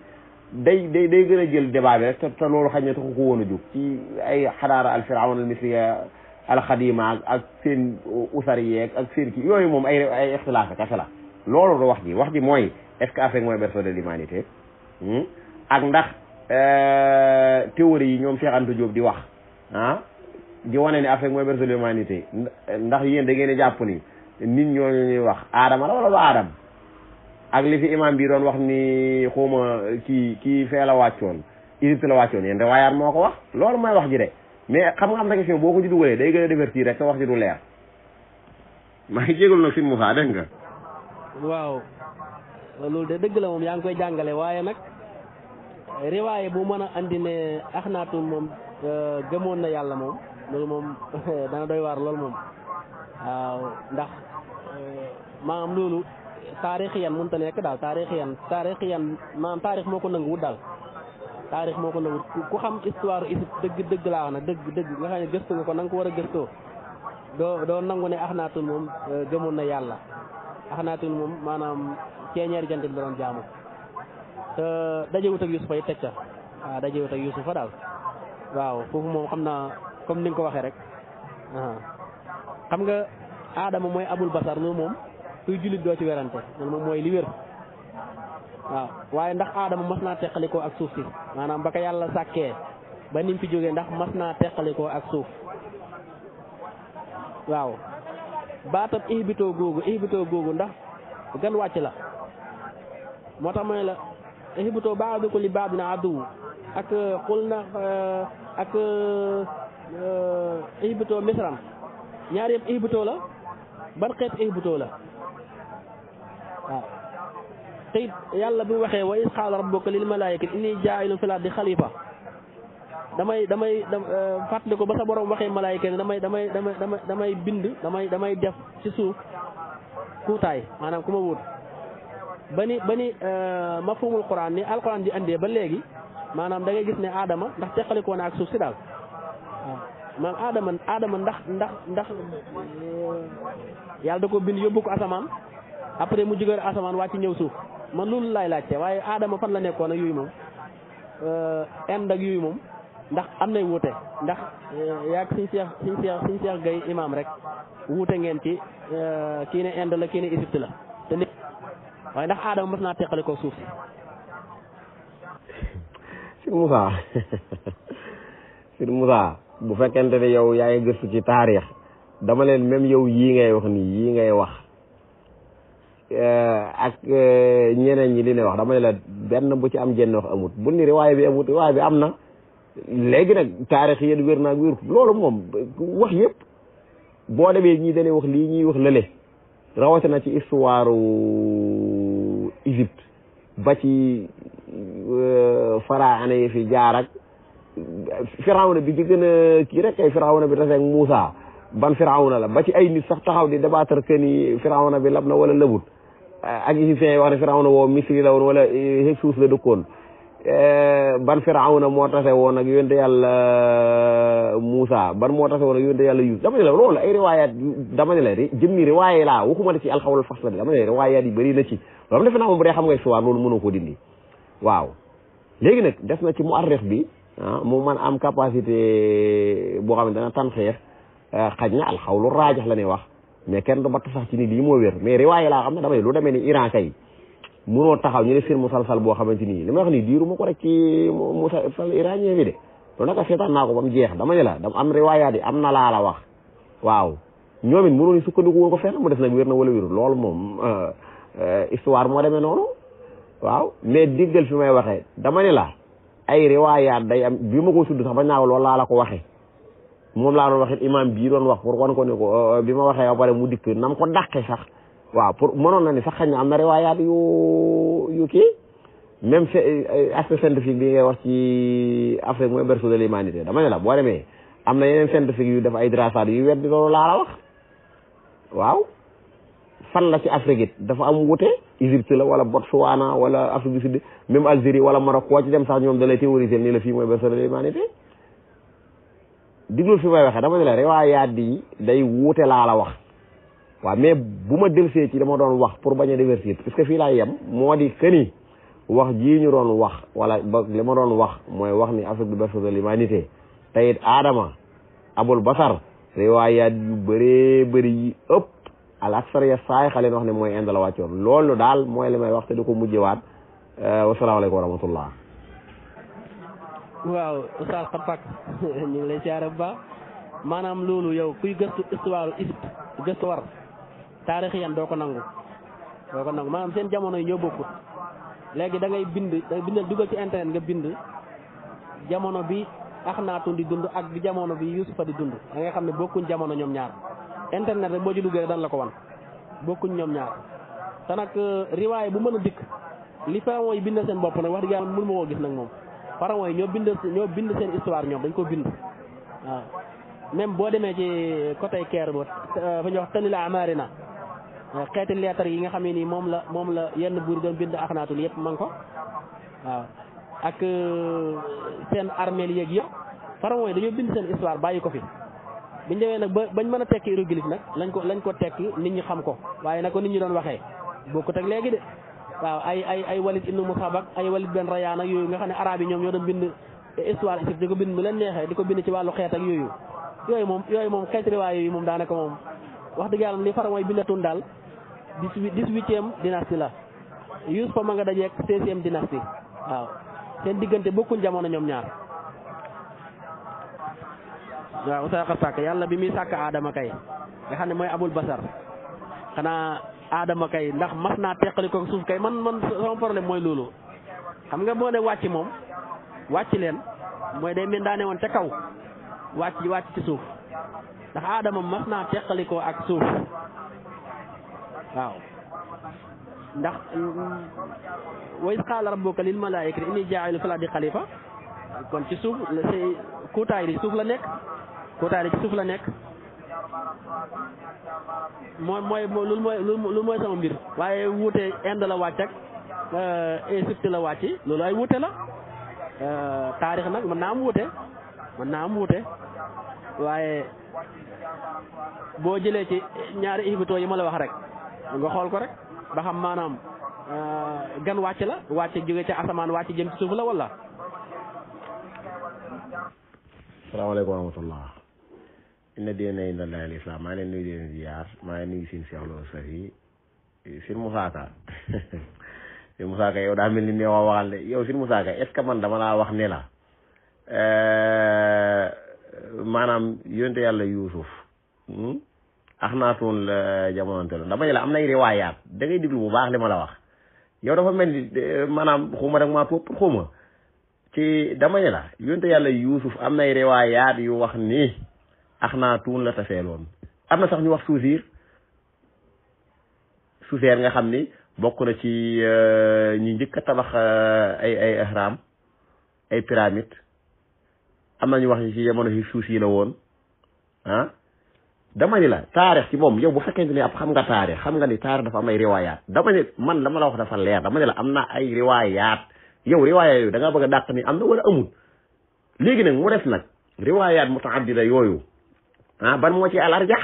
day day day gën a jël débat te te loolu xañ ne taxu ko woon a jóg ci ay xadaara al firawna al alxadima ak ak seen usari yeeg ak seen kii yooyu moom ay ay ixtilaaf kese la loolu du wax ji wax ji mooy est-ce mooy berceau de l'humanité hmm? ak ndax euh, théorie yi ñoom Cheikh Anta di wax ah di wane ne Afrique mooy berceau de l'humanité ndax yéen da ngeen a jàpp ni nit ñooñu ñuy wax aadama la wala du aadama ak li fi imam bi doon wax ni xawma kii kii fee la wàccoon Égypte la wàccoon yéen riwaayaat moo ko wax loolu mooy wax ji de mais xam-xam rek boo ko ci dugalee day gën a divertir rek sa wax ci du leer maa ngi jégalu nag si Moussa dégg waaw loolu de dëgg la moom yaa ngi koy jàngale waaye nag riwaaye bu mën a andi ne axnaatu moom euh, gëmoon na yàlla moom loolu moom dana doy waar loolu moom waaw ndax euh, maanaam loolu taarix yan mënut a nekk daal taarix yan taarix yan maanaam taarix moo ko nanguwut daal. taarix moo ko lëwut ku xam histoire dëgg dëgg laa wax nag dëgg dëgg nga xam ne gëstu nga ko na nga ko war doo doo nangu ne Axnaatun moom euh, gëmoon na yàlla Axnaatun moom maanaam ceeñeer jant bi doon jaamu te dajewut ak Yusufa yi teg ca waaw waaw foofu moom xam naa comme ni nga ko waxee rek xam nga Adama mooy abul basar loolu moom kuy jullit doo ci werante loolu moom mooy li wér waaw waaye ndax aadama mas naa teqalikoo ak suuf si maanaam ba ko yàlla sàkkee ba nim fi jógee ndax mas naa teqalikoo ak suuf waaw baatab ihbitoo googu ihbitoo googu ndax gan wàcc la moo tax mooy la ihbitoo baadukum li baadin aduw ak xul na eh, ak eh, ihbitoo misran ñaar yëpp ihbitoo la ban xeet ihbitoo la waaw te yàlla bi waxee wa is qaala rabbuka lil malaayikati inni jaa'ilun fil ardi xalifa damay damay euh, fàttali ko ba sa borom waxee malaayika ne damay damay damay damay bind damay damay def ci suuf kuutaay maanaam ku ma wut ba ni ba ni euh, mafhumul quran ni alquran di andee ba léegi maanaam da ngay gis ne aadama ndax teqalikoo na ak suuf si daal maam aadama aadama ndax ndax ndax yàlla da ko bind yóbbu ko asamaan après mu jógee asamaan wàcc ñëw suuf man loolu laay laajte waaye aadama fan la nekkoon ak yooyu moom euh, ind ak yooyu moom ndax am nay wuute ndax yaag siñ seex siñ seex siñ seex gay imaam rek wuute ngeen ci euh, kii ne ind la kii ne Égypte la te ne waaye ndax aadama mas naa teqale ko suuf si sëñ Moussa sëñ Moussa bu fekkente ne yow yaay gëstu ci taarix dama leen même yow yii ngay wax nii yii ngay wax Eh, ak eh, ñeneen ñi li ne wax dama la benn bu ci am jenn wax amut bu ni riwaay bi amut riwaay bi am na léegi nag taarix yéen wér naag wér loolu moom wax yëpp boo demee ñii dañuy wax lii ñuy wax lële rawatina ci histoire Égypte ba ci faraana eh, yi fi jaar ak firawna bi ci gën a kii rek ay firawna bi taseeg Moussa ban firawna la ba ci ay nit sax taxaw di débattre que firawna bi lab na wala labut Euh, ak égyptiens yi wax ne firawna woo misri la woon wala euh, Suus la dëkkoon euh, ban na moo tase woon ak yonte yàlla Moussa ban moo tase woon ak yonte yàlla Yuusuf dama ne la loolu ay riwaayaat dama ne la jëmmi riwaayé laa waxuma la ci dama ne riwaayaat yi bëri na ci loolu defe naa moom bu dee xam nga histoire loolu mënoo ko dindi waaw léegi nag des na ci mu muarrix bi ah mu man am capacité boo xam ne dana tanxiir xaj na alxawlu raajax la ñuy wax mais kenn du battu sax ci ni lii moo wér mais riwaaye laa xam ne damay lu demee ni Iran kay munoo taxaw ñu ne film musalsal boo xamante nii li may wax nii diiru ma ko rek ci musalsal iranien bi de loolu nag seetaan naa ko ba mu jeex dama ne la dama am riwaayaat yi am na laa la wax waaw ñoom it mënoon sukkandiku woon ko fenn def nag wér na wala wérul loolu moom euh, histoire moo demee noonu waaw mais diggal fi may waxee dama la ay riwaayaat day am bii ma ko sudd sax bañ naa ko loolu laa la ko waxee moom laa doon waxit imam bii doon wax pour wan ko ne ko euh, euh, bi ma waxee ba pare mu dikk nam ko dàqe sax waaw pour mënoon na ni sax xañ na am na riwaayaat yu yu kii même euh, aspect scientifique bi ngay wax ci Afrique mooy berceau de l'humanité dama ne la boo demee am na yeneen scientifique yu def ay drasaat yu weddi loolu laa la wax waaw fan la ci Afrique dafa am wute Égypte la wala Botswana wala Afrique du Sud même Algérie wala Maroc koo ci dem sax ñoom da la fii mooy diglul fi may waxee dama ne la riwaayaat yi day wuute laa la wax waaw mais bu ma delsee ci dama doon wax pour bañ a dévertir parce que fii laa yem moo di këni wax jii ñu doon wax wala ba li ma doon wax mooy wax ni Afrique du berceau de l'humanité tayit Adama abul basar riwaayaat yu bëree bëri yi ëpp al aksar ya saay xaleen wax ne mooy Inde la yoon loolu daal mooy li may wax te di ko mujjewaat euh, wasalaamaaleykum wa rahmatullah waaw Oustaz Xat Fakk ñu lay siyaare bu ba maanaam loolu yow kuy gëstu histoire Égypte gëstu war taarix yan doo ko nangu doo ko nangu maanaam seen jamono yi ñoo bokkut léegi da ngay bind da bindal dugal ci internet nga bind jamono bi Akhenaton di dund ak bi jamono bi Yusufa di dund da ngay xam ne bokkuñ jamono ñoom ñaar internet rek boo ci duggee dan la ko wan bokkuñ ñoom ñaar te nag euh, riwaay bu mën a dikk li pharaon yi bind seen bopp nag wa dëgg yàlla mënu gis nag moom pharaon yi ñoo bind ñoo bind seen histoire ñoom dañ ko bind waaw même boo demee ci côté Caire ba euh, fa ñuy wax tani la amaari na xeeti leetar yi nga xam ne nii moom la moom la yenn buur doon bind axnaatul yëpp man ko waaw ak euh, seen armeel yeeg yëpp pharaon yi dañoo bind seen histoire bàyyi ko fi biñ demee nag ba bañ mën a tekki hiéroglyphe nag lañ ko lañ ko tekk nit ñi xam ko waaye na ko nit ñi doon waxee bokkut ak léegi de waaw ay ay ay Walid ibn Musab ay Walid ben Rayyan ak yooyu nga xam ne arab yi ñoom ñoo doon bind eh, histoire Égypte di ko bind mu leen neexee di ko bind ci wàllu xeet ak yooyu yooyu moom yooyu moom xeet riwaay yooyu moom daanaka moom wax dëgg yàlla li fara mooy bindatun daal dix-huitième dynastie la Yuusuf ma nga dajeek seizième dynastie waaw seen diggante bokkuñ jamono ñoom ñaar waaw saaka sàkk yàlla bi muy sàkk aadama kay nga xam ne mooy abul basar aadama kay ndax mas naa teqali ko suuf kay man man sama problème mooy loolu xam nga boo ne wàcc moom wàcc leen mooy day mel daane woon ca kaw wàcc wàcc ci suuf ndax aadama mas naa teqali ak suuf waaw ndax mm, wa iz qaala rabbuka lil malaa'ikati inni jaa'ilu fil di xalifa kon ci suuf la kuutaay li suuf la nekk kuutaay li ci suuf la nekk moom mooy loolu mooy loolu mooy sama mbir waaye wuute Inde la wàcc ak euh, Égypte la wàcc loolu ay wuute la euh, taarix nag mën naa am wute mën naa am wuute waaye boo jëlee ci ñaari hibito yi ma la wax rek nga xool ko rek ba xam maanaam euh, gan wàcc la wàcc jóge ca asamaan wàcc jëm ci suuf la wala. salaamaaleykum wa rahmatullah inna diina inda Allahi al-islaam maa leen nuyu maa leen nuyu seen Cheikh Lo Safi seen Moussa Ka seen Moussa yow daa mel ni ne waa waxal de yow seen Moussa Ka dama laa wax ne la euh, maanaam yonte yàlla Yuusuf hmm? ax la jamonoonte la dama ne la am nay riwaayaat da ngay déglu bu baax li ma la wax yow dafa mel maanaam xuma rek maa topp xuma ci dama ne la yonte yàlla Yuusuf am nay riwaayaat yu wax nii axnaatuun la taseeloon am na sax ñu wax suusiir suuseer nga xam ni bokk na ci euh, ñi njëkk a tabax euh, ay ay ay pyramide am na ñu wax ni ci jamono yi suus yi la woon ah dama ni la taarix ci moom yow bu fekkente ni ab xam nga taarix xam nga ni taarix dafa am ay riwaayaat dama ni man la ma la wax dafa leer dama ni la am na ay riwaayaat yow riwaayaat yooyu da ngaa bëgg dàq ni am na wala amul léegi nag mu def nag riwaayaat mutaaddida yooyu ah ban moo ci alarjax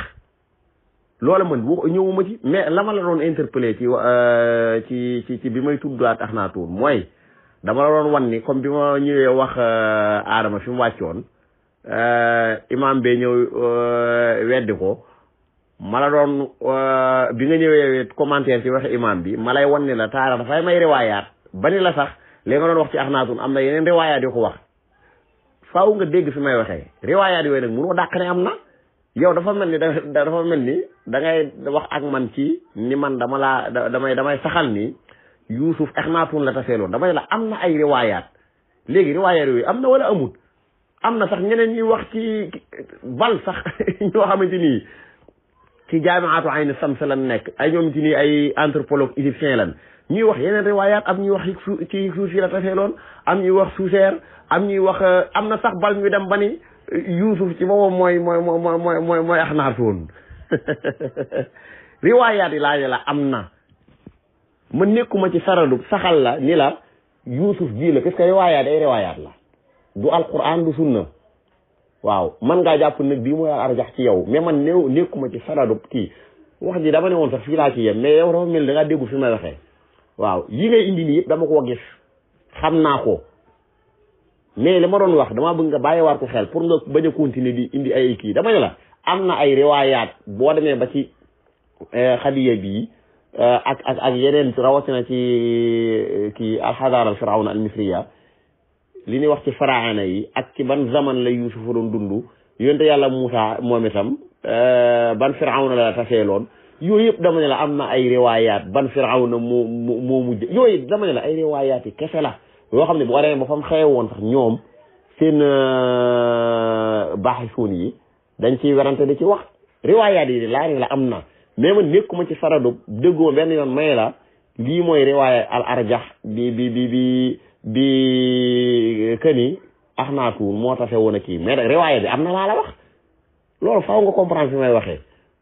loola man wax ñëwuma ci mais la ma la doon interpellé ci euh, ci ci ci bi may tuddaat ax naa tuur mooy dama la doon wan ni comme bi ma ñëwee wax aadama euh, fi mu wàccoon euh, imaam bee ñëw weddi ko ma bi nga ñëwee commentaire ci waxe imaam bi ma lay wan ni la taara dafay may riwaayaat ba ni la sax li nga doon wax ci ax naa am na yeneen riwaayaat yu ko wax faaw nga dégg fi may waxee riwaayaat yooyu nag mënoo dàq ne am na yow dafa mel ni da dafa mel ni da ngay wax ak man ci ni man dama laa damay damay saxal ni Yuusuf Ixnaatun la taseeloon damay la am na ay riwaayaat léegi riwaayaat yooyu am na wala amut am na sax ñeneen ñuy wax ci bal sax ñoo xamante ni ci jaamiatu ayni Shams lan nekk ay ñoom ci nii ay anthropologue égyptien lan ñuy wax yeneen riwaayaat am ñuy wax ci suuf si la taseeloon am ñuy wax suuseer am ñuy wax euh, am na sax bal ñu dem ba ni yuusuf ci boppam mooy mooy mooy mooy mooy axnaaf woon riwaayaat yi laa ne la am na ma nekkuma ci saralub saxal la ni la yuusuf jii la parce que riwaayaat ay riwaayaat la du alquran du sunna waaw man ngaa jàpp nag bii mooy arjax ci yow mais man néew nekkuma ci saralub kii wax ji dama ne woon sax fii laa ci yem mais yow dafa mel da ngaa déggu fi waaw yi ngay indi nii yëpp dama koo gis xam naa ko mais li ma doon wax damaa bëgg nga bàyyiwaat ko xel pour nga bañ a continuer di indi ay kii dama ne la am na ay riwaayaat boo demee ba ci euh, xadiya bii euh, ak ak ak yeneen rawatina ci euh, kii alxadaara al firawna al misriya li ñuy wax ci faraana yi ak ci ban zaman la yusufa doon dund yonte yàlla Moussa moom itam ban firawna la taseeloon yooyu yëpp dama ne la am na ay riwaayaat ban firawna moo moo mujj yooyu dama ne la ay riwaayaat yi kese la loo xam ne bu waree ba fa mu xewe woon sax ñoom seen euh, baaxi yi dañ ciy werante di ci wax riwaayaat yi laa ne la am na mais man nekkuma ci sarado déggoo benn yoon may la lii mooy riwaaya al arjax bi bi bi bi bi këni ax naatuun moo tafe woon a kii mais riwaaya bi am na laa la wax loolu faaw nga comprendre fi may waxee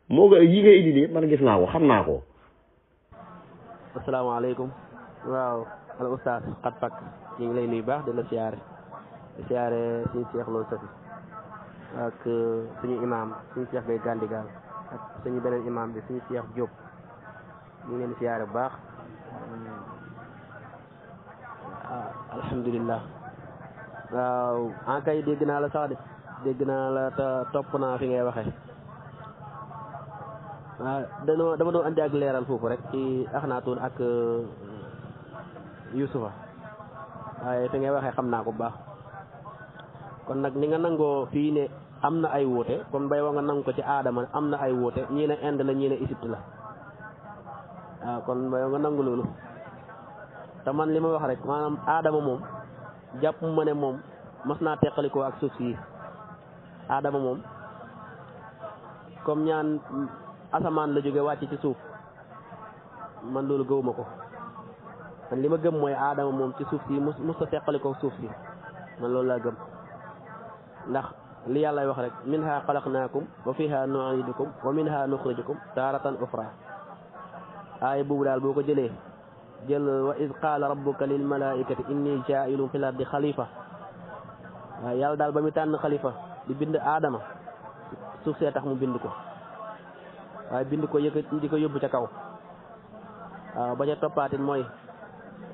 moo nga yi ngay indi nii man gis naa ko xam naa ko asalaamaaleykum waaw al oustaz xat pak ñu ngi lay nuyu baax di la siyaare di siyaare suñu Cheikh Lo Safi ak euh, suñu imaam suñu Cheikh Gueye Gandigal ak suñu beneen imaam bi suñu Cheikh Diop ñu ngi leen siyaare bu baax ah, alhamdulilah waaw en kay dégg naa la sax de dégg naa la te topp naa fi ngay waxee waaw ah, danoo dama doon andi ak leeral foofu rek ci axnaatun ak euh, yusufa waaye fi ngay waxee xam naa ko bu baax kon nag ni nga nangoo fii ne am na ay wuute kon bay wa nga nangu ko ci aadama am na ay wuute ñii ne Inde la ñii ne Égypte la waaw kon bay nga nangu loolu te man li ma wax rek maanaam aadama moom jàpp ma ne moom mas naa teqalikoo ak suuf si aadama moom comme ñaan asamaan la jóge wàcc ci suuf man loolu gëwuma ko li ma gëm mooy aadama moom ci suuf si mus mus a teqali suuf si man loolu laa gëm ndax li yàlla wax rek minha xalaqnaakum wa fiha nu'idukum wa minha nuxrijukum taaratan uxra aaya boobu daal boo ko jëlee jël wa iz qaala rabbuka lil malaikati inni jaa'ilun fil ardi xalifa waaye yàlla daal ba mu tànn xalifa di bind aadama suuf see tax mu bind ko waaye bind ko yëkk di ko yóbbu ca kaw waaw ba ca toppaatin mooy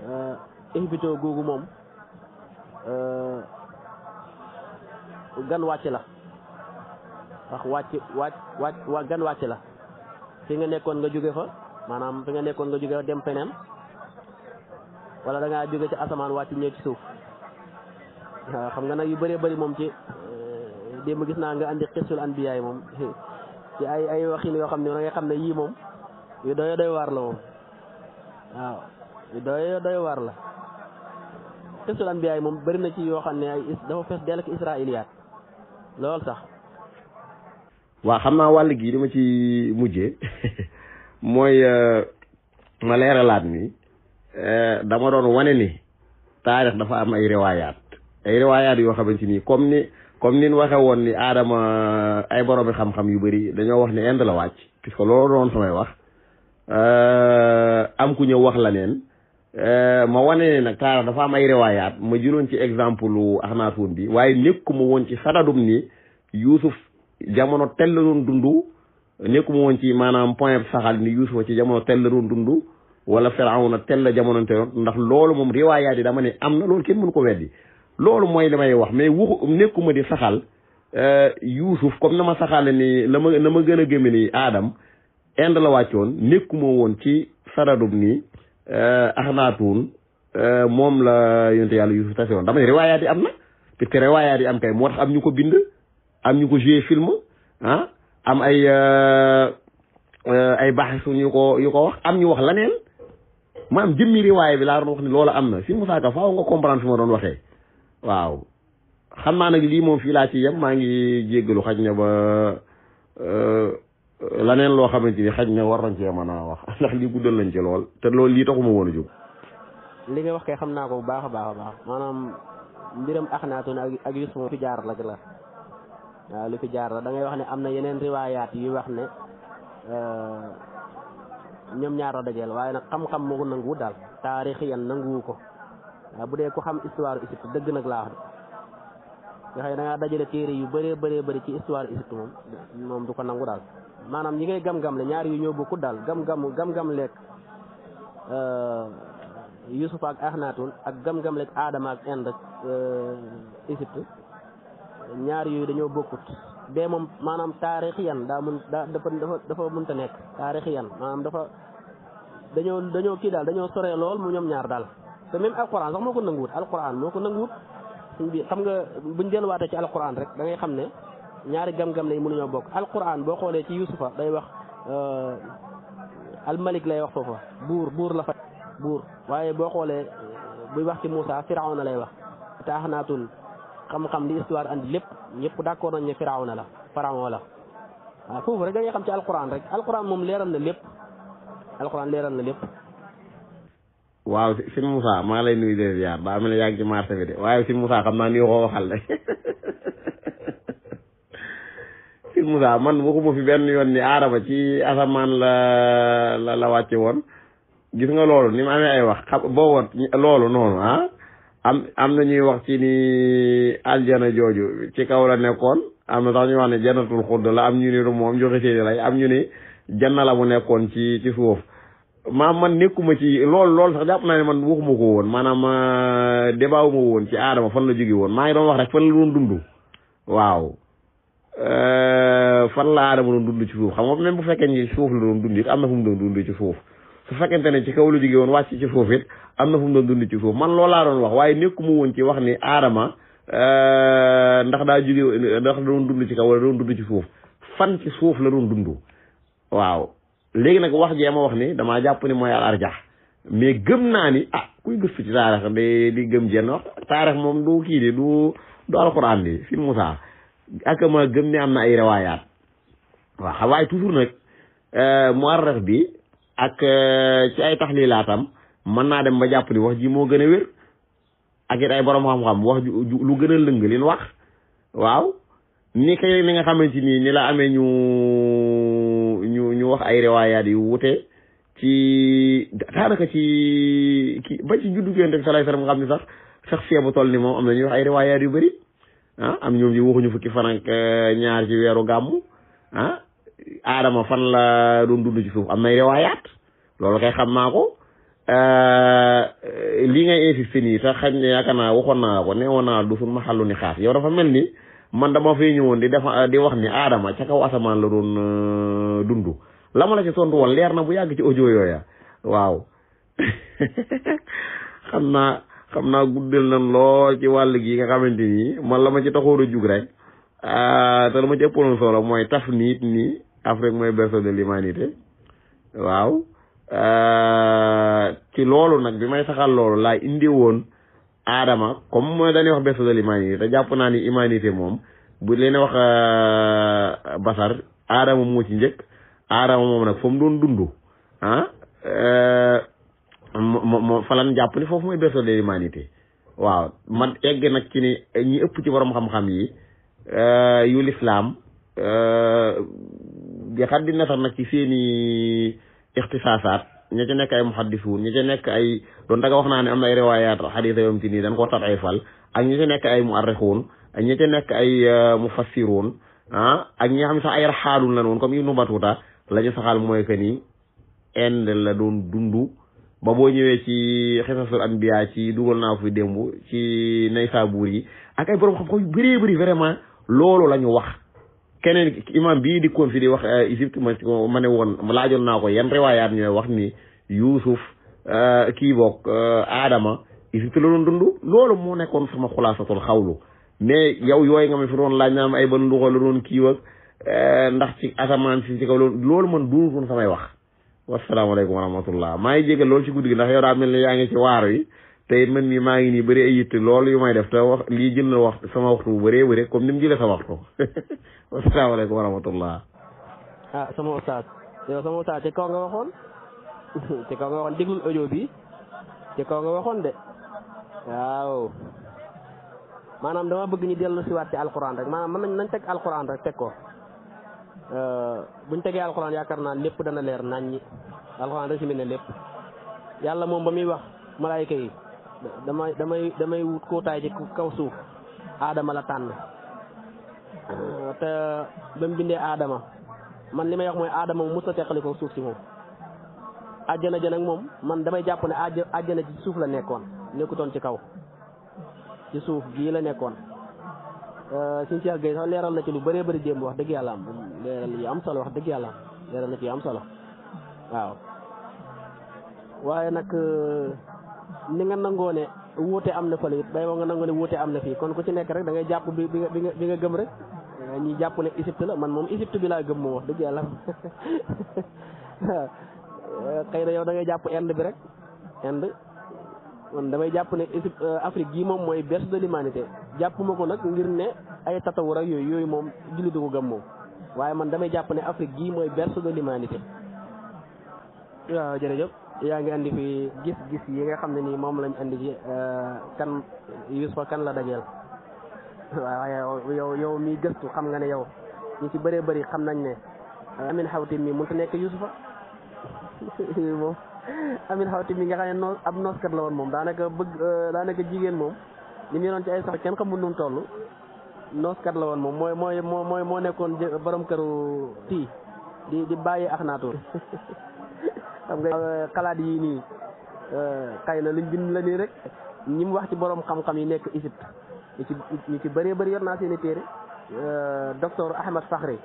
Euh, invité googu moom euh, gan wàcc la wax wàcc wàcc wàcc gan wàcc la fi nga nekkoon nga jóge fa maanaam fi nga nekkoon nga jóge fa dem feneen wala da jóge ci asamaan wàcc ñëw ci suuf waaw xam nga nag yu bëree bari moom ci euh, démb gis naa nga andi xisul anbiyaay moom ci ay ay waxin yoo xam ne da xam ne yii moom yu doy doy waar la moom waaw doy doy waar la qissatul ay moom bari na ci yoo xam ne ay dafa fees dell ak israiliyaat lool sax waa xam naa wàll gii dama ci mujje mooy euh, ma leeralaat ni euh, dama doon wane ni taarix dafa am ay riwaayaat ay riwaayaat yoo xamante nii comme ni comme ni ñu waxe woon ni aadama euh, ay boroomi xam-xam yu bari dañoo wax ne Inde la wàcc puisque loolu doon samay wax am ku ñëw wax la neen Eh, ma wane ne nag taarix dafa am ay riwaayaat ma jëloon ci exemple lu Axnaafun bi waaye nekkuma woon ci sanadum ni Yuusuf jamono tel la doon dund nekkuma woon ci maanaam point saxaal ni Yuusufa ci jamono tel la doon dund wala Firawna tell la jamononte yoon ndax loolu moom riwaayaat yi dama ne am na loolu kenn mënu ko weddi loolu mooy damay wax mais waxu nekkuma di saxal eh, Yuusuf comme na ma saxale ni la ma na ma gën a gëme ni Adam Inde la wàccoon nekkuma woon ci sanadum nii Eh, axnaatuun eh, moom la yonte yàlla yu tase woon dama ne riwaayaat yi am na parce que riwaayaat yi am kay moo tax am ñu ko bind am ñu ko joué film ah, am ay eh, ay baax suñu ko yu ko wax am ñu wax laneen maanaam jëmmi riwaay bi laa doon wax ni loola am na si Moussa Ka faaw nga comprendre fi ma doon waxee waaw xam naa nag lii moom fii laa ci yem maa ngi jéggalu xaj na ba laneen loo xamante ni xañ na war nañ cee mën a wax ndax lii guddal nañ ci lool te loolu lii taxuma woon a jóg li nga wax kay xam naa ko bu baax a baax a baax maanaam mbiram axnaatun ak ak yusuf lu fi jaar lak la waaw lu fi jaar la da ngay wax ne am na yeneen riwaayaat yu wax ne euh, ñoom ñaar la dajeel waaye nag xam-xam moo ko nanguwu daal taarix yan nanguwu ko waaw bu dee ko xam histoire Égypte dëgg nag laa wax nga xam ne dajale téere yu bëree bëree bëri ci moom du ko nangu daal maanaam ñi ngay gam-gam le ñaar yu ñoo bokkut daal gam-gam gam-gam leeg euh, Yusuf ak Axnaatun ak gam-gam leeg Adama ak Inde ak euh, ñaar yooyu dañoo bokkut bee moom maanaam yan daa mun daa dafa dafa mënta nekk taarixiyan maanaam dafa dañoo dañoo kii daal dañoo sore lool mu ñoom ñaar daal te même alquran sax moo ko nanguwut alquran moo ko nanguwut xam nga buñ delluwaatee ci alquran rek da ngay xam ne ñaari gam-gam lay mënuñoo bokk alquran boo xoolee ci yusufa day wax euh, almalik lay wax foofa buur buur la fa buur waaye boo xoolee euh, buy wax ci Moussa firawna lay wax taaxnaatul xam-xam li histoire andi lépp ñëpp d'accord nañ ne firawna la pharaon la waaw foofu rek da xam ci alquran rek alquran moom leeral na lépp alquran leeral na lépp waaw si Moussa maa lay nuyu de ziar daa mel yaa ngi ci marché bi de waaye si Moussa xam naa ni ko waxal de Sidi Moussa man waxuma fi benn yoon ni aadama ci asamaan la la la wàcce woon gis nga loolu ni mu amee ay wax xam woon loolu noonu ah am am na ñuy wax ci ni aljana jooju ci kaw la nekkoon am na sax ñu wax ne jannatul xudd la am ñu ni du moom joxe seeni lay am ñu ni janna la mu nekkoon ci ci suuf maam man nekkuma ci lool lool sax jàpp naa ne man waxuma ko woon maanaam euh, débaawuma woon ci aadama fan la jóge woon maa ngi doon wax rek fan la doon dund waaw Euh, fan la aadama doon dund ci suuf xam nga même bu fekkee ni suuf la doon dund am na fu mu doon dund ci foofu su fekkente ne ci kaw lu jóge woon ci suuf it am na fu mu doon dund man loolaa doon wax waaye nekkuma woon ci wax ni aadama euh, ndax daa jóge ndax da ci kaw wala ci suuf fan ci suuf la doon dund waaw léegi nag wax jee ma wax ni damaa jàpp ni mooy al arjax mais gëm naa ni ah kuy gëstu ci taarix di gëm jenn wax taarix moom du kii di du du alxuraan di fi Musaa ak ma gëm ne am na ay riwaayaat waa waaye toujours nag euh, muarrix bi ak euh, ci ay taxlilaatam mën naa dem ba jàpp ni wax ji moo gën a wér ak it ay borom xam-xam wax lu gën a lëng lin wax waaw ni kay ni nga xamante nii ni la amee ñu ñu ñu wax ay riwaayaat yu wute ci daanaka ci ki ba ci juddu yonent bi sallallahu alayhi wasallam nga xam ne sax sax fee bu toll ni moom am na ñuy wax ay riwaayaat yu bëri ah am ñoom ñi waxuñu fukki fan eh, ñaar ci weeru gàmmu ah fan la doon dund ci suuf am nay riwaayaat loolu kay xam naa ko eh, li ngay insisté nii xañ ne yaakaar naa waxoon na ko ne woon naa du suñ ma xàllu ni xaas yow dafa mel ni man dama fee ñëwoon di defa di wax ni aadama ca kaw asamaan la doon eh, dund la la ci tontu woon leer na bu yàgg ci audio yooya waaw xam naa xam naa guddal nan lool ci wàll gi nga xamante ni man la ma ci taxoon a jug rek ah, te la ma ci ëppaloon solo mooy taf niit nii Afrique mooy berceau de l'humanité waaw ah, ci loolu nag bi may saxal loolu laa indi woon aadama comme mooy dañuy wax berceau de l'humanité te jàpp naa ni humanité moom bu leen wax ah, basar aadama moo ci njëkk aadama moom nag fa mu doon dund ah moo moo falan jàpp ni foofu mooy berceau de l'humanité waaw man egg nag ci ni eh, ñi ëpp ci borom xam-xam yi eh, yu lislaam di eh, xat di nasar nag ci seeni ixtisaasaat ña ca nekk ay muhaddisuun ña ca nekk ay doon da wax naa ne am na ay riwaayaat xadiisa yoom ci nii fal ak ña nekk ay muarrixuun ak ña ca nekk ay mufassiruun ah ak ñi nga xam ne sax ay raxaaluun la woon comme Ibnu Batuta la ñu saxal mooy que nii Inde la doon dundu ba boo ñëwee ci xisasul anbiya ci dugal naa fi démb ci Naysaabuur yi ak ay borom xam-xam yu bëree loolu la ñu wax keneen imam bii di kon fi di wax euh, Égypte ma ma ne woon laajoon naa ko yan riwaayaat ñooy wax ni Yuusuf euh, kii boog euh, Adama Égypte la doon dund loolu moo nekkoon sama xulaasatul xawlu mais yow yooyu nga ma fi doon laaj naa am ay ban nduxa la doon kiiw ak ndax ci asamaan si ci kaw loolu man duurutoon samay wax wasalaamaaleykum wa rahmatullah maa ngi jégal loolu ci guddi gi ndax yow daa mel ne yaa ngi ci waar wi te man mi maa ngi nii bëri ay yitte loolu yu may def te wax lii jël na wax sama waxtu bu bëree bëri comme ni mu jëlee sa waxtu wasalaamaaleykum wa rahmatullah ah sama oustaz yow sama oustaz te kaw nga waxoon te kaw nga waxoon déglul audio bi te kaw nga waxoon de waaw maanaam dama bëgg ñu dellu si waat ci alquran rek maanaam mën nañ nañ teg alquran rek teg ko Euh, buñ tegee alxuraan yaakaar naa lépp dana leer naññi alxuraan résumé na lépp yàlla moom ba muy wax malaayka yi damay damay damay wut kootaay ci kaw suuf aadama la tànn euh, te ba mu aadama man li may wax mooy aadama mu mës ko suuf si moom àjjana ja nag moom man damay jàpp ne àjj àjjana ci suuf la nekkoon nekkutoon ci kaw ci suuf gii la nekkoon suñ euh, Cheikh Gueye sax leeral na ci lu bare bëri démb wax dëgg yàlla am leeral yu am solo wax dëgg yàlla leeral na ci am solo waaw waaye nag euh, ni nga nangoo ne wuute am na fële it bay boo nga nangoo ne wuute am na fii kon ku ci nekk rek da ngay jàpp bi bi nga bi nga gëm rek euh, ñi jàpp ne Égypte la man moom Égypte bi laa gëm moom wax dëgg yàlla xëy jàpp Inde bi rek damay jàpp ne Égypte euh, Afrique gii moom mooy berceau de l'humanité jàpp ma ko nag ngir ne ay tatawur ak yooyu yooyu moom julli du ko gëm moom waaye man damay jàpp ne Afrique gii mooy berceau de l'humanité waaw jërëjëf yaa ngi andi fi gis-gis yi nga xam ne nii moom lañ andi ci euh, kan Youssoupha kan la dajeel waaw yow yow mi gëstu xam nga ne yow ñu ci baree bari xam nañ ne euh, Amin Xawtim mi mënut a nekk Youssoupha moom Amin Xawtim mi nga xam ne noos ab nooskat la woon moom daanaka bëgg euh, daanaka jigéen moom li mu yoroon ci ay sax kenn xamul nu mu toll nooskat la woon moom mooy mooy mooy moo nekkoon borom këru tii di di bàyyi ax naatoor xam nga euh, xalaat yii nii xëy euh, na luñ bind la nii rek ñi mu wax ci borom xam-xam yi nekk Égypte ñu ci ñu ci bëree bëri yor naa seen i téere euh, docteur Ahmed Fakhri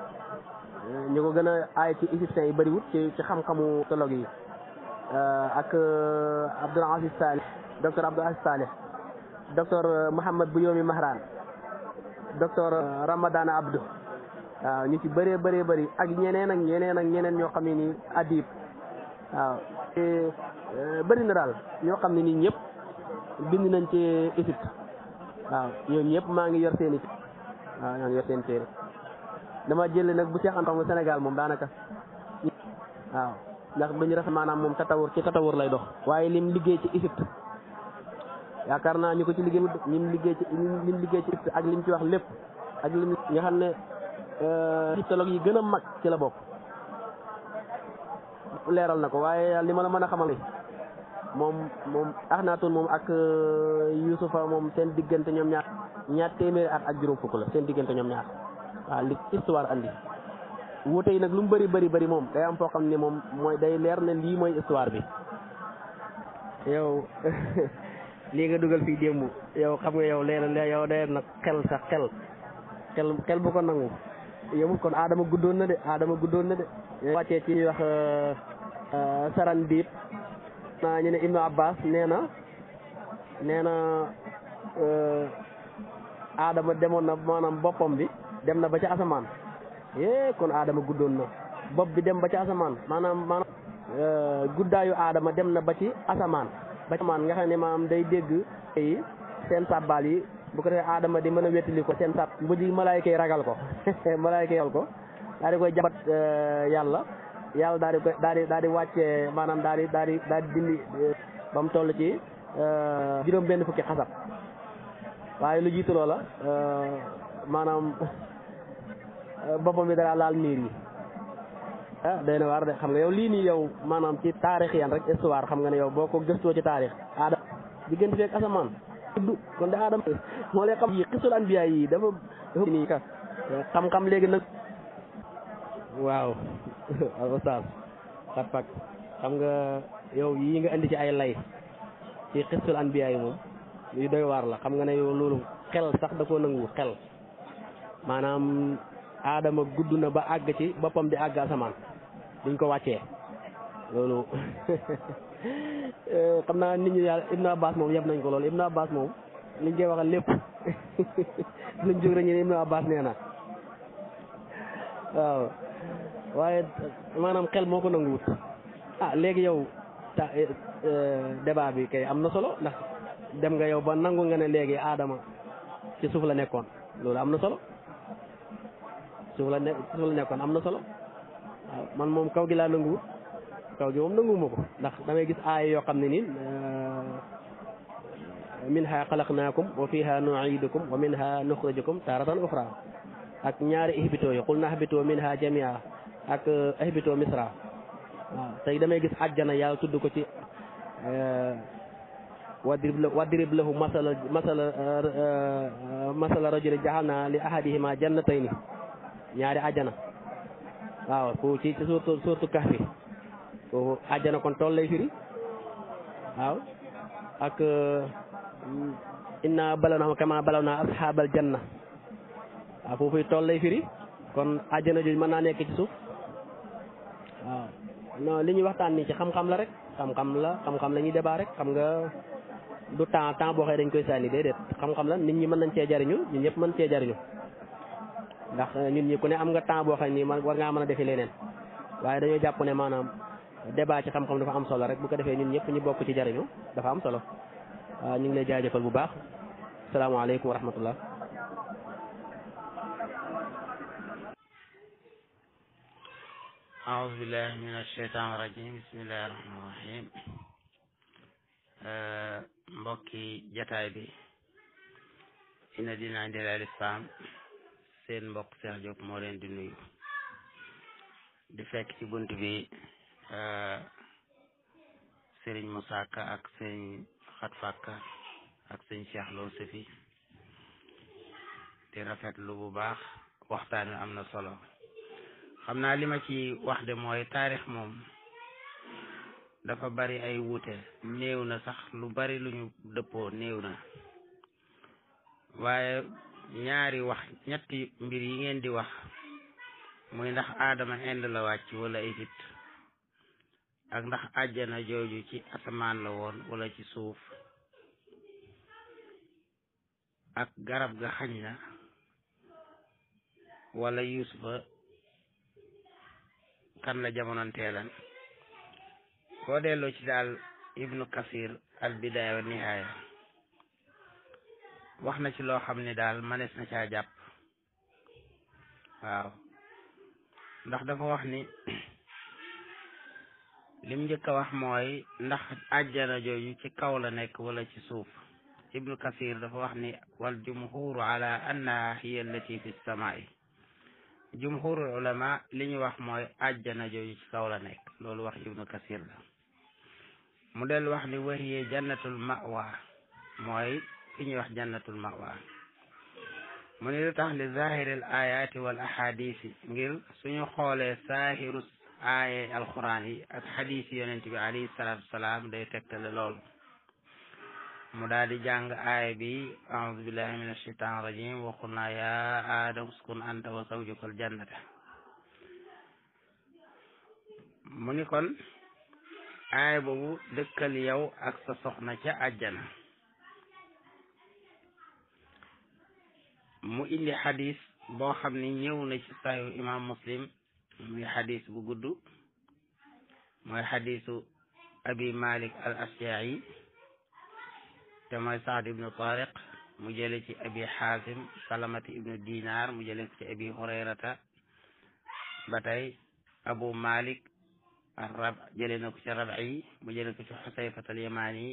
ñu ko gën a aay ci égyptiens yi bëriwut ci ci xam-xamu tologue yi ak Abdoul Aziz Salih docteur Abdoul Aziz Salih docteur Mouhamed Bouyoumi Mahran docteur euh, Ramadana Abdou waaw ñu ci bëree bëree bëri ak ñeneen ak ñeneen ak ñeneen ñoo xam ne nii adib waaw te euh, daal ñoo xam ne nii ñëpp bind nañ ci Égypte waaw ñoom ñëpp maa ngi yor seen i waaw ñoo ngi yor seen téere dama jël nag bu Cheikh Anta mu Sénégal moom daanaka waaw ndax duñu rafet maanaam moom tatawur ci tatawur lay dox waaye lim liggéey ci Égypte yaakaar naa ñu ko ci liggéey ñim liggéey ci ñim liggéey ci ak lim ci wax lépp ak li nga xam ne égyptologue euh, yi gën a mag ci la bopp leeral na ko waaye li ma la mën a xamal moom moom Axnaatoon moom ak euh, Yuusufa moom seen diggante ñoom ñaar ñaar téeméeri at ak juróom fukk la seen diggante ñoom ñaar waaw li histoire andi wuute yi nag lu mu bari bari bëri moom day am foo xam ne moom mooy day leer ne lii mooy histoire bi yow lii nga dugal fii démb yow xam nga yow leen yow dee na xel sa xel xel xel bu ko nangu yowul kon aadama guddoon na de aadama guddoon na de wàccee ci wax euh, euh, sarandiit na ñu ne ibnu abbas nee na nee na aadama euh, demoon na maanaam boppam bi dem na ba ci asamaan é kon aadama guddoon na bopp bi dem ba ci asamaan maanaam maanaam guddaayu aadama dem na ba ci asamaan ba amaan nga xam ne maanaam day dégg yi seen sàbbaal yi bu ko defee aadama di mën a wettali ko seen sàb bu di malaay yi ragal ko malaayka yal ko daal di koy jabat euh, yàlla yàlla daal di koy daal di daal di wàcce maanaam daal di daal di daal di dindi euh, ba mu toll ci euh, juróom benn fukki xasab waaye lu jiitu loola maanaam boppam bi dara laal miir yi ah day na waar de xam nga yow lii nii yow maanaam ci taarix yan rek histoire xam nga ne yow boo ko gëstoo ci taarix aadama diggante beeg asamaan tudd kon de aadama moo lay xam yi xisul anbiya yi léegi nag waaw alosag nga yow yii nga indi ci ay lay ci xisul moom yu doy la xam nga ne yow loolu xel sax da koo nangu xel maanaam aadama gudd na ba àgg ci boppam di àgg asamaan buñ ko wàccee loolu eh, xam naa nit ñi yàlla Ibn Abbas moom yeb nañ ko loolu Ibn Abbas moom liñ koy waxal lépp luñ jóg rek ñu ne Ibn Abbas nee na waaw waaye maanaam xel moo ko nanguwut ah léegi yow ta eh, eh, bi kay am na solo ndax dem nga yow ba nangu nga ne léegi aadama ci suuf la nekkoon loolu am na solo suuf la ne suuf la nekkoon am na solo waaw man moom kaw gi laa nanguwut kaw gi moom nanguwuma ko ndax damay gis aaya yoo xam ne nii euh, minha xalaqnaakum wa fiha nuidukum wa minha nuxrijukum taaratan uxra ak ñaari ihbitoo yi qul nahbitoo minha jamia ak euh, ihbitoo misra waaw damay gis àjjana yàlla tudd ko ci euh, wadrib la wadrib lahu masala masala masala rajulin li ahadihima jannatayni ñaari àjjana waaw foofu ci surtout surtout kaf bi foofu àjjana kon tool lay firi waaw ak mm, inna balaw naa kama balaw naa jan na waaw foofu tool lay firi kon àjjana jooju mën naa nekk ci suuf waaw non li ñuy waxtaan nii ci xam-xam la rek xam-xam la xam la ñuy débat rek xam nga du temps temps boo xëy dañ koy sànni déedéet xam-xam la nit ñi mën nañ cee jariñu ñu ñëpp mën cee jariñu ndax ñun eh, ñi ku ne am nga temps boo xam ni man war ngaa mën a defi leneen waaye dañoo jàpp ne maanaam débat ci xam-xam dafa am solo rek bu ko defee ñun ñëpp ñu bokk ci jariñu dafa am solo waaw ñu ngi lay jaajëfal bu baax salaamaaleykum wa rahmatullah أعوذ بالله من الشيطان الرجيم بسم الله الرحمن الرحيم mbokki jataay bi ina dina indi la lislaam seen mbokk Cheikh Diop moo leen di nuyu di fekk ci bunt bi sëriñ mu sàkk ak sëriñ Xat Fakka ak sëriñ Cheikh Lo Sefi di lu bu baax waxtaan wi am na solo xam naa li ma ci wax de mooy taarix moom dafa bari ay wuute néew na sax lu bari lu ñu dëppoo néew na waaye ñaari wax ñetti mbir yi ngeen di wax muy ndax aadama ind la wàcc wala Égypte ak ndax àjjana jooju ci asamaan la woon wala ci suuf ak garab ga xañ na wala yusufa kan la jamononteelan boo delloo ci daal ibnu kasir al bidaaya wax na ci loo xam ne daal manees na caa jàpp waaw ndax dafa wax ni lim njëkk a wax mooy ndax àjjana jooju ci kaw la nekk walla ci suuf ibnu kasir dafa wax ni wal jumhuru ala annaha hiya allati fi samaai jumhurul ulama li ñu wax mooy àjjana jooju ci kaw la nekk loolu wax ibnu kasir la mu del wax ni wa hiya jannatul mooy fi ñuy wax jannatul mawa mu ni lu tax li zahiril ayati wal ahadisi ngir suñu xoolee saahiru aaye alquran yi ak xadis yi yonent bi alayhi salatu wasalaam day tegtale lool mu daal di jàng aaya bi a'udhu billahi minash shaitanir rajim wa qulna ya adam uskun anta wa zawjukal jannata mu ni kon aaya boobu dëkkal yow ak sa soxna ca àjjana mu indi xadis boo xam ne ñëw na ci sayu imam muslim muy xadis bu gudd mooy xadisu abi malik al ashja'i te mooy saad ibnu tariq mu jële ci abi xaasim salamati ibnu dinar mu jële ci abi hurayrata ba tey abu malik arab jële na ko ci rabi mu jële ko ci xusayfat al yamani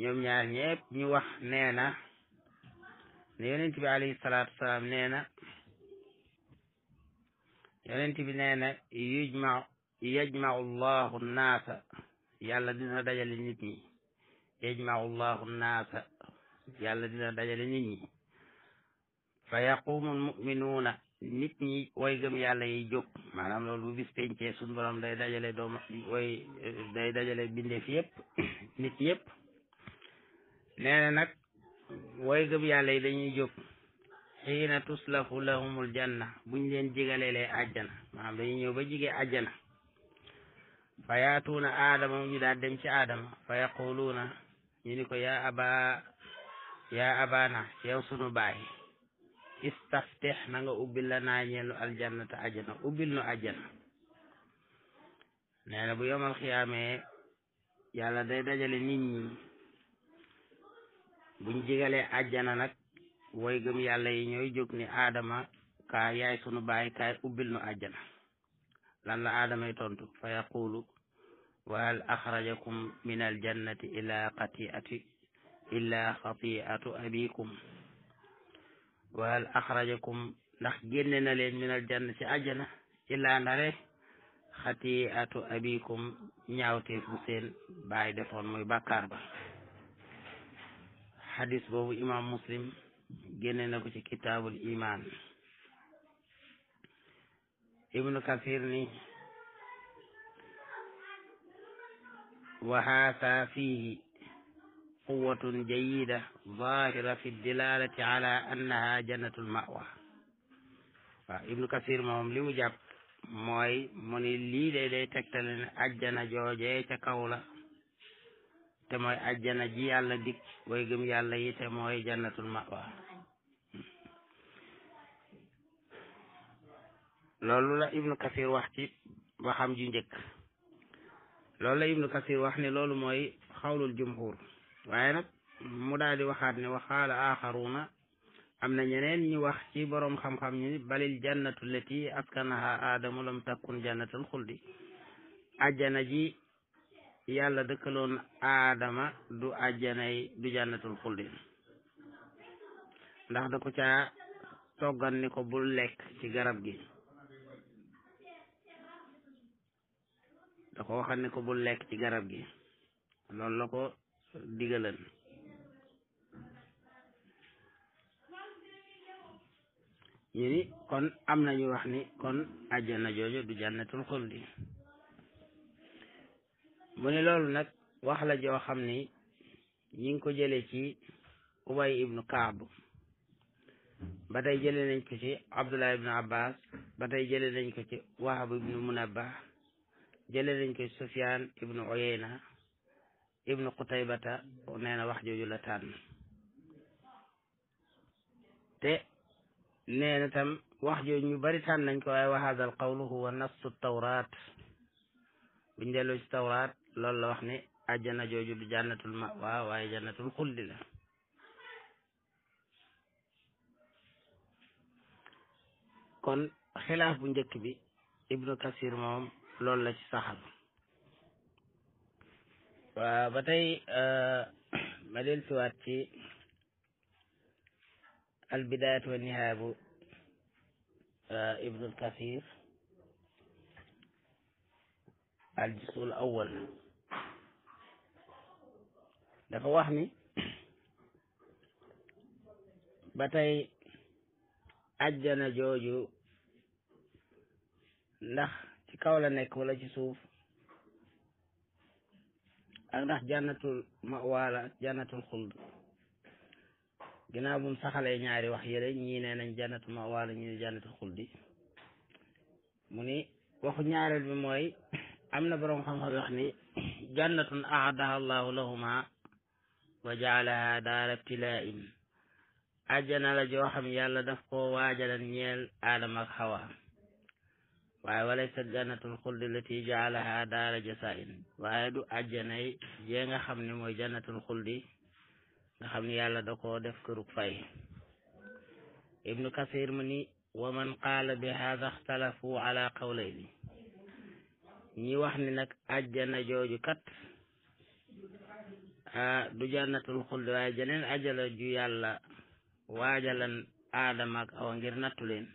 ñoom ñaar ñëpp ñu wax nee yonent bi alayhi salaatu wasalaam nee na yonent bi nee na yujma yajmau llahu naasa yàlla dina dajale nit ñi yajmau llahu naasa yàlla dina dajale nit ñi fa yaqumu almuminuuna nit ñi way gëm yàlla yi jóg maanaam loolu bu bis pencee suñ borom day dajale doom way day dajale bindee fi yëpp nit ñi yëpp nee na nag way gëm yàlla yi dañuy jóg xiina tuslafu lahumul bu ñu leen jigaleelee àjjana maanaam dañuy ñëw ba jigee àjjana fa yaatuuna adama ñu daal dem ci aadama fa yaquluuna ñu ni ko yaa aba yaa abana yow sunu baay istaftih na nga ubbil la naa ñeelu aljanna te àjjana ubbil nu àjjana nee bu yomal xiyaamee yàlla day dajale nit ñi buñ jigalee àjjana nag way gëm yàlla yi ñooy jóg ni aadama kaa yaay sunu baay kaay ubbil nu àjjana lan la aadama yi tontu fa yaqulu wa hal axrajakum min aljannati illa xatiati illa xatiatu abikum wa hal axrajakum ndax génne na min aljanna ci àjjana illa ndare xatiatu abikum ñaawteefu seen baay defoon muy bàkkaar ba xadis boobu imam muslim génne na ko ci kitaabul iman ibnu kasir ni wa haata fihi quwatun jayida zahira fi dilalati ala annaha jannatul mawa waaw ibnu kasir moom li mu jàpp mooy mu ni lii day day tegtale ne ajjana joojee ca kaw la te mooy ajjana ji yàlla dig way gëm yàlla yi mooy jannatul mawa loolu la ibnu kasir wax ci waxam ju njëkk loolu la ibnu kasir wax ni loolu mooy xawlul jumhur waaye nag mu daal waxaat ne waxaala axaruna am na ñeneen ñu wax ci boroom xam-xam ñi balil jannatu lati askanaha aadamu lam takkun jannatul xuldi ajjana ji yàlla dëkkaloon aadama du àjjanay du jànnatul xuldi ndax da ko caa toggan ni ko bul lekk ci garab gi da ko waxan ko bu lekk ci garab gi loolu la ko digalan ñu ni kon am na ñu wax ni kon àjjana jooju du jànnatul xuldi mu ne loolu nag waxla la joo xam ni ñi ngi ko jëlee ci ubay ibnu kaab ba tey jëlee nañ ko ci abdullah ibnu abbas ba tey jëlee nañ ko ci wahab ibnu munabbah jëlee nañ ko ci sufyaan ibnu uyayna ibnu qutaybata nee na wax jooju la tànn te nee tam wax jooju ñu bari tànn nañ ko ay wa hadha al qawlu huwa nassu tawraat buñ delloo ci tawraat loolu la wax ne àjjana jooju du jannatul ma waaw waaye jannatul xuldi la kon xilaaf bu njëkk bi ibnu kasir moom loolu la ci saxal waaw ba tey euh, ma del siwaat ci albidayat wa nihaaya bu euh, ibnu kasir al jusul awal dafa wax ni ba tey ajjana jooju ndax ci kaw la nekk wala ci suuf ak ndax jannatul mawaa la jannatul xuld ginnaaw bu mu saxalee ñaari wax yële ñii nee nañ jannatul mawaa la ñii ne jannatul xuldi mu ni waxu ñaareel bi mooy am na boroom xam-xam wax ni jannatun aadaha allahu lahuma wa jaalaha daara ibtilaa'in la joo xam yàlla daf ko waajalan ñeel aadama ak xawa waaye walaysa jannatul xuldi lati jaalaha daara jasaa'in waaye du ajjanay jee nga xam ne mooy jannatul xuldi nga xam ne yàlla da koo def kërug fay ibnu kasir mu ni wa man bi haada ixtalafu ala qawlayni ñi wax ni nag ajjana jooju kat du jannatul xuld waaye jeneen ajala ju yàlla waajalan aadama ak a ngir nattu leen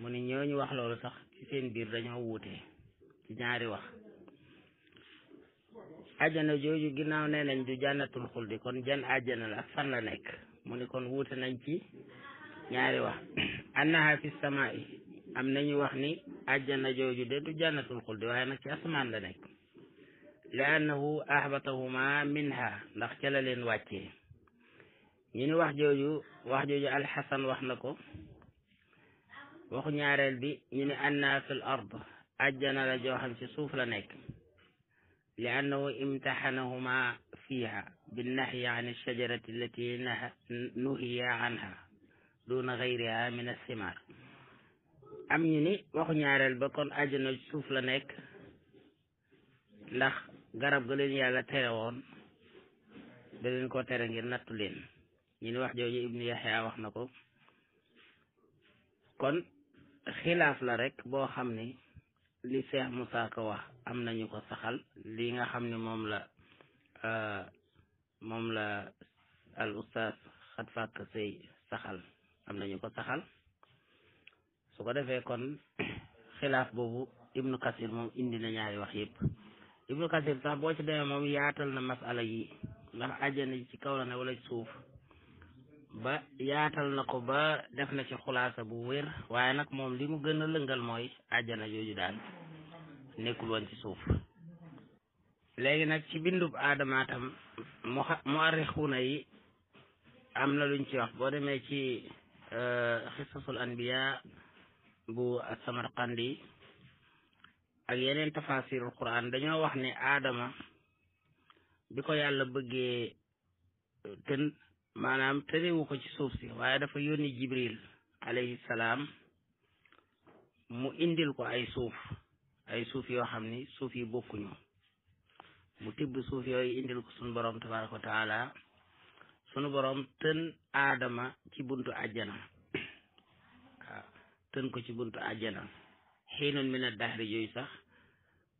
mu ne ñooñu wax loolu sax ci seen biir dañoo wuute ci ñaari wax ajana jooju ginnaaw nee nañ du jannatul xuldi kon jan ajana la ak fan la nekk mu ni kon wuute nañ ci ñaari wax annaha fi sama yi am nañu wax ni ajana jooju de du jannatul di waaye nag ci asmaan la nekk li annahu ahbatahuma minha ndax ca la leen wàccee ñu ni wax jooju wax jooju alxasan wax na ko waxu ñaareel bi ñu ni anna fi l ard ajjana la joo xam ci suuf la nekk li annahu imtaxanahuma fiha binnahyi an alshajarati allati nuhiya anha duna gayriha min alsimar am ñu ni waxu ñaareel ba kon ajjana suuf la nekk ndax garab ga leen yàlla tere woon da leen ko tere ngir nattu leen ñu ne wax jooju ibnu yaxya wax na ko kon xilaaf la rek boo xam ni li seex mu Ka wax am nañu ko saxal li nga xam ne moom la euh, moom la al ustaas xat fàkk sëy saxal am nañu ko saxal su ko defee kon xilaaf boobu ibnu kasir moom indi na ñaari wax yépp ibnu kasir sax boo ci demee moom yaatal na masala yi ndax àjjana ci kaw la ne wala ci suuf ba yaatal na ko ba def na ci xulaasa bu wér waaye nag moom li mu gën a lëngal mooy àjjana jooju daal nekkul woon ci suuf léegi nag ci bindu aadamaatam mu muarrixuuna yi am na luñ ci wax boo demee ci euh, xisasul anbiya bu samarqandi ak yeneen tafasirul quran dañoo wax ni aadama bi ko yàlla bëggee euh, tën maanaam tërewu ko ci suuf si waaye dafa yónni jibril alayhi salaam mu indil ko ay suuf ay suuf yoo xam ni suuf yi bokkuñu mu tibb suuf yooyu indil ko sunu borom tabaraka wa sunu borom tën aadama ci buntu àjjana waaw tën ko ci buntu àjjana xiinan min ad-dahri yooyu sax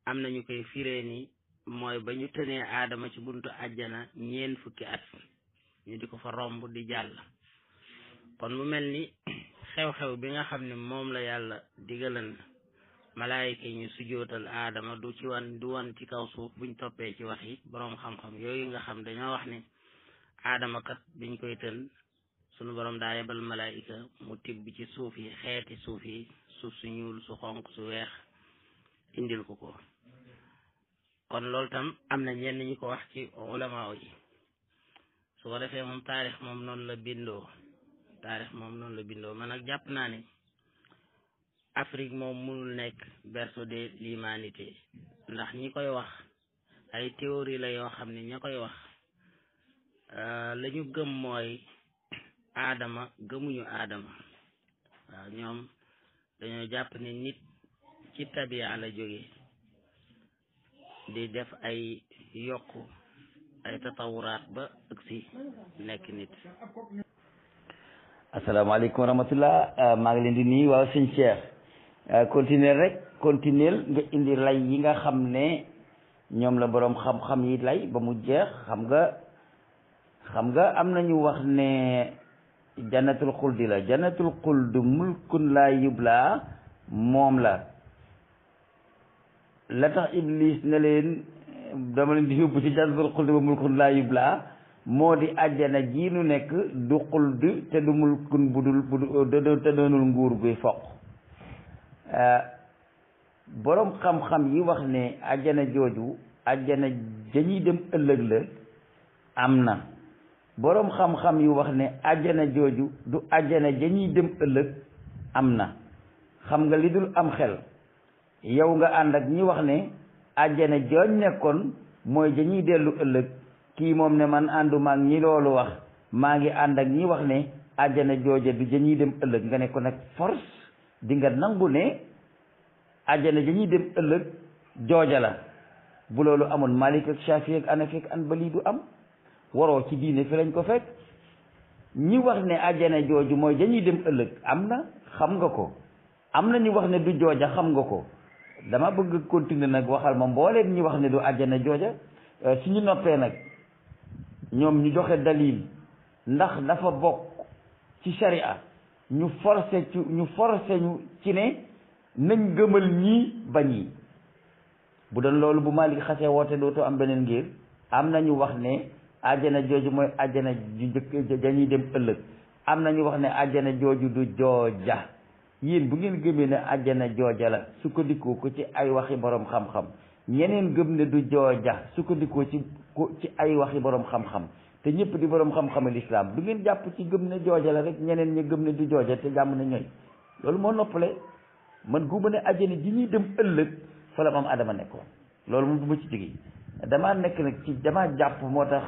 am na ñu koy firee nii mooy ba ñu tënee aadama ci buntu àjjana ñeen fukki at ñu di ko fa romb di jàll kon mu mel ni xew-xew bi nga xam ne moom la yàlla digalan malaayika yi ñu sujootal aadama du ci wan du wan ci kaw suuf buñ toppee ci wax yi boroom xam-xam yooyu nga xam dañoo wax ni aadama kat biñ koy tën sunu borom daa yebal malaayika mu tibb ci suuf yi xeeti suuf yi suuf su ñuul su xonq su weex indil ko ko kon loolu tam am na ñenn ñi ko wax ci ulamaaw yi su ko defee moom taarix moom noonu la bindoo taarix moom noonu la bindoo man nag jàpp naa ne Afrique moom mënul nekk berceau de l'humanité ndax ñi koy wax ay théorie la yoo xam ne ña koy wax euh, lañu gëm mooy aadama gëmuñu aadama waaw ñoom dañoo jàpp ni nit ci tabia la jóge di def ay yokk ay tatawuraat ba ak si nekk nit asalaamaaleykum wa rahmatullah euh, maa ngi leen di nuyu waaw sëñ Cheikh euh, continuer rek continuer nga indi lay yi nga xam ne ñoom la boroom xam-xam yi lay ba mu jeex xam nga xam nga am nañu wax ne jannatul xuldi la jannatul xuldi mulkun laa yublaa moom la la tax iblis ne leen dama leen di yóbbu ci jannatul xuldi ba mulkun laa yublaa moo di àjjana ji nu nekk du xuldi te du mulkun budul budul te doonul nguur buy foq eh, boroom xam-xam yi wax ne àjjana jooju àjjana dañuy dem ëllëg la am na boroom xam-xam yi wax ne àjjana jooju du àjjana ja ñuy dem ëllëg am na xam nga li dul am xel yow nga ànd ak ñi wax ne àjjana jooj nekkoon mooy ja dellu ëllëg kii moom ne man ànduma ak ñi loolu wax maa ngi ànd ak ñi wax ne àjjana jooja du ja ñuy dem ëllëg nga nekkoon ko nag force di nga nangu ne àjjana ja ñuy dem ëllëg jooja la bu loolu amoon Malik ak Shafi ak Anafi ak Anbali du am waroo ci diine fi lañ ko fekk ñi wax ne àjjana jooju mooy dañuy dem ëllëg am na xam nga ko am na ñu wax ne du jooja xam nga ko dama bëgg continuer nag waxal ma mbooleem ñi wax ne du àjjana jooja euh, su ñu noppee nag ñoom ñu joxe dalil ndax dafa bokk ci sharia ñu forcé ci ñu forcé ñu ci ne nañ gëmal ñii bañ yi bu doon loolu bu Malik xasee woote dootoo am beneen ngir am na ñu wax ne àjjana jooju mooy àjjana ju jëkk ñuy dem ëllëg am na ñu wax ne àjjana jooju du jooja yéen bu ngeen gëmee ne àjjana jooja la sukkandikoo ko ci ay waxi borom xam-xam ñeneen gëm ne du jooja sukkandikoo ci ko ci ay waxi borom xam-xam te ñëpp di boroom xam-xamu lislaam du ngeen jàpp ci gëm ne jooja la rek ñeneen ñi gëm ne du jooja te jàmm na ñooy loolu moo noppale man guuma ne àjjana ji ñuy dem ëllëg fa la maam Adama nekkoon loolu moom du ci damaa nekk nag ci damaa jàpp moo tax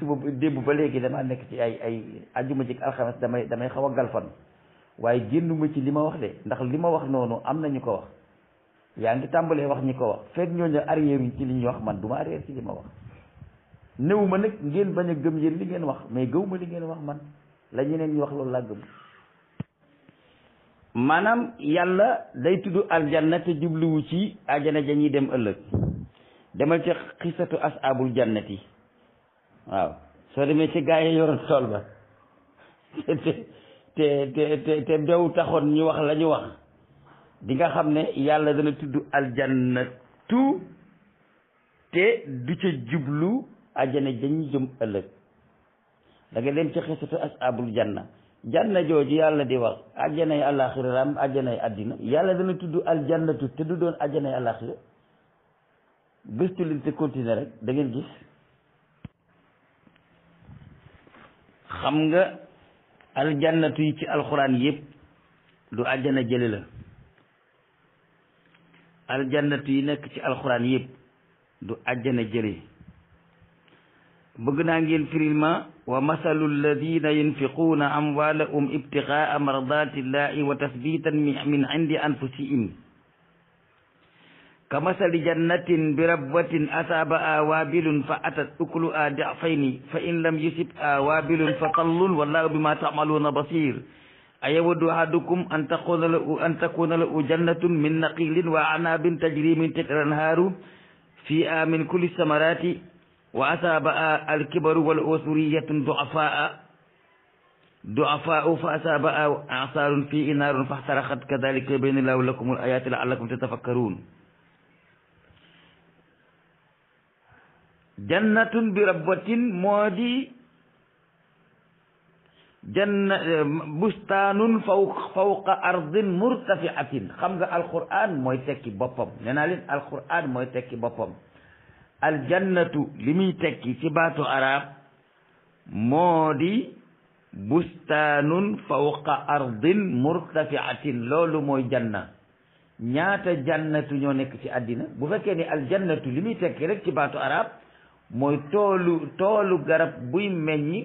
suba démb ba léegi damaa nekk ci ay ay ajuma jik alxames damay damay xaw a galfan waaye génnuma ci li ma wax de ndax li ma wax noonu am na ñu ko wax yaa ngi tàmbalee wax ñi ko wax fekk ñooñu arrière yi ci li ñuy wax man du ma arrière ci li ma wax néew ma nag ngeen bañ a gëm yéen li ngeen wax mais gëwuma li ngeen wax man la ñeneen ñu wax loolu laa gëm maanaam yàlla day tudd aljanna te jubluwu ci ajana ja ñuy dem ëllëg demal ci xisatu ashabul jannati waaw soo demee ci gaa yi yoroon tool ba te te te te dew taxoon ñu wax la wax di nga xam ne yàlla dana tudd aljannatu te du ca jublu ajana dañ jëm ëllëg da nga dem ci xisatu ashabul janna janna jooju yàlla di wax ajana yi àllaaxira la am ajana yi àddina yàlla dana tudd aljannatu te du doon ajana yi àllaaxira gëstu leen te continuer rek da gis xam nga aljannatu ci alxuraan yépp du aljana jële la aljannatu yi nekk ci alxuraan yépp du aljana jële bëgg naa ngeen firil ma wa masalu alladina yunfiquuna amwaalahum ibtigaa mardati wa tasbitan min indi anfusihim كمثل جنة بربوة أصابها وابل فأتت أكلها ضعفين فإن لم يصبها وابل فطل والله بما تعملون بصير أيود أحدكم أن تكون له أن تكون له جنة من نقيل وعناب تجري من تحتها الأنهار فيها من كل الثمرات وأصابها الكبر والأسرية ضعفاء ضعفاء فأصابها إعصار فيه نار فاحترقت كذلك يبين الله لكم الآيات لعلكم تتفكرون jannatun bi rabbatin moo di janna bustaanun faw fawqa ardin murtafiatin xam nga alquran mooy boppam nee naa leen alquran mooy tekki boppam aljannatu li muy tekki ci baatu arab moo di bustaanun fawqa ardin murtafiatin loolu mooy janna ñaata jannatu ñoo nekk ci àddina bu fekkee ni aljannatu li muy tekki rek ci baatu arab mooy toolu toolu garab buy meññ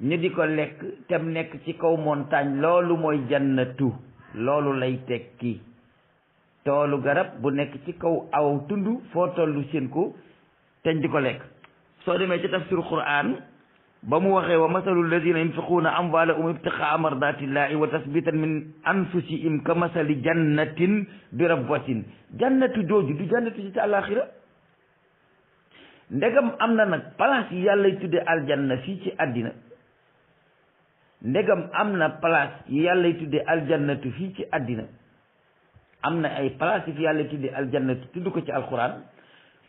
ñi di ko lekk tem nekk ci kaw montagne loolu mooy jannatu loolu lay tekki toolu garab bu nekk ci kaw aw tund foo tollu seen ko teñ di ko lekk soo demee ci tafsir quran ba mu waxee wa masalu alladina yunfiquuna amwaalahum ibtixaa mardatillahi wa tasbitan min anfusihim ka masali jannatin bi rabwatin jannatu jooju du jannatu ci àllaaxira ndegam am na nag place yi yàlla tudde aljanna fii ci àddina ndegam am na place yi yàlla tudde aljannatu fii ci àddina am na ay place yi fi yàlla tudde aljannatu tudd ko ci alxuraan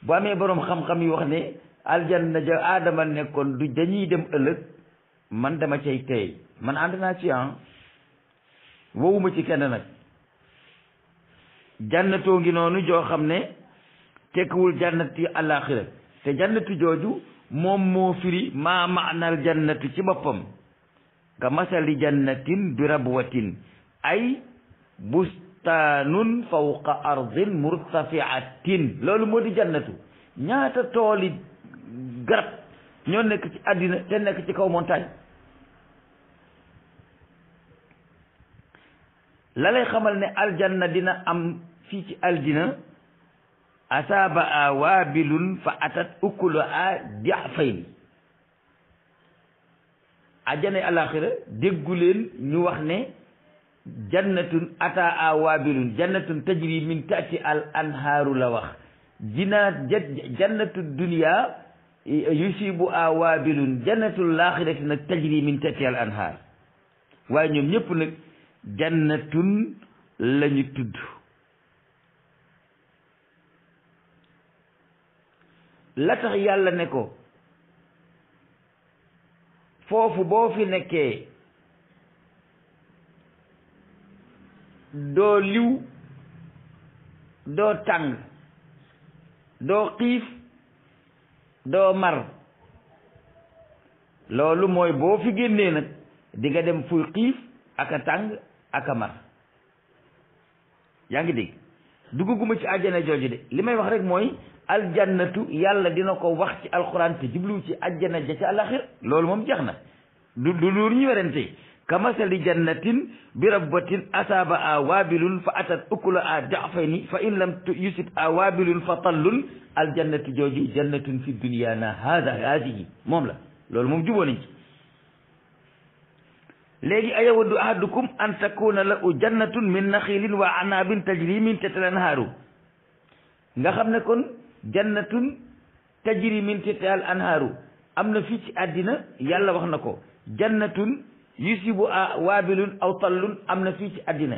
bu amee boroom xam-xam yi wax ne aljanna ja aadama nekkoon du dañuy dem ëllëg man dama cay tey man ànd naa ci ah wowuma ci kenn nag jànnatoo ngi noonu joo xam ne tekkiwul jànnati àllaaxira te jannatu jooju moom moo firi maa maanal jannatu ci boppam ka masali jannatin bi rabwatin ay bustaanun fawqa ardin murtafiatin loolu moo di jannatu ñaata tooli garab ñoo nekk ci àddina te nekk ci kaw montagne la lay xamal ne aljanna dina am fii ci aldina asaaba a waabilun fa atat ukulu a jaxfayn ajane alaxira déggu ñu wax ne jannatun ata a waabilun jannatun tajri min taati al anhaaru la wax jinaat jannatu dunia yusibu a waabilun jannatul laaxirati nag tajri min taati al anhaar waaye ñoom ñëpp nag jannatun la tudd la tax yàlla ne ko foofu boo fi nekkee doo liw doo tàng doo xiif doo mar loolu mooy boo fi génnee nag di dem fuy xiif aka tàng aka mar yaa ngi dégg duggaguma ci àjjana jooju de li may wax rekk mooy aljannatu yàlla dina ko wax ci alquran te jublu ci ajjana ja loolu moom jeex na du du luur ñu werante kamasali jannatin bi rabbatin asaaba a waabilun fa atat ukula a dafayni fa in lam yusib a waabilun fa tallun aljannatu jooju jannatun fi dunia na haada haadihi moom la loolu moom juboo nañ ci ahadukum an takuna la u jannatun min naxilin wa anabin tajri min tatal anhaaru nga xam ne kon jannatun tajri min al anhaaru am na fii ci àddina yàlla wax na ko jannatun yusibu a waabilun aw tallun am na fii ci àddina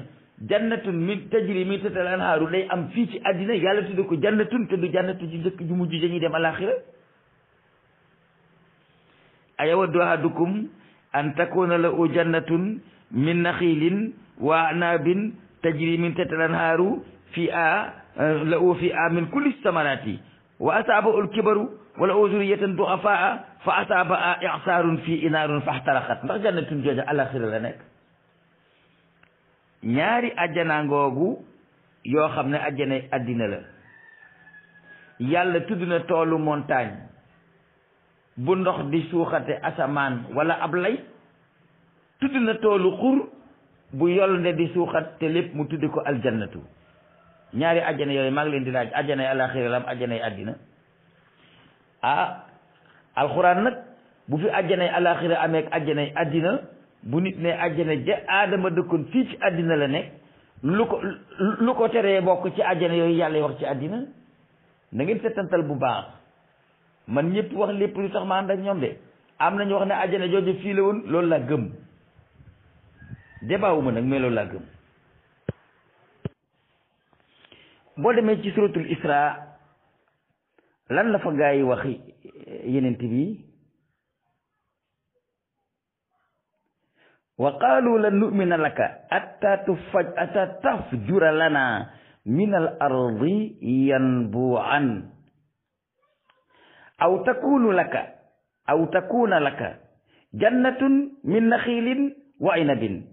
jannatun min tajri min al anhaaru day am fii ci àddina yàlla tudde ko jannatun te du jannatu ju njëkk ju mujj dañuy dem alaxira ayawaddu ahadukum an takuna lahu jannatun min naxilin wa anabin tajri min al anhaaru fi a la uufi a min kulli samarati wa asaaba ul kibaru wala uzuriyatan fa asaaba a i'saarun fi inaarun fahtaraxat ndax jannatun jooja alaxira la nekk ñaari ajjana ngoogu yoo xam ne ajjana àddina la yàlla tudd na toolu montagne bu ndox di suuxate asamaan wala ab lay tudd na toolu xur bu yolnde di suuxat te lépp mu tuddi ko aljannatu ñaari àjjana yooyu maa ngi leen di laaj àjjanay àllaaxira la am àjjanay àddina ah alxuraan nag bu fi àjjanay àllaaxira amee ak àjjanay àddina bu nit ne àjjana ja aadama dëkkoon fii ci àddina la nekk lu ko lu ko teree bokk ci àjjana yooyu yàlla wax ci àddina na ngeen settantal bu baax man ñëpp wax lépp lu tax ma ànd ak ñoom de am nañu wax ne àjjana jooju fii la woon loolu laa gëm débaawuma nag mais loolu laa gëm boo demee ci suratul isra lan la fa gaa yi wax yenent bi wa qaalu lan nu'mina laka atta tufaj atta tafjura lana min al ardi yanbu'an aw takunu laka aw takuna laka jannatun min naxilin wa inabin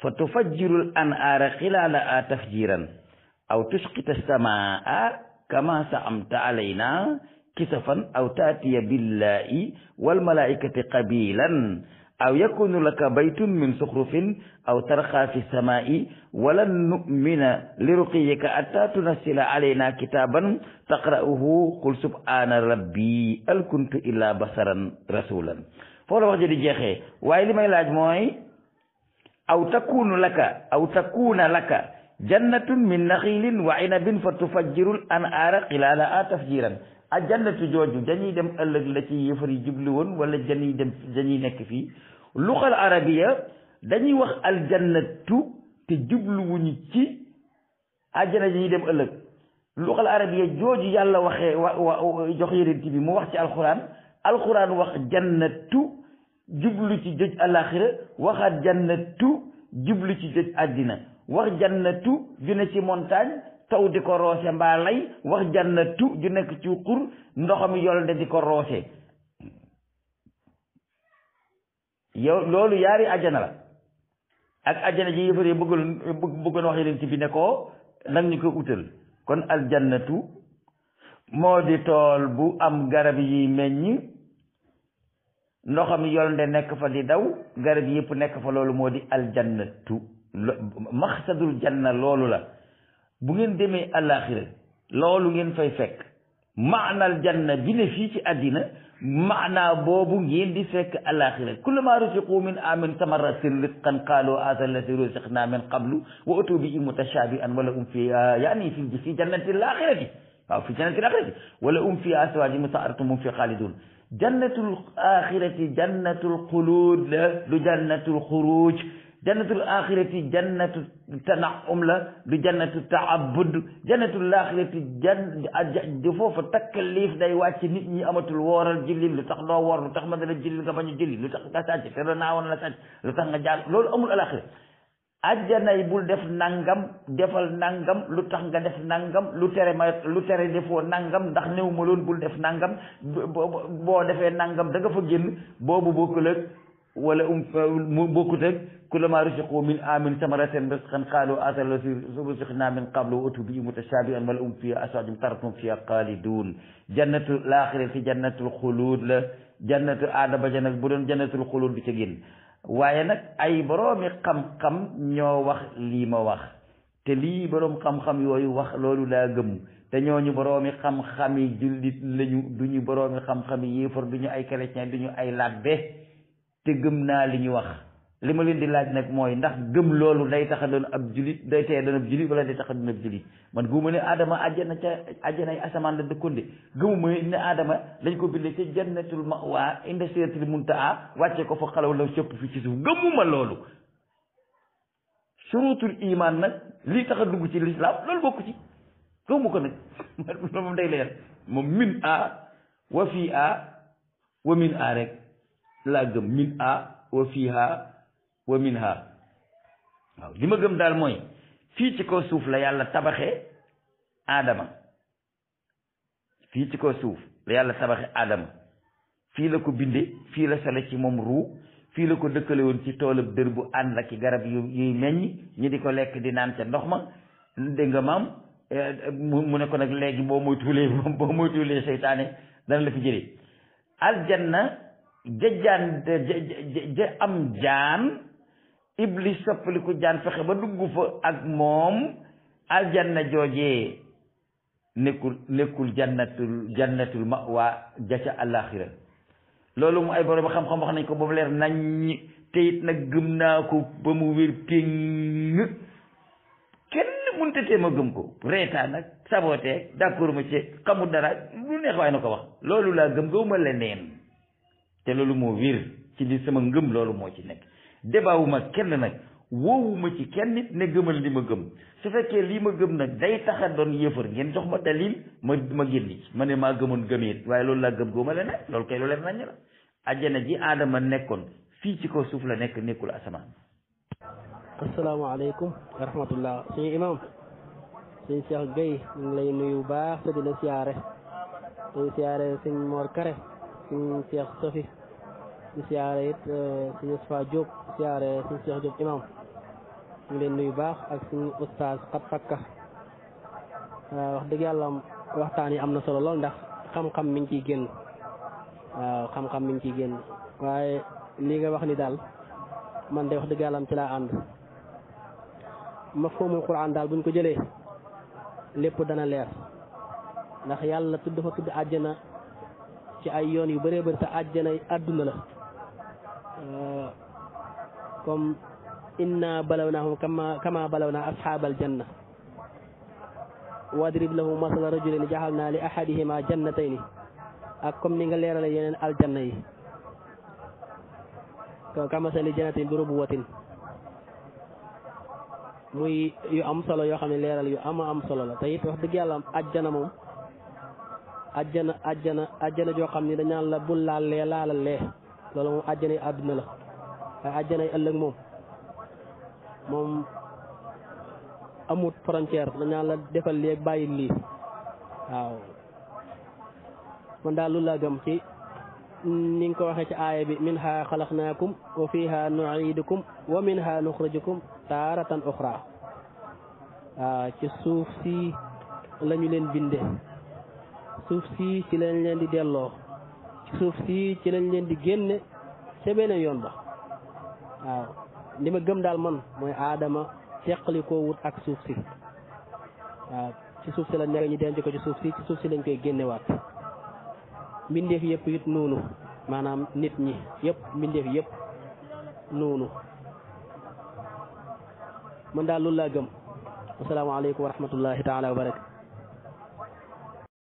fa tufajjiru al anhaara xilaalaha tafjiran aw tusqita samaa kama saamta alayna kisafan aw taatiya billahi walmalaikati qabilan aw yakunu laka baytun min suxrufin aw tarqa fi samaa'i walan nu'mina liruqiyika hatta tunazzila alaynaa kitaaban taqra'uhu qul subhaana rabbi hal kuntu illaa basaran rasuulan foofu la wax ji di jeexee waaye li may laaj mooy aw takunu laka aw takuna laka jannatun min naxilin wa inabin fa tufajjirul anhaara xilaalaha tafjiran a jannatu jooju dañuy dem ëllëg la ci yëfar yi jublu woon wala dañuy dem dañuy nekk fii luxal arabiya dañuy wax aljannatu te jubluwuñu ci àjjana dañuy dem ëllëg luxal arabiya jooju yàlla waxee wa wa jox yonent mu wax ci alxuraan alxuraan wax jannatu jublu ci jëj alaxira waxaat jannatu jublu ci jëj àddina wax jannatu ju ne ci montagne taw di ko roose mbaa lay wax jannatu ju nekk ci xur ndoxam yolde di ko roose yow loolu yaari ajana la ak ajana ji yëfar yi bëggul bëggoon wax yeneen ci bi ne ko nag ñu ko utal kon aljannatu moo di tool bu am garab yi meññ ndoxam yolde nekk fa di daw garab yëpp nekk fa loolu moo di aljannatu maxsadul janna loolu la bu ngeen demee àllaaxira loolu ngeen fay fekk maanal janna bi ne fii ci àddina maanaa boobu ngeen di fekk àllaaxira kullama rusiqu min amin samaratin risqan qaalu haada alladi rusiqna min qablu wa utu bi mutashaabihan wala um fi yaani fi fi jannati laaxirati waaw fi jannati laaxirati wala um fi aswaaji mutahharatun hum fi xaalidun jannatul axirati jannatul xuluud la du jannatul xuruuj jannatul axirati jannatu tanaum la du jannatu taabud jannatul axirati jan foofa takkaliif day wàcc nit ñi amatul wooral julli lu tax doo woor lu tax ma ne la julli nga bañ a julli lu tax nga sàcc te la naa woon lu tax nga jaar loolu amul alaxira ajjanay bul def nangam defal nangam lu tax nga def nangam lu tere ma lu tere defoo nangam ndax néew ma loon bul def nangam boo defee nangam danga nga fa génn boobu bokkul ak wala um mu bokkut ak kullama rusiqu min amin samaratin risqan qalu athara lati rusiqna min qablu wa utu bi mutashabihan wala um fiha aswajum tartum fiha qalidun jannatu laaxirati jannatu xuluud la jannatu aadama ja bu doon jannatul xuluud bi ca génn waaye nag ay boroomi xam-xam ñoo wax lii ma wax te lii boroom xam-xam yooyu wax loolu laa gëm te ñooñu boroomi xam-xam yi jullit lañu duñu boroomi xam-xam yi duñu ay chrétien duñu ay labbe te gëm naa li ñu wax li ma leen di laaj nag mooy ndax gëm loolu day tax a doon ab julit day teye doon ab julit wala day tax a doon ab julit man gëmuma ne aadama àjjana ca àjjanay asamaan la dëkkoon de aadama dañ ko bindee ca jannatul ma'wa inda siratil muntaha wàcce ko fa xalaw la sëpp fi ci suuf gëmuma loolu surutul iman nag lii dugg ci lislaam loolu bokku ci gëmuma ko nag moom day leer moom min a wa fii a wa min a rek laa gëm min a wa fiha wa minha waaw li ma gëm daal mooy fii ci kaw suuf la yàlla tabaxee aadama fii ci kaw suuf la yàlla tabaxee aadama fii la ko bindee fii la sale ci moom ruu fii la ko dëkkale woon ci toolab dër bu ànd ak garab yu yuy meññ ñi di ko lekk di naan ca ndox ma dégg nga maam eh, mu ne ko nag léegi boo moytuwulee boo moytuwulee seytaane dana la fi jëlee aljanna jajjaan ja am jaan iblis soppaliku jaan fexe ba dugg fa ak moom aljanna joojee nekkul nekkul jannatul jannatul mawa ja ca àllaaxira loolu mu ay borom xam-xam wax nañ ko boobu leer nañ te it nag gëm naa ko ba mu wér péng kenn mënut ma téem a gëm ko reetaan nag sabootee d'accord ma ci xamul dara lu neex waaye na ko wax loolu laa gëm gëwuma leneen te loolu moo wér ci li sama ngëm loolu moo ci nekk débaawuma kenn nag woowuma ci kenn nit ne gëmal li ma gëm su fekkee lii ma gëm nag day taxa doon yëfër ngeen jox ma dalil ma ma génn ci ma ne maa gëmoon gëmeet waaye loolu laa gëm góoma ne loolu kay lu leen naññ la ajjana ji aadama nekkoon fii ci ko suuf la nekk nekkul asamaan asalaamaaleykum wa rahmatullah suñu imam suñu Cheikh Gueye ñu ngi lay baax te di la siyaare suñu siyaare suñu Mor Kare suñu Cheikh Sofi di siyaare it euh, suñu Moustapha Diop di siyaare suñu Cheikh ñu leen nuyu baax ak suñu oustaz Fat Fakka euh, wax dëgg yàlla waxtaan yi am na solo lool ndax xam-xam mi ngi ciy génn waaw mi ngi ciy génn waaye lii nga wax ni daal man de wax dëgg yàlla ci laa ànd mafhumul Qur'an daal buñ ko jëlee lépp dana leer ndax yàlla tudd dafa tudd àjjana ci ay yoon yu bëree bëri te àdduna la euh, comme inna balawnahum kama kama balawna ashaabal janna wadrib lahum masala rajulin jaxalna li ahadihima jannatayni ak comme ni nga leeral yeneen aljanna yi kamasali jannatin bi rubuwatin muy yu am solo yoo xam ne leeral yu ama am solo la te it wax dëgg yàlla ajjana moom ajjana ajjana ajjana joo xam ni dañ naan la bul laalee laalalee loolu moom ajjana yi àdduna la ajjana yi ëllëg moom moom amut frontière dañ la defal lii ak bàyyi lii waaw man daal lu la gëm ci ni nga ko waxee ci aaya bi minha xalaqnaakum wa fiha nu'iidukum wa minha nuxrijukum taaratan uxra waaw ci suuf si lañu leen binde suuf si ci lañ leen di delloo ci suuf si ci lañ leen di génne ca yoon ba waaw li ma gëm daal man mooy aadama teqali ko wut ak suuf si waaw ci suuf si la nekk ñu ci suuf si suuf si lañ koy génnewaat mbindeef yëpp it noonu maanaam nit ñi yëpp mbindeef yépp noonu man daal loolu laa gëm asalaamaaleykum wa rahmatullahi taala wa barakatu